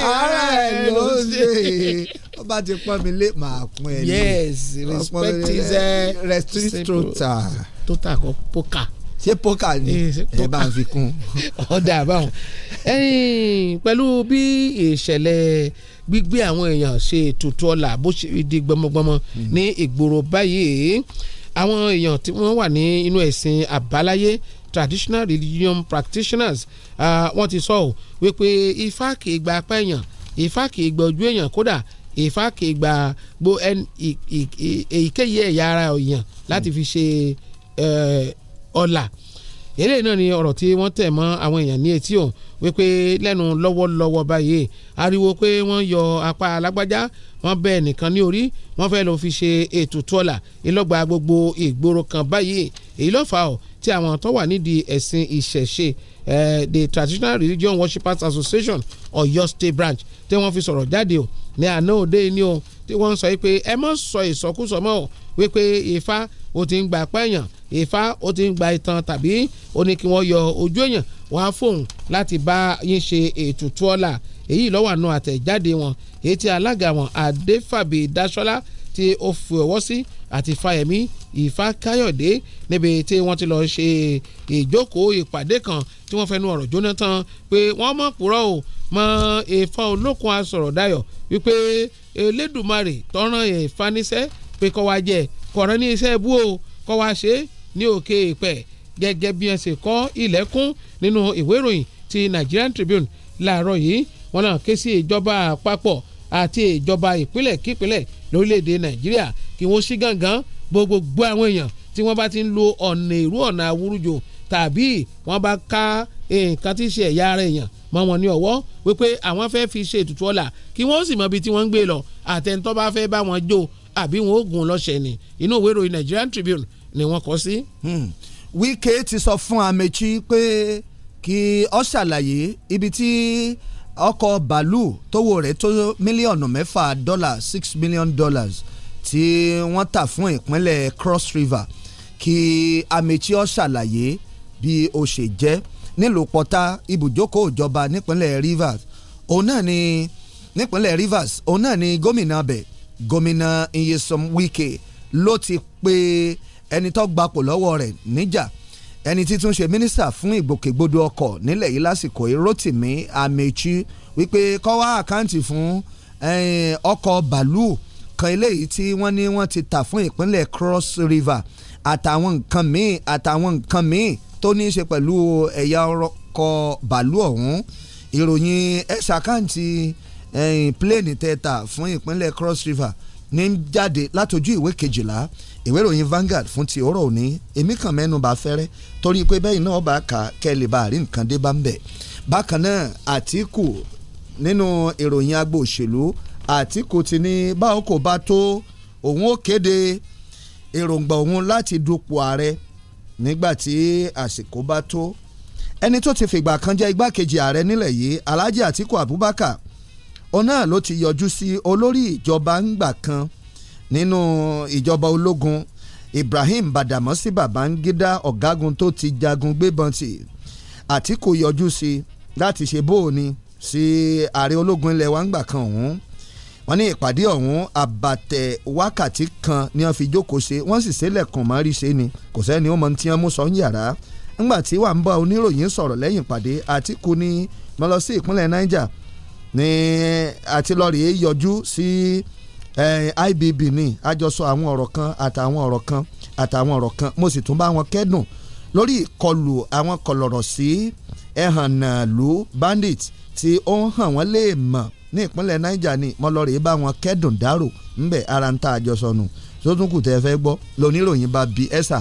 ara ẹ ló ṣe ó bá ti pọn mi lé màá pọn ẹ ní. yes respect is a eh, restrictor. total kọ poker. ṣé poker ni eh, ẹ bá ń fi kún. ọ̀dà àbáwọn pẹ̀lú bí ìṣẹ̀lẹ̀ gbígbé àwọn èèyàn ṣe ètùtù ọlà bó ṣe di gbọmọgbọmọ hmm. ní ìgboro báyìí àwọn èèyàn tí wọ́n wà ní inú ẹ̀sìn àbáláyé traditional religion practitioners uh, wọ́n ti sọ ọ́ wípé ifá kìí gba apá èèyàn ifá kìí gba ojú èèyàn kódà ifá kìí gba gbo èyíkéyìí ẹ̀yà ara èèyàn láti fi ṣe uh, ọlà eléyìí náà ni ọ̀rọ̀ tí wọ́n tẹ̀ mọ́ àwọn èèyàn ní etí òun wípé lẹ́nu lọ́wọ́lọ́wọ́ báyìí ariwo pé wọ́n yọ apá alágbájá wọ́n bẹ́ ẹnìkan ní orí wọ́n fẹ́ lọ fi ṣe ètùtù ọ̀la ìlọ́gba gbogbo ìgboro kan báyìí èyí ló fà ọ́ tí àwọn tó wà nídìí ẹ̀sìn ìṣẹ̀ṣe the Traditional Religion Worshipers Association Ọ̀yọ́ State Branch tí wọ́n fi sọ̀rọ̀ jáde o ní àná òde ni o tí wọ́n ń sọ pé ẹ má sọ ìsọkúsọ mọ́ o wípé Ifá o ti ń gba apá èèyàn Ifá o ti ń gba ìtàn tàbí o ní kí wọ́n yọ ojú èèyàn wọ́n á fóun láti bá yín ṣe ètùtù ọ̀la èyí lọ́wọ́ àna àtẹ̀jáde wọn èyí tí alága wọn Adéfàbí Dáṣọ́lá tí ó fi ọwọ́ sí àti Fáyẹmí Ìfákáyọ̀dé níbi tí wọ́n ti lọ ṣe ìjókòó ìpàdé kan tí wọ́n fẹnu ọ̀rọ̀ Jonathan pé wọ́n mọ̀ púrọ́ o mọ Ifá Olókun Asọ̀rọ̀dáyọ̀ wípé Elédùmarè tọ́ràn ìfanisẹ́ pé kọ́ wa jẹ́ kọ̀ọ̀rán ní iṣẹ́ ibú o kọ́ wa ṣe ní òkè ìpẹ́ gẹ́gẹ́ bí wọ́n ṣe kọ́ ilẹ̀kùn nínú ìwé ìròyìn ti Nigerian Tribune láàárọ̀ yìí wọn náà ké sí ìjọba àpapọ̀ àti ìjọba ìpínlẹ̀ kípínlẹ̀ lórílẹ̀‐èdè Nàìjíríà kí wọ́n ṣí gangan gbogbo àwọn èèyàn tí wọ́n bá ti ń lo ọ̀nà ìrú ọ̀nà àwùrújò tàbí wọ́n bá ká nǹkan tí ń ṣe ẹ̀yà ara èèyàn mọ́ wọn ní ọ̀wọ́ wípé àwọn fẹ́ fi ṣe ètùtù ọ̀la kí wọ́n sì mọ ibi tí wọ́n ń gbé lọ àtẹ̀ntọ́ bá fẹ́ bá wọn jó àbí wọn ó gùn lọ́sẹ̀ ni inú ìwé ìròyìn Nigerian Tribune ni wọ́n kọ sí. Hmm. Wike ti sọ fún Amechi pé kí ọ ṣàlàyé ibi tí ọkọ̀ bàálù tówó rẹ̀ tó mílíọ̀nù mẹ́fà dọ́là six million dollars tí wọ́n tà fún ìpínlẹ̀ Cross River kí Amechi ó ṣàlàyé bí ó ṣe jẹ́ nílùú pọ́tà ibùjókòó ìjọba nípínlẹ̀ Rivers òun náà ni nípínlẹ̀ Rivers òun náà ni gómìnà abẹ gómìnà Nyesom Wike ló ti pe ẹni tó gbapò lọ́wọ́ rẹ̀ níjà ẹni títún ṣe mínísítà fún ìgbòkègbodò ọkọ̀ nílẹ̀ yìí lásìkò yìí Rotimi Amechi wípé kó wá àkáǹtì fún eh, ọkọ̀ bàálù kan eléyìí tí wọ́n ní wọ́n ti tà fún ìpínlẹ̀ Cross River àtàwọn nǹkan míì àtàwọn nǹkan míì tó ní í ṣe pẹ̀lú ẹ̀yà ọkọ̀ bàálù ọ̀hún ìròyìn ẹ̀sàkáǹtì pléènì tẹ́ta fún ìpínlẹ̀ Cross River ní jáde látọjú ìwé kejìlá ìwé ìròyìn Vanguard fún ti ọ̀rọ̀ òní èmi kàn mẹ́nubà fẹ́rẹ́ torí pé bẹ́ẹ̀ náà bá kà kẹ́ lè bá àrí nǹkan dé bá ń bẹ̀ bákan náà Àtíkù nínú ìròyìn agbo òṣèlú Àtìkù ti ní báwo kò bá tó òun ó kéde èròǹgbà òun láti dupò ààrẹ nígbà tí àsìkò bá tó ẹni tó ti fìgbà kan jẹ́ igbákejì ààrẹ nílẹ̀ yìí Alhaji Atiku Abubakar òun náà ló ti yọjú sí olórí ìjọba ńgbà kan nínú ìjọba ológun Ibrahim Badamasi Babangida ọ̀gágun tó ti jagun gbébọn tì Atiku yọjú sí láti ṣe bóòni sí ààrẹ ológun ilẹ̀ wa ńgbà kan ọ̀hún wọ́n ní ìpàdé ọ̀hún àbàtẹ̀ wákàtí kan ni wọ́n fi jókòó ṣe wọ́n sì ṣe lẹ́kàn mọ́ ṣe ni kò sẹ́ni ó mọ tí wọ́n mú sọ ń yàrá ńgbà tí wàá ń bá oníròyìn sọ̀rọ̀ lẹ́yìn ìpàdé Àtíkù ni mo lọ sí ìpínlẹ̀ Niger ní àti lọ́ọ̀rì yọjú sí eh, IBB ni àjọsọ àwọn ọ̀rọ̀ kan àtàwọn ọ̀rọ̀ kan àtàwọn ọ̀rọ̀ kan mo sì tún bá wọn kẹ́dùn lórí ìkọlù àwọn kọlọ̀rọ̀ sí ẹ̀hànnàlú bandit tí ó ń hàn wọ́n lè mọ̀ ní ìpínlẹ̀ Niger ni mo lọ rèé bá wọn kẹ́dùn dárò ńbẹ̀ ara ń tà àjọsọnù sótúnkù tẹ́ fẹ́ gbọ́ lóníròyìn bá bi ẹ́sà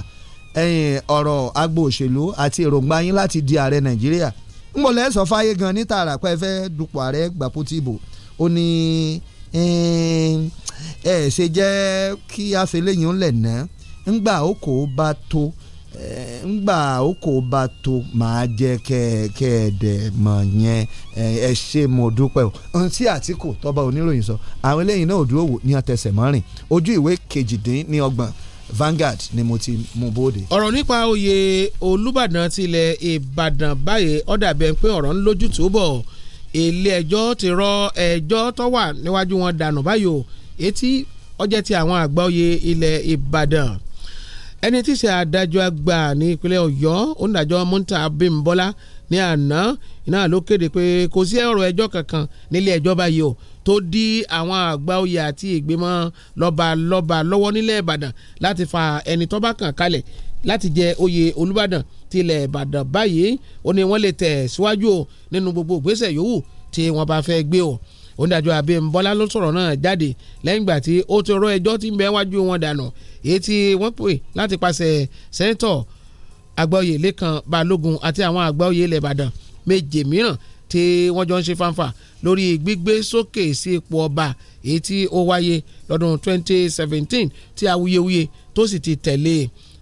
ẹ̀yìn ọ̀rọ̀ agbo òṣèlú àti èròǹgbà yín láti di ààrẹ Nàìjíríà ń bọ̀ lẹ́sọ̀ fáyé gan ní tààrà pé ẹ fẹ́ dupò ààrẹ gbàpó tí ìbò ó ní ẹ ṣe jẹ́ kí afẹ́lẹ́yìn ó lẹ̀ ná ńgbà ó kò bá tó ngbà ó kò bá tó máa jẹ́ kẹ́ ẹ dẹ̀ mọ̀ yẹn ẹ ṣe mo dúpẹ́ o ohun tí Àtìkù tọ́ba oníròyìn sọ àwọn eléyìí náà dúró wò ní àtẹsẹ̀ mọ́rin ojú ìwé kejìdín ní ọgbọ̀n Vanguard ni mo ti mú bóde. ọ̀rọ̀ nípa oyè Olúbàdàn ti ilẹ̀ Ìbàdàn báyìí ó dà bẹ́ẹ̀ pé ọ̀rọ̀ ń lójú tó bọ̀ ilé ẹjọ́ ti rọ ẹjọ́ tó wà níwájú wọn dànù báyìí o etí ọjẹ́ ti àwọn àgbà oyè ilẹ̀ Ìbàdàn ẹni tí ṣe adájọ́ àgbà ní ìpínlẹ̀ ọ̀yọ́ onídàájọ́ múntà bímbọ́lá ní àná iná ló kéde pé kò sí ọ̀rọ̀ ẹjọ́ kankan nílé ẹjọ́ báyìí o tó dí àwọn àgbà oyè àti ìgbìmọ̀ lọ́ba lọ́ba lọ́wọ́ nílẹ̀ ìbàdàn láti fa ẹni tó bá kàn kalẹ̀ láti jẹ oyè olùbàdàn tilẹ̀ ìbàdàn báyìí ó ní wọ́n lè tẹ̀ síwájú o nínú gbogbo ìgbésẹ̀ yòówù tí wọ́n bá fẹ́ gbé o onídàájọ́ Abímbọ́lá ló sọ̀rọ̀ náà jáde lẹ́yìn ìgbà tí ó ti rọ ẹjọ́ tí ń bẹ wájú wọn dànù èyí tí wọ́n pè láti pàṣẹ sẹ́ńtọ̀ àgbáòye Lékan Balógun àti àwọn àgbáòye ilẹ̀ Ìbàdàn méje mìíràn tí wọ́n jọ ń ṣe fanfa lórí gbígbé sókè sí ipò ọba èyí tí ó wáyé lọ́dún 2017 tí awuyewuye tó sì ti tẹ̀lé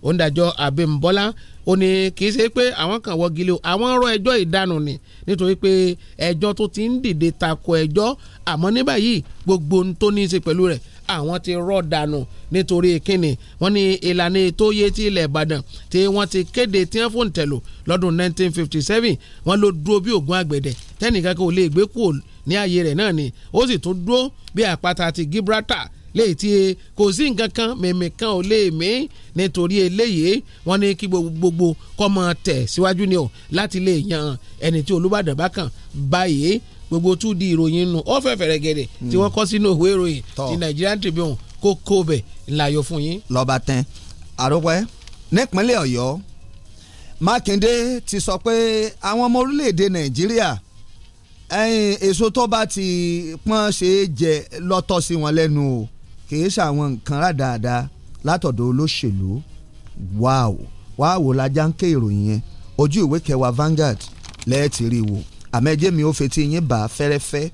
onídàájọ́ Abímbọ́lá ó ní kì í ṣe pé àwọn kan wọ gílé o àwọn rọ ẹjọ́ ìdánù ni nítorí pé ẹjọ́ tó ti ń dìde tako ẹjọ́ àmọ́ ní báyìí gbogbo ohun tó ní í ṣe pẹ̀lú rẹ̀ àwọn ti rọ̀ dànù nítorí kíni wọ́n ní ìlànà ètò iye ti ilẹ̀ Ìbàdàn tí wọ́n ti kéde tí wọ́n fòun tẹ̀lò lọ́dún 1957 wọ́n ló dúró bí ògùn àgbẹ̀dẹ̀ tẹ́nìkan kò lè gbé kúrò ní ààyè rẹ̀ náà ni ó sì tún dúró bí àpáta ti Gibraltar léyìí tí kò sí nǹkan kan mẹ̀mẹ̀ kan ò lè mí nítorí eléyìí wọ́n ní kí gbogbo kó má tẹ̀ síwájú ni o láti lè yan ẹni tí Olúbàdàn bá kàn báyìí gbogbo tún di ìròyìn nù ó fẹ́ fẹ̀rẹ̀ gẹ̀dẹ̀ tí wọ́n kọ́ sínú òwe ìròyìn ti Nigerian Tribune kó kó bẹ̀ ńláyọ fún yín. lọ́ba tán àròpẹ́ nípínlẹ̀ Ọ̀yọ́ Mákindé ti sọ pé àwọn ọmọ orílẹ̀-èdè Nàìjíríà èso tó bá ti pọ́n ṣe jẹ lọ́tọ̀ sí wọn lẹ́nu o kìí ṣàwọn nǹkan rádáadáa látọ̀dọ̀ olóṣèlú wáò wáò lajá ń ké ìròyìn yẹn ojú ìwé kẹwàá Vanguard lẹ́ẹ̀tì rí wò àmẹ́jẹ́ mi ò fetí yín bá fẹ́rẹ́fẹ́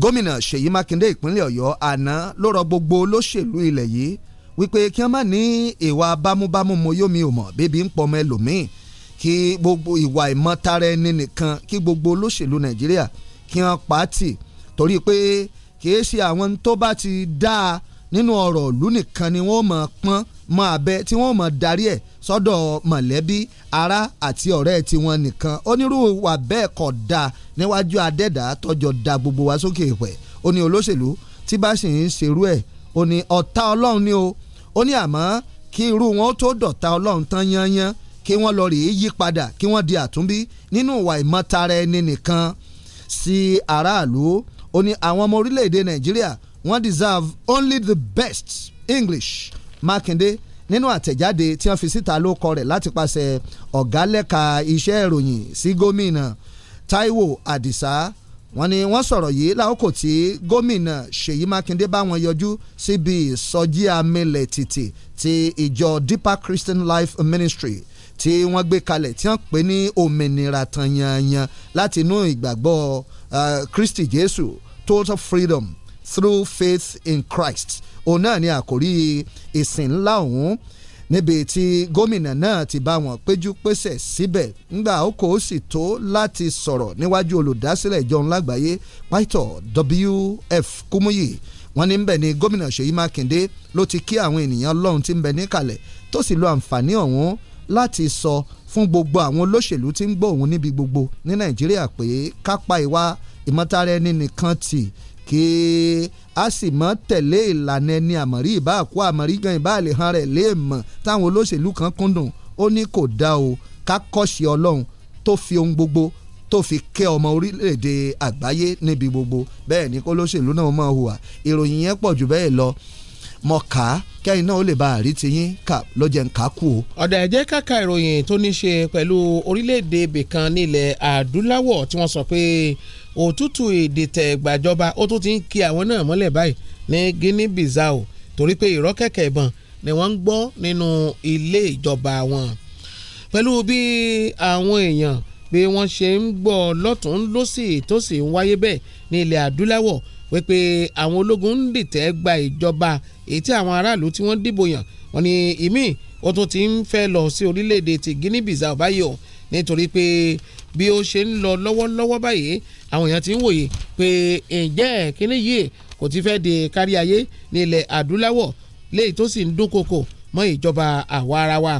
gómìnà Ṣèyí Mákindé ìpínlẹ̀ Ọ̀yọ́ àná ló rọ gbogbo olóṣèlú ilẹ̀ yìí wípé kí wọ́n má ní ìwà bámúbámú moyomi ò mọ̀ bébí ń pọmọ ẹlòmíì kí gbogbo ìwà ìmọ̀tara ẹni nìkan kí gbogbo olóṣèlú Nàìjíríà kí wọ́n pàtì torí pé kì ṣe àwọn tó bá ti dáa nínú ọ̀rọ̀ ìlú nìkan ni wọ́n mọ̀ pọ́n mọ́ abẹ tí wọ́n mọ̀ darí ẹ̀ sọ́dọ̀ mọ̀lẹ́bí ará àti ọ̀rẹ́ tiwọn nìkan onírúwà bẹ́ẹ̀ kọ̀ da níwájú adẹ́dá tọjọ́ da gbogbo wa sókè ìpẹ́ ó ní olóṣèlú tí bá sì ń ṣerú ẹ̀ ó ní ọ̀tá ọlọ́run ni o ó ní àmọ́ kí irú wọn tó dọ̀tá ọlọ́run tán yányán kí wọ́n lọ rèé yí padà kí wọ́n di àtúnbí nínú ìwà ìmọ̀tara ẹni nìkan sí aráàlú ó ní àwọn ọmọ orílẹ̀-èdè nàìjíríà wọ́n deserve only the best English Mákindé nínú àtẹ̀jáde tí wọ́n fi síta ló kọ rẹ̀ láti pàṣẹ ọ̀gá lẹ́ka iṣẹ́ ìròyìn sí gómìnà Táíwò Àdìsá wọ́n ní wọ́n sọ̀rọ̀ yìí lákòókò tí gómìnà Ṣèyí Mákindé bá wọn yọjú síbi ìsọjí amílẹ̀ tìtì ti ìjọ Deeper Christian Life Ministry tí wọ́n gbé kalẹ̀ tí wọ́n pè ní òmìnira tanyanyan láti inú ìgbàgbọ́ uh, Kristi Jésù total freedom through faith in Christ òun náà ni àkòrí ìsìn ńlá ọ̀hún níbi tí gómìnà náà ti bá wọn péjú pésẹ̀ síbẹ̀ ńgbà ó kò sì tó láti sọ̀rọ̀ níwájú olùdásílẹ̀ ìjọun lágbàáyé pító WF Kúmúyì wọ́n ní bẹ̀ ni gómìnà Ṣèyí Mákindé ló ti kí àwọn ènìyàn Ọlọ́run tí bẹ níkàlẹ̀ tó sì lo àǹfààní ọ̀hún láti sọ fún gbogbo àwọn olóṣèlú tí ń gbọ́ òun níbi gbogbo ní Nàìjíríà pé kápá ìwà ìmọ̀tara ẹni nìkan tì kí a sì mọ́ tẹ̀lé ìlànà ẹni àmọ̀rí ìbá àkó àmọ̀rí gan ìbá àlè han rẹ̀ léèmọ̀ táwọn olóṣèlú kan kúndùn ó ní kò dá o ká kọ́ṣe ọlọ́run tó fi ohun gbogbo tó fi kẹ́ ọmọ orílẹ̀-èdè àgbáyé níbi gbogbo bẹ́ẹ̀ ni kólóṣèlú náà máa hùwà ìròyìn yẹn pọ̀ jù bẹ́ẹ̀ lọ mọ̀ ká kẹ́yìn náà ó lè ba àrí ti yín kà ló jẹ́ nǹka kú o. ọ̀dà ẹ̀jẹ̀ kàkà ìròyìn tó ní ṣe pẹ̀lú orílẹ̀-èdè ibìkan nílẹ̀ adúláwọ̀ tí wọ́n sọ pé òtútù ìdìtẹ̀ gbàjọba ó tún ti ń kí àwọn náà mọ́lẹ̀ báyìí ní Guinea Bissau torí pé ìrọ́kẹ̀kẹ̀ ìbọn ni wọ́n ń gbọ́ nínú ilé ìjọba wọn pẹ̀lú bí àwọn èèyàn bí wọ́n ṣe ń gbọ́ lọ́tún lọ́sì tó sì ń wáyé bẹ́ẹ̀ ní ilẹ̀ adúláwọ̀ wípé àwọn ológun ń dìtẹ̀ gba ìjọba èyí tí àwọn aráàlú tí wọ́n dìbò yàn wọ́n ní ìmíì ó tún ti ń fẹ́ lọ sí orílẹ̀-èdè ti Guinea-Bissau báyìí o nítorí pé bí ó ṣe ń lọ lọ́wọ́lọ́wọ́ báyìí àwọn èèyàn ti ń wòye pé ǹjẹ́ kínní yìí kò ti fẹ́ di kárí ayé ní ilẹ̀ adúláwọ̀ léyìí tó sì ń dúnkokò mọ́ ìjọba àwa ara wa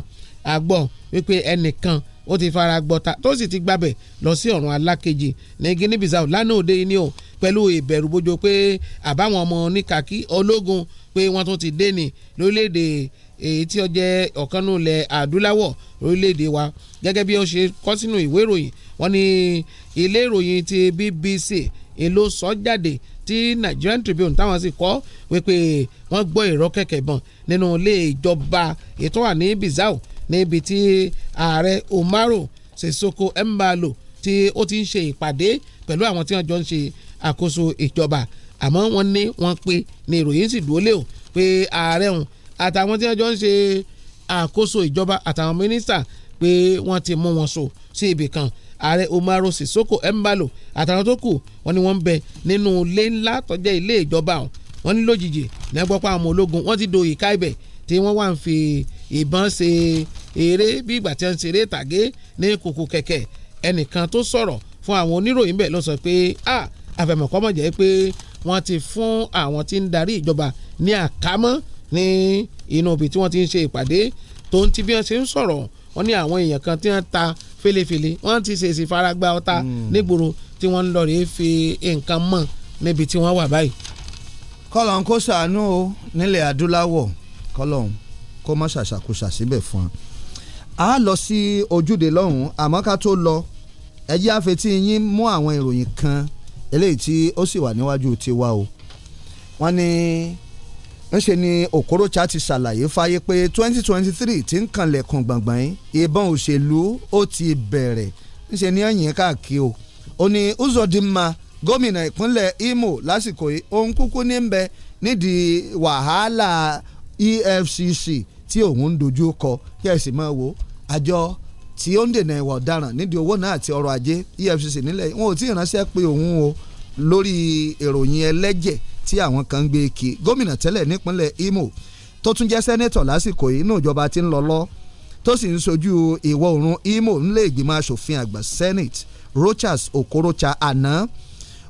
àgbọ̀ wípé ẹnìkan ó ti fara gbọ́ta tó sì ti gbabẹ̀ lọ sí ọ̀run alákejì ní Guinea Bissau lánàá òde ni o pẹ̀lú ìbẹ̀rù bojo pé àbáwọn ọmọ oníkàkí ológun pé wọ́n tún ti dé ní lórílẹ̀‐èdè èyí tí ó jẹ́ ọ̀kanú ilẹ̀ adúláwọ̀ lórílẹ̀‐èdè wa gẹ́gẹ́ bí ó ṣe kọ sínú ìwé ìròyìn wọ́n ní ilé ìròyìn ti BBC ìlú sọ jáde tí Nigerian Tribune táwọn sì kọ wípé wọ́n gbọ́ ìró kẹ̀kẹ́ bọn nínú ilé ìjọba ètò wà ní Bizau níbi tí ààrẹ Umaru Sisoko Embalo tí ó ti ń ṣe ìpàdé pẹ̀lú àwọn tí wọ́n jọ ń ṣe àkóso ìjọba àmọ́ wọ́n ní wọ́n pé ní ìròyìn sì dúró lé o pé ààrẹ òun àtàwọn tí wọ́n jọ ń ṣe àkóso ìjọba àtàwọn mínísítà pé wọ́n ti mú wọn so sí ibì kan ààrẹ Umaru Sisoko Embalo àtàwọn tó kù wọn ni wọ́n ń bẹ nínú ilé ńlá tó jẹ́ ilé ìjọba ọ̀hún wọ́n ní lójijì ní ẹgbọ́ pa àwọn ológun wọ́n ti do ìka ibẹ̀ tí wọ́n wá ń fi ìbọn ṣe eré bí ìgbà tí wọ́n ń ṣe eré tàgé ní kùkù kẹ̀kẹ́ ẹnìkan tó sọ̀rọ̀ fún àwọn oníròyìn bẹ̀ ló sọ pé a àfẹ̀mọ̀kọ́mọ̀ pé wọ́n ti fún àwọn tí ń darí ìjọba ní àkámọ́ ní inú ibi tí wọ́n ti ń ṣe ìpàdé tó ń ti bí wọ́n ṣe ń sọ̀rọ̀ wọ́n ní àwọn èèyàn kan tí wọ́n ta fèlèfèlè wọ́n ti ṣèṣì faragbá ọta hmm. nígboro tí wọ́n ń lọ rèé fi nǹkan mọ̀ níbi tí wọ́n wà báyìí. kọ́lọ̀ ń kó sàánú o nílẹ̀ adúláwọ̀ kọ́lọ̀ ń kó mọ́ ṣàṣàkóṣà síbẹ̀ fún un. a lọ sí ojúde lọ́hùn-ún àmọ́ ká tó lọ ẹjẹ́ àfetí yín mú àwọn ìròyìn kan eléyìí tí ó sì wà níwájú tiwa o wọ́n ní. Ni ńṣe ni Okorocha ti ṣàlàyé fáyé pé 2023 ti ń kanlẹ̀kùn gbọ̀ngbọ̀n ìbọn òṣèlú ó ti bẹ̀rẹ̀ ńṣe ni ẹ̀yìn káàkiri o ó ní Uzodinma gómìnà ìpínlẹ̀ Imo lásìkò yìí òun kúkú ní ń bẹ nídìí wàhálà EFCC tí òun ń dojú kọ kí ẹ sì máa wo àjọ tí ó ń dènà ìwà ọ̀daràn nídìí owó náà àti ọrọ̀ ajé EFCC nílẹ̀ wọn ò tí ì ránṣẹ́ pé òun o lórí èròyìn ẹlẹ́jẹ̀ tí àwọn kan ń gbé kí gómìnà tẹ́lẹ̀ nípínlẹ̀ Imo tó tún jẹ́ sẹ́nẹ́tọ̀ lásìkò yìí inú ìjọba ti ń lọ lọ tó sì ń sojú ìwọ̀ oòrùn Imo nílẹ̀ ìgbìmọ̀ asòfin àgbà Senate Rochas Okorocha àná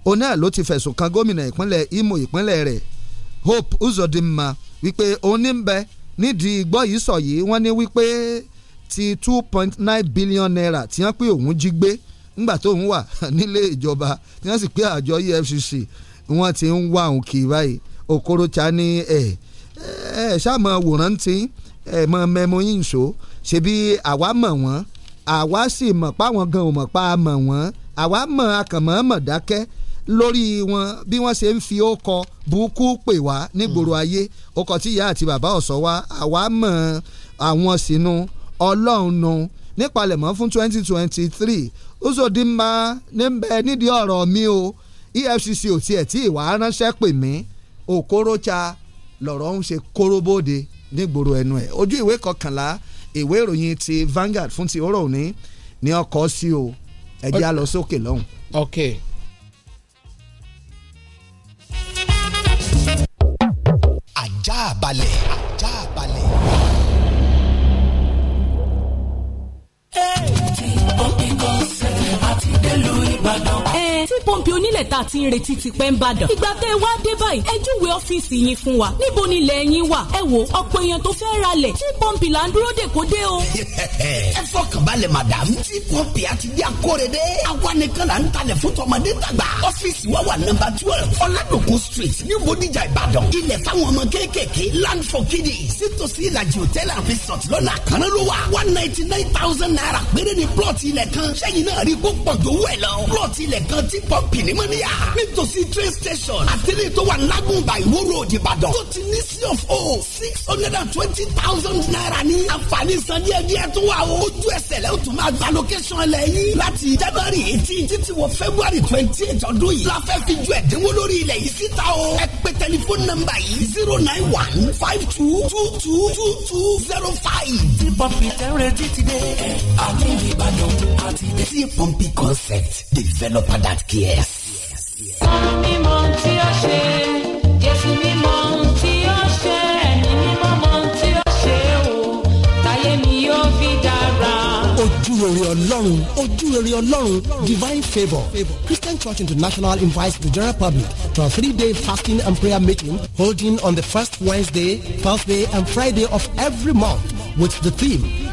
òun náà ló ti fẹ̀sùn kan gómìnà ìpínlẹ̀ Imo ìpínlẹ̀ rẹ̀ Hope Uzodinma wípé òun ní ń bẹ nídìí gbọ́ yìí sọ yìí wọ́n ní wípé ti two point nine billion naira tí wọ́n pé òun jí gbé ńgbà tóun wà nílé ìjọba tí wọ́n sì pé àjọ EFCC wọ́n ti ń wá òun kì í báyìí Okorocha ní ẹ̀ ẹ̀ ṣáàmọ̀ wòrán ti ẹ̀ mọ mẹ́mọ yín so ṣebí àwa mọ̀ wọ́n àwa sì mọ̀ páwọn gan ò mọ̀ pa mọ̀ wọ́n àwa mọ̀ akànmọ́ mọ̀ dákẹ́ lórí wọn bí wọn ṣe ń fi ọkọ burúkú pè wá nígboro hmm. ayé ọkọ tí ìyá àti bàbá ọ̀sọ́ wa àwa mọ̀ àwọn sínú ọlọ́run nu nípalẹ̀mọ́ fún twenty twenty three Uzodinma ní bẹ nídìí ọ̀rọ̀ mi o EFCC ò tiẹ̀ tí ìwà ránṣẹ́ pè mí Okorocha lọ̀rọ̀ ń ṣe kóróbóde nígboro ẹnu ẹ̀ ojú ìwé kọkànlá ìwé ìròyìn ti Vanguard fún ti òrò òní ni ọkọ̀ sí o ẹ̀jẹ̀ á lọ sókè lọ́hùn. okay. ajá balẹ̀ pẹ́ tí pọ́ǹpì onílẹ̀ ta ti ń retí ti pẹ́ ń bàdàn. ìgbà tẹ́ ẹ wá dé báyìí ẹ júwe ọ́fíìsì yín fún wa níbo ni ilẹ̀ yín wà ẹ wo ọ̀pọ̀ èèyàn tó fẹ́ ra lẹ̀ tí pọ́ǹpì là ń dúró dè kó dé o. ẹ fọkàn balẹ̀ madam tí pọ́ǹpì àti bí akóredé àwa nìkan là ń talẹ̀ fún tọmọdé tàgbà ọ́fíìsì wa wà nọ́mbà twelve ọ̀làdòkun street ní bodijà ìbàdàn ilẹ̀ fáwọn ọmọ land for kiddies sítòsí ìlàjì hotel and resort lọ́nà àkànná ló one ninety nine thousand naira péré ni plọ̀tì ilẹ̀ kan sẹ́yìn náà rí kó pọ̀ tí pọ́ǹpì ní mọ́níyà nítòsí train station àtẹ̀lé tó wà lágùnbà ìwó road ìbàdàn tó ti ní sí of o six hundred and twenty thousand naira ní àǹfààní san díẹ̀ díẹ̀ tó wà o ojú ẹsẹ̀ lẹ́yìn tó máa gba location ẹlẹ́ yìí láti january eighteen títí wọ february twenty eight ọdún yìí la fẹ́ fi ju ẹ̀dínwó lórí ilẹ̀ yìí síta o ẹ pè tẹlifóònù nọ́mbà yìí zero nine one five two two two two two zero five. tí pọ́ǹpì tẹ́ ń retí ti dé. ìbàdàn àti ìdẹ́sí pọ́ǹpì concept developer that Church International invites the general public to a three-day fasting and prayer meeting holding on the first Wednesday, Thursday, and Friday of every month with the theme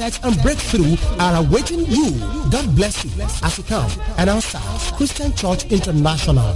research and breakthrough are awaiting you. God bless you as you come and outside Christian Church International.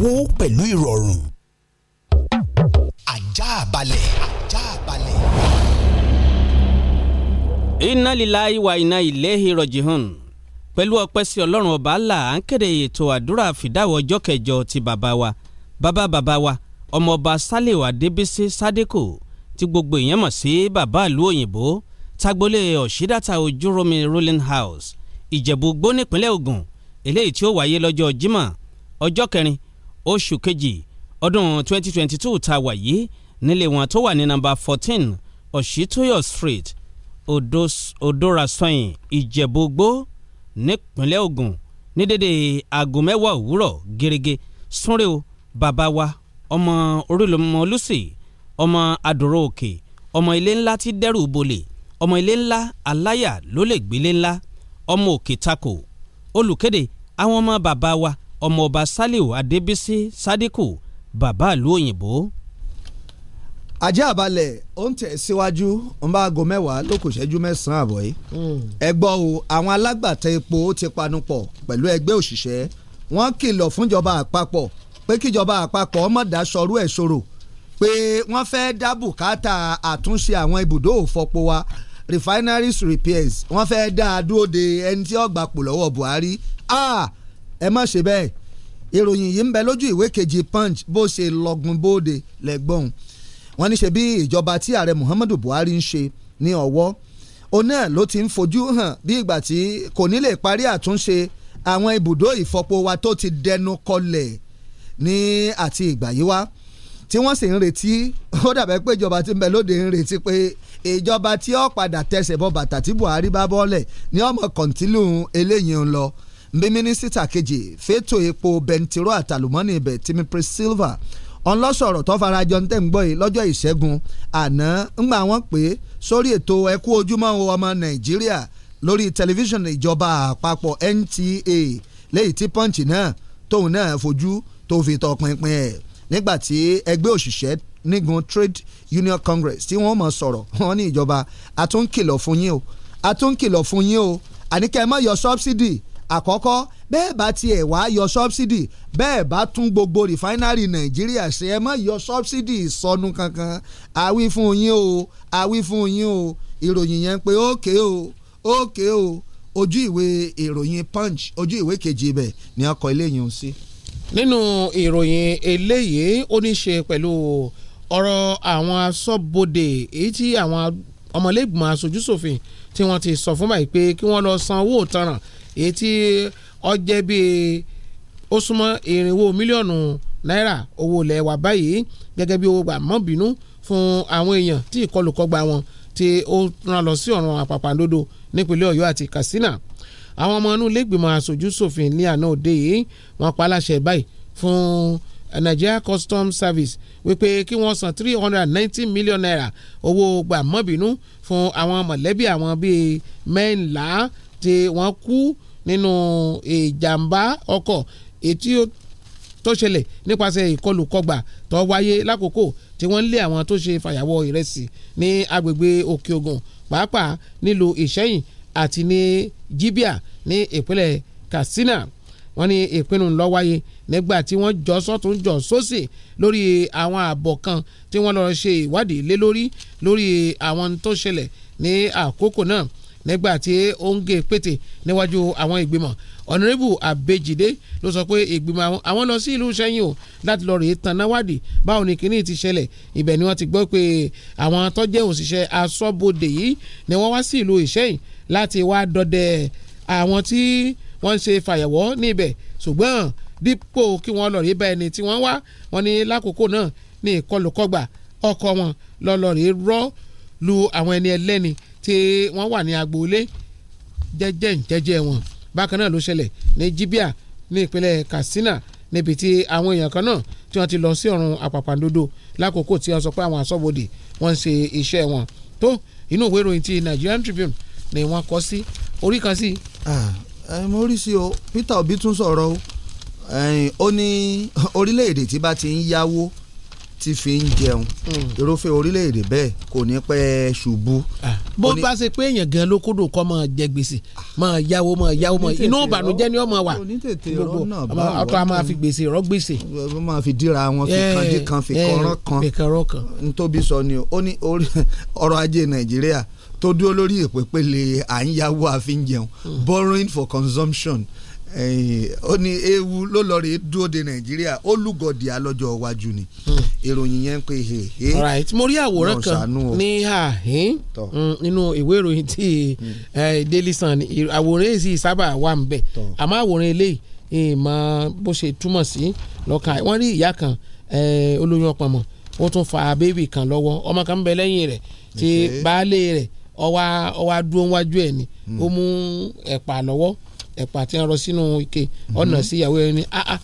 owó pẹ̀lú ìrọ̀rùn. ajá balẹ̀ ajá balẹ̀. inna lillahi wa inna ilaihi rajihun pẹ̀lú ọpẹ́ sí ọlọ́run ọba là á ń kéde ètò àdúrà fìdáwọ̀ ọjọ́ kẹjọ ti bàbá wa bàbá bàbá wa ọmọọba sálẹ̀wà débísí sádẹ́kò tí gbogbo èèyàn mọ̀ sí bàbá ìlú òyìnbó tagbolé ọ̀ṣídàtà ojúromi rolling house ìjẹ̀bú gbó nípínlẹ̀ eléyìí tí ó wáyé lọ́jọ́ Jímọ̀ ọjọ́ kẹrin oṣù kejì ọdún 2022 ta wà yìí nílé wọn tó wà ní nọ́mbà 14 Òṣìtóyọ̀ Street Odorasoyin Ìjẹ̀bú-Ògbó nípínlẹ̀ Ògùn ní dédé aago mẹ́wàá òwúrọ̀ gẹ́rẹ́gẹ́ súnrẹ́ o bàbá wa ọmọ orílọ̀mọ Lucy ọmọ adòrò òkè ọmọ ilé ńlá tí dẹ́rù bolè ọmọ ilé ńlá aláyà ló lè gbélé ńlá ọmọ òkè tako olùkéde àwọn ọmọ bàbá wa ọmọọba saliu adébísí sadiku bàbá ìlú òyìnbó. ajá àbálẹ̀ ó ń tẹ̀ síwájú ń bá aago mẹ́wàá ló kù ṣẹ́jú mẹ́sàn-án àbọ̀ yìí. Hmm. ẹ gbọ́ o àwọn alágbàtà epo ti panupọ̀ pẹ̀lú ẹgbẹ́ òṣìṣẹ́ wọ́n kìlọ̀ fúnjọba àpapọ̀ pé kíjọba àpapọ̀ má dá ẹ̀ ṣòro pé wọ́n fẹ́ dá bùkátà àtúnṣe àwọn ibùdó òfọpo wa refineries repairs wọ́n fẹ́ dá a dúró de ẹni tí ó gbapò lọ́wọ́ Buhari ah ẹ má ṣe bẹ́ẹ̀ ìròyìn yìí ń bẹ lójú ìwé kejì punch bó ṣe lọ́gun bóde lẹ́gbọ̀n wọ́n ní ṣe bí ìjọba tí ààrẹ Muhammadu Buhari ń ṣe ní ọ̀wọ́ òun náà ló ti ń fojú hàn bí ìgbà tí kò ní lè parí àtúnṣe àwọn ibùdó ìfọpo wa tó ti dẹnu kọlẹ̀ ní àti ìgbà yìí wá tí wọ́n sì ń retí ó dàbẹ́ pé ìjọba tí ń bẹ lóde ń retí pé ìjọba tí ó padà tẹsẹ̀ bọ bàtà tí Buhari bá bọ́lẹ̀ ni ọmọ kọ̀ǹtínú eléyìí ń lọ bí mínísítà kejì fẹ́tò epo bẹntiró àtàlùmọ́nì ibẹ̀ timi Priscilla ọlọ́sọ̀rọ̀ tó fara jọ tẹ̀ ń gbọ́ yìí lọ́jọ́ ìṣẹ́gun àná ńgbà wọ́n pé sórí ètò ẹkú ojúmọ́ ọmọ Nàìjíríà lórí tẹlifíṣàn ìjọba àpapọ̀ NTA lẹ́yìn tí pọ́ǹchì náà tóun náà fojú tó fi tọpinpin ẹ̀ e. nígbà ẹgbẹ́ òṣìṣẹ́ nígun Trade Union Congress tí wọ́n mọ̀ sọ̀rọ̀ wọ́n ní ìjọba àtúnkìlọ̀ fún yín o àtúnkìlọ̀ fún yín o àníkẹ́ ẹ yọ subsidy àkọ́kọ́ bẹ́ẹ̀ bá tiẹ̀ wá yọ subsidy bẹ́ẹ̀ bá tún gbogbo refinery nàìjíríà ṣe ẹ má yọ subsidy ìsọnù kankan àwí fún yín o àwí fún yín o ìròyìn yẹn pé ókè o ókè o ojú ìwé ìròyìn punch ojú ìwé kejì ibẹ̀ ni ọkọ̀ eléyìí ń sí. nínú ìròyìn eléyìí ó ní ṣe pẹ̀lú ọ̀rọ̀ àwọn aṣọ́bodè èyí tí àwọn ọmọlẹ́gbọ̀n aṣojúṣòfin tí wọ́n ti sọ fún báyìí pé kí wọ́n lọ san owó ìtanràn èyí tí ó jẹ́ bíi ó súnmọ́ irinwó mílíọ̀nù náírà owó ilẹ̀ wa báyìí gẹ́gẹ́ bí owó gbà mọ́ bínú fún àwọn èèyàn tí ìkọlùkọgba wọn tí ó rán lọ sí ọ̀ràn àpàpàǹdodo nípínlẹ̀ Ọ̀yọ́ àti Katsina àwọn ọmọ inú lẹ́gbìmọ̀ aṣojú ṣòfin ní àná òde yìí wọ́n pa aláṣẹ báyìí fún Nigeria Customs Service wípé kí wọ́n san three hundred and ninety million naira owó gbàmọ́bínú fún àwọn mọ̀lẹ́bí àwọn bíi mẹ́ńlá tí wọ́n kú nínú ìjàmbá ọkọ̀ ètí tó ṣẹlẹ̀ nípasẹ̀ ìkọlù kọgbà tó wáyé lákòókò tí wọ́n ń lé àwọn tó ṣe fàyàwọ́ ìrẹsì ní agbègbè òkè ògùn pàápàá nílùú ìṣẹ́yìn àti ní jibia ní ìpínlẹ̀ katsina wọ́n ní ìpinnu ńlọ wáyé nígbà tí wọ́n jọ sọ́tún jọ sósì lórí àwọn àbọ̀ kan tí wọ́n lọ́ọ́ ṣe ìwádìí lé lórí lórí àwọn tó ṣẹlẹ̀ ní àkókò náà nígbà tí ó ń gé pété níwájú àwọn ìgbìmọ̀ ọ̀nàrẹ́bù àbẹ́jìdé ló sọ pé ìgbìmọ̀ àwọn àwọn lọ sí ìlú sẹ́yìn o láti lọ rèé tan náwádìí báwo ni kínní ti ṣẹlẹ̀ ibẹ̀ ni wọ́n ti gbọ́ pé àwọn tó jẹ́ òṣìṣẹ́ aṣọ́bodè yìí ni wọ́n wá sí ìlú ìṣẹ́yìn láti wá dọdẹ àwọn tí wọ́n ń ṣe fàyẹ̀wọ́ níbẹ̀ ṣùgbọ́n dípò kí wọ́n lọ rèé bá ẹni tí wọ́n wá wọn ní lákòókò náà ní ìkọlùkọgbà ọkọ̀ wọn lọ lọ rèé rọ́ lu àwọn ẹni ẹlẹ́ni tí wọ́n wà ní agboolé jẹ́jẹ́ jẹ́jẹ́ wọn bákan náà ló ṣẹlẹ̀ ní Jibia ní ìpínlẹ̀ Katsina níbi tí àwọn èèyàn kan náà tí wọ́n ti lọ sí ọ̀run àpàpàǹdodo lákòókò tí wọ́n sọ pé àwọn aṣọ́bodè wọ́n ń ṣe iṣẹ́ wọn tó inú ìwé ìròyìn ti Nigerian Tribune ni wọ́n kọ sí orí kan sí. mo rí sí o Peter Obi tún sọ̀rọ̀ o ó ní orílẹ̀-èdè tí bá ti ń yáwó tí fi ń jẹun hmm. irúfẹ́ orílẹ̀-èdè bẹ́ẹ̀ kò ní pẹ́ ṣubú. Ah. bó bá ṣe pé èèyàn gan lókòdò kọ́ máa jẹ gbèsè máa yáwó máa yáwó máa inú ìbànújẹ́ ni ó máa wà gbogbo ọ̀tọ̀ a máa fi gbèsè rọ́ gbèsè. wọ́n máa fi díra wọn fi eh, kandi kan fi eh, kọ́rọ́ kan ntóbi sọ ni ó ní ọrọ̀ ajé nàìjíríà tó dúró lórí ìpèpele à ń yáwó àfi ń jẹun hmm. borrowing for consumption. Mm ó ní ewu ló lọ rèé dúró de nàìjíríà ó lúgọ̀dì alọ́jọ́ ni hmm. ìròyìn yẹn ń pè é. right mo rí àwòrán kan ní àhín hmm, nínú ìwé ìròyìn tí hmm. eh, Daily Sun àwòrán èyí sì sábà wà ń bẹ̀ àmọ́ àwòrán eléyìí ìmọ̀ bó ṣe túmọ̀ sí lọ́kàn wọ́n rí ìyá kan eh, olóyún ọpọmọ ó tún fa bébì kan lọ́wọ́ ọmọ kan ń bẹ lẹ́yìn rẹ̀ tí baálé rẹ̀ ọwá ọwá dúró wájú ẹ̀ ni ó mú ẹ̀pà lọ́wọ́ ẹ̀pà tí wọ́n rọ sínú ike ọ̀nà mhm. sí ìyàwó ẹni ni ah ah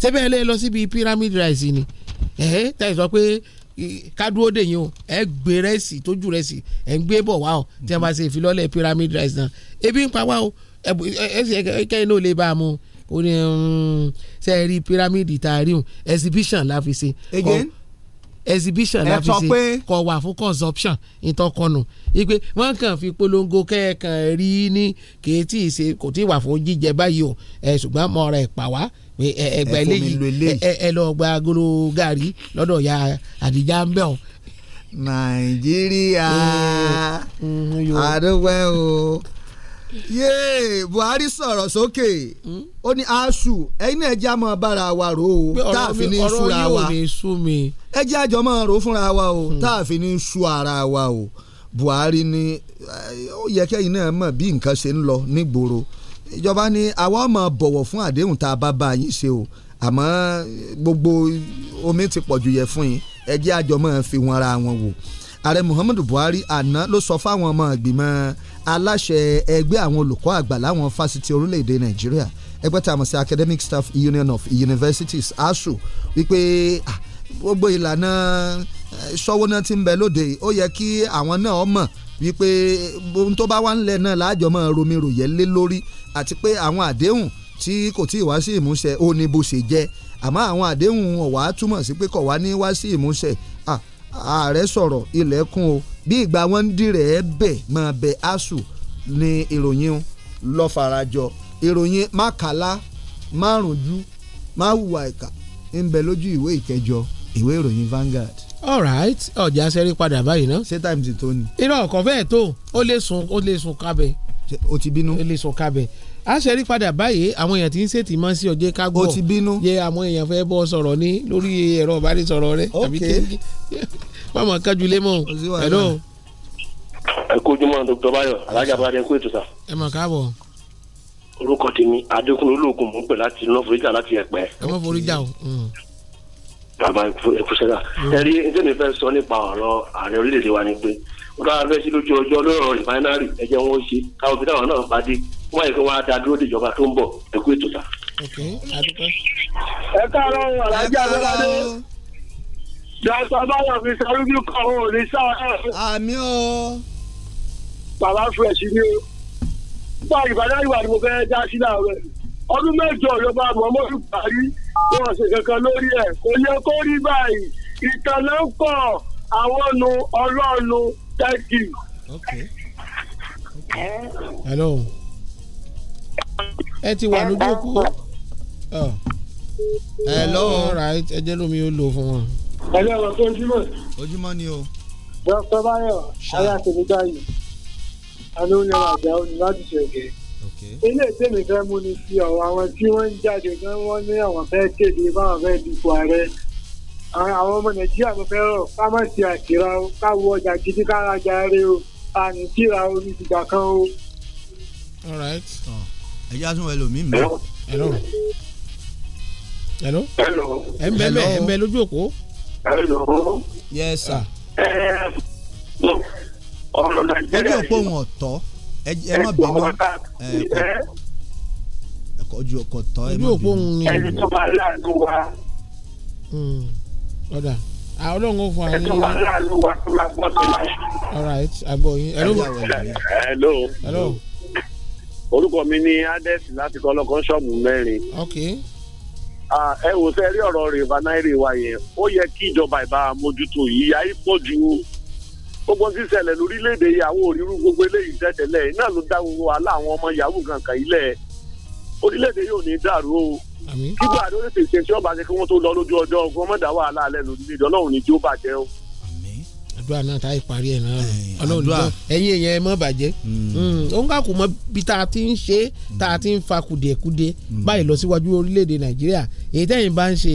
sẹ́bẹ̀ ẹ lé lọ síbi pyramid rice ni ẹ̀ẹ́ tẹ̀ sọ pé kádúró dè yín o ẹ gbé rẹ́sì tójú rẹ́sì ẹ ń gbé bọ̀ wá o tí wọ́n bá ṣe ìfilọ́lẹ̀ pyramid rice náà ebi ń pa wá o ẹ̀ẹ́sì náà lè bá a mú o ní ṣe rí pyramid tààrí o exhibition la fi ṣe. again exhibition la fi ṣe kọ wà fún consumption ìtọkọnù ipe wọn kàn fi polongo kẹẹkan rí ní kì í tí ì ṣe kò tí ì wà fún jíjẹ báyìí o ẹ ṣùgbọ́n mo ra ẹ̀pà wá ẹgbẹ́ eléyìí ẹ lọ gba agolo gàrí lọ́dọ̀ ya àdìjà ń bẹ̀ o. nàìjíríà àdúgbò mhm, o yéè Buhari sọ̀rọ̀ sókè ó ní aṣù ẹ̀yin náà ẹjẹ́ àmọ́ bára wa rò ó táàfin ní ṣúra wa ẹjẹ́ àjọ máa rò ó fúnra wa o hmm. táàfin ní ṣú ara wa o Buhari ni ó yẹ kẹ́yìn náà mọ̀ bí nǹkan ṣe ń lọ nígboro ìjọba ni àwa ọmọ bọ̀wọ̀ fún àdéhùn tá a bá bá yín ṣe o àmọ́ gbogbo omi ti pọ̀jù yẹ fún yín ẹjẹ́ àjọ máa fi wọn ra wọn wò ààrẹ Muhammadu Buhari àná ló sọ fáwọn ọmọ ìgbìmọ̀ aláṣẹ ẹgbẹ́ àwọn olùkọ́ àgbà láwọn fásitì orílẹ̀-èdè nàìjíríà ẹgbẹ́ tá a mọ̀ sí academic staff union of universities asu wípé ah, gbogbo ìlànà sọ́wọ́ná eh, ti ń bẹ lóde ó yẹ kí àwọn náà mọ̀ wípé ohun tó bá wà ńlẹ̀ náà láàjọ mọ́ romero yẹn lé lórí àti pé àwọn àdéhùn tí kò tí ì wá sí ìmúṣẹ ó ní bó ṣe jẹ́ àmọ́ àwọn àdéhùn ọ̀wá túmọ̀ sí pé kò wá ní wá sí ìmúṣẹ ah, ààrẹ sọ̀rọ̀ ilẹ̀kùn o bí ìgbà wọn ń dìrẹ̀ ẹ́ bẹ̀ máa bẹ̀ asuu ni ìròyìn lọ́farajọ ìròyìn mákàlá márùnjú máwùwà ìkà ń bẹ lójú ìwé ìkẹjọ ìwé ìròyìn Vanguard. alright ọjà sẹ́rí padà báyìí ná. ṣé time tó ni. irọ́ ọkọ̀ bẹ́ẹ̀ tó o lè sùn o lè sùn kábẹ̀. o ti bínú. o lè sùn kábẹ̀. a sẹ́rí padà báyìí àwọn èèyàn ti ń ṣètì mọ́ sí ọjọ́ kágbọ́. o ti bínú. yẹ àwọn èèyàn fẹ́ bọ́ sọ̀rọ̀ ní lórí ẹ̀rọ ìbánisọ̀rọ̀ rẹ. ok báwọn akájú lé mọ́ ẹ̀dọ́. ẹ kojúmọ́ dr bayo alájà bá dẹ́kun ètò sá. ẹ mọ̀ káàbọ̀. orúkọ tèmi adékun olóògùn mú pẹ̀ láti iná foríjà láti ẹ̀pẹ́. ẹ mọ̀ foríjà o. Mm. bàbá ìfúsẹ́dà mm. ẹ rí ẹjẹ́ mi fẹ́ sọ nípa ọ̀rọ̀ ààrẹ orílẹ̀-èdè wa ni pé wọ́n dára fẹ́ sí lójú ọjọ́ lọ́rọ̀ rìfáínárì ẹ̀jẹ̀ wọn ṣe káwọn fi táwọn náà bá dé wọ́n yẹ kí wọ́n á da dúró dìjọba tó ń bọ̀ ẹ̀kú ètò sá. ẹ káàárọ̀ alájà lọ́la dé dọ́tà báyọ̀ fi sọ́rúbí kan ò ní sáà. àmì o. bàbá fresh ni o. nípa ìbàdàn ìwà ni mo fẹ́ dá sí láàárọ̀ ọdún mẹ́jọ ìjọba muhammadu buhari wọn ṣe kankan lórí ẹ̀ kò yẹ kó rí báyìí ìtàn ló ń pọ̀ àwọn nu ọlọ́ọ̀nu tẹ́kì. hello ẹ ti wà lójú òkú. hello ẹ jẹ́ lómi ó lò fún wọn ẹgbẹ́ wọn kó ojúmọ́. ojúmọ́ ni o. dr bayo alákòóbá yìí alóńgbò àjà òní láti ṣẹ̀gẹ̀. ilé ìtẹ̀mí fẹ́ mú ni sí ọ̀rọ̀ àwọn tí wọ́n ń jáde gan wọ́n ní àwọn fẹ́ kéde báwọn fẹ́ dipò ààrẹ àwọn ọmọ nàìjíríà ló fẹ́ rọ̀ ká má ṣe àṣírà o ká wo ọjà gidi ká ra jàre o ká ní kíra o ní ìgbà kan o. ẹ jẹ́ àtúnwẹ̀ lòmíì mọ́. hello. hello. ẹ ń bẹ́ẹ̀ bẹ́ẹ̀ ẹ ń bẹ́ẹ̀ lójú òpó hello. yes sir. Eh, ẹ ẹ ọ̀rọ̀ nàìjíríà yìí. ojú òpó wọn ọ̀tọ̀ ẹ má bínú ẹ̀kọ́ ojú eh, eh? ọkọ̀ tọ́ ẹ má bínú. ẹni tó bá láàánú wa. Hmm, ọ̀dà àwọn ah, olóńgbò fún àwọn. ẹni tó bá láàánú wa tó máa gbọ́ tó máa. all right àgbọ̀ yín. hello. hello. orúkọ mi ni adẹ́sì láti kọ́ ọlọ́kan ṣọ́ọ̀bù mẹ́rin. okay ẹ wò sẹ́ rí ọ̀rọ̀ rìvà náírà wa yẹn ó yẹ kí ìjọba ìbá mójútó yìí yá í pọ̀ ju gbogbo sísẹ̀lẹ̀ lórílẹ̀‐èdè àwọn gbogbo eléyìí tẹ̀tẹ̀lẹ̀ iná ló dá gbogbo wa láwọn ọmọ yahoo kankan yìí lẹ̀ yóò ní dàrú o kígbà àdó lè tètè tí ọba ṣe kí wọ́n tó lọ lójú ọjọ́ ọgbọ́n wàhálà alẹ́ lórílẹ̀‐èdè ọlọ́run tí ó bàjẹ́ o àdúrà náà táyì parí ẹ̀ náà ọlọ́run gbọ́ ẹ̀yin èèyàn ẹ mọ́ bàjẹ́ hmm. Hmm. òun kà kò mọ bí tá a ti ń ṣe tá a ti ń fa kùdìẹ̀kudiẹ hmm. báyìí lọ síwájú orílẹ̀ nàìjíríà èyí tẹ́yìn bá ń ṣe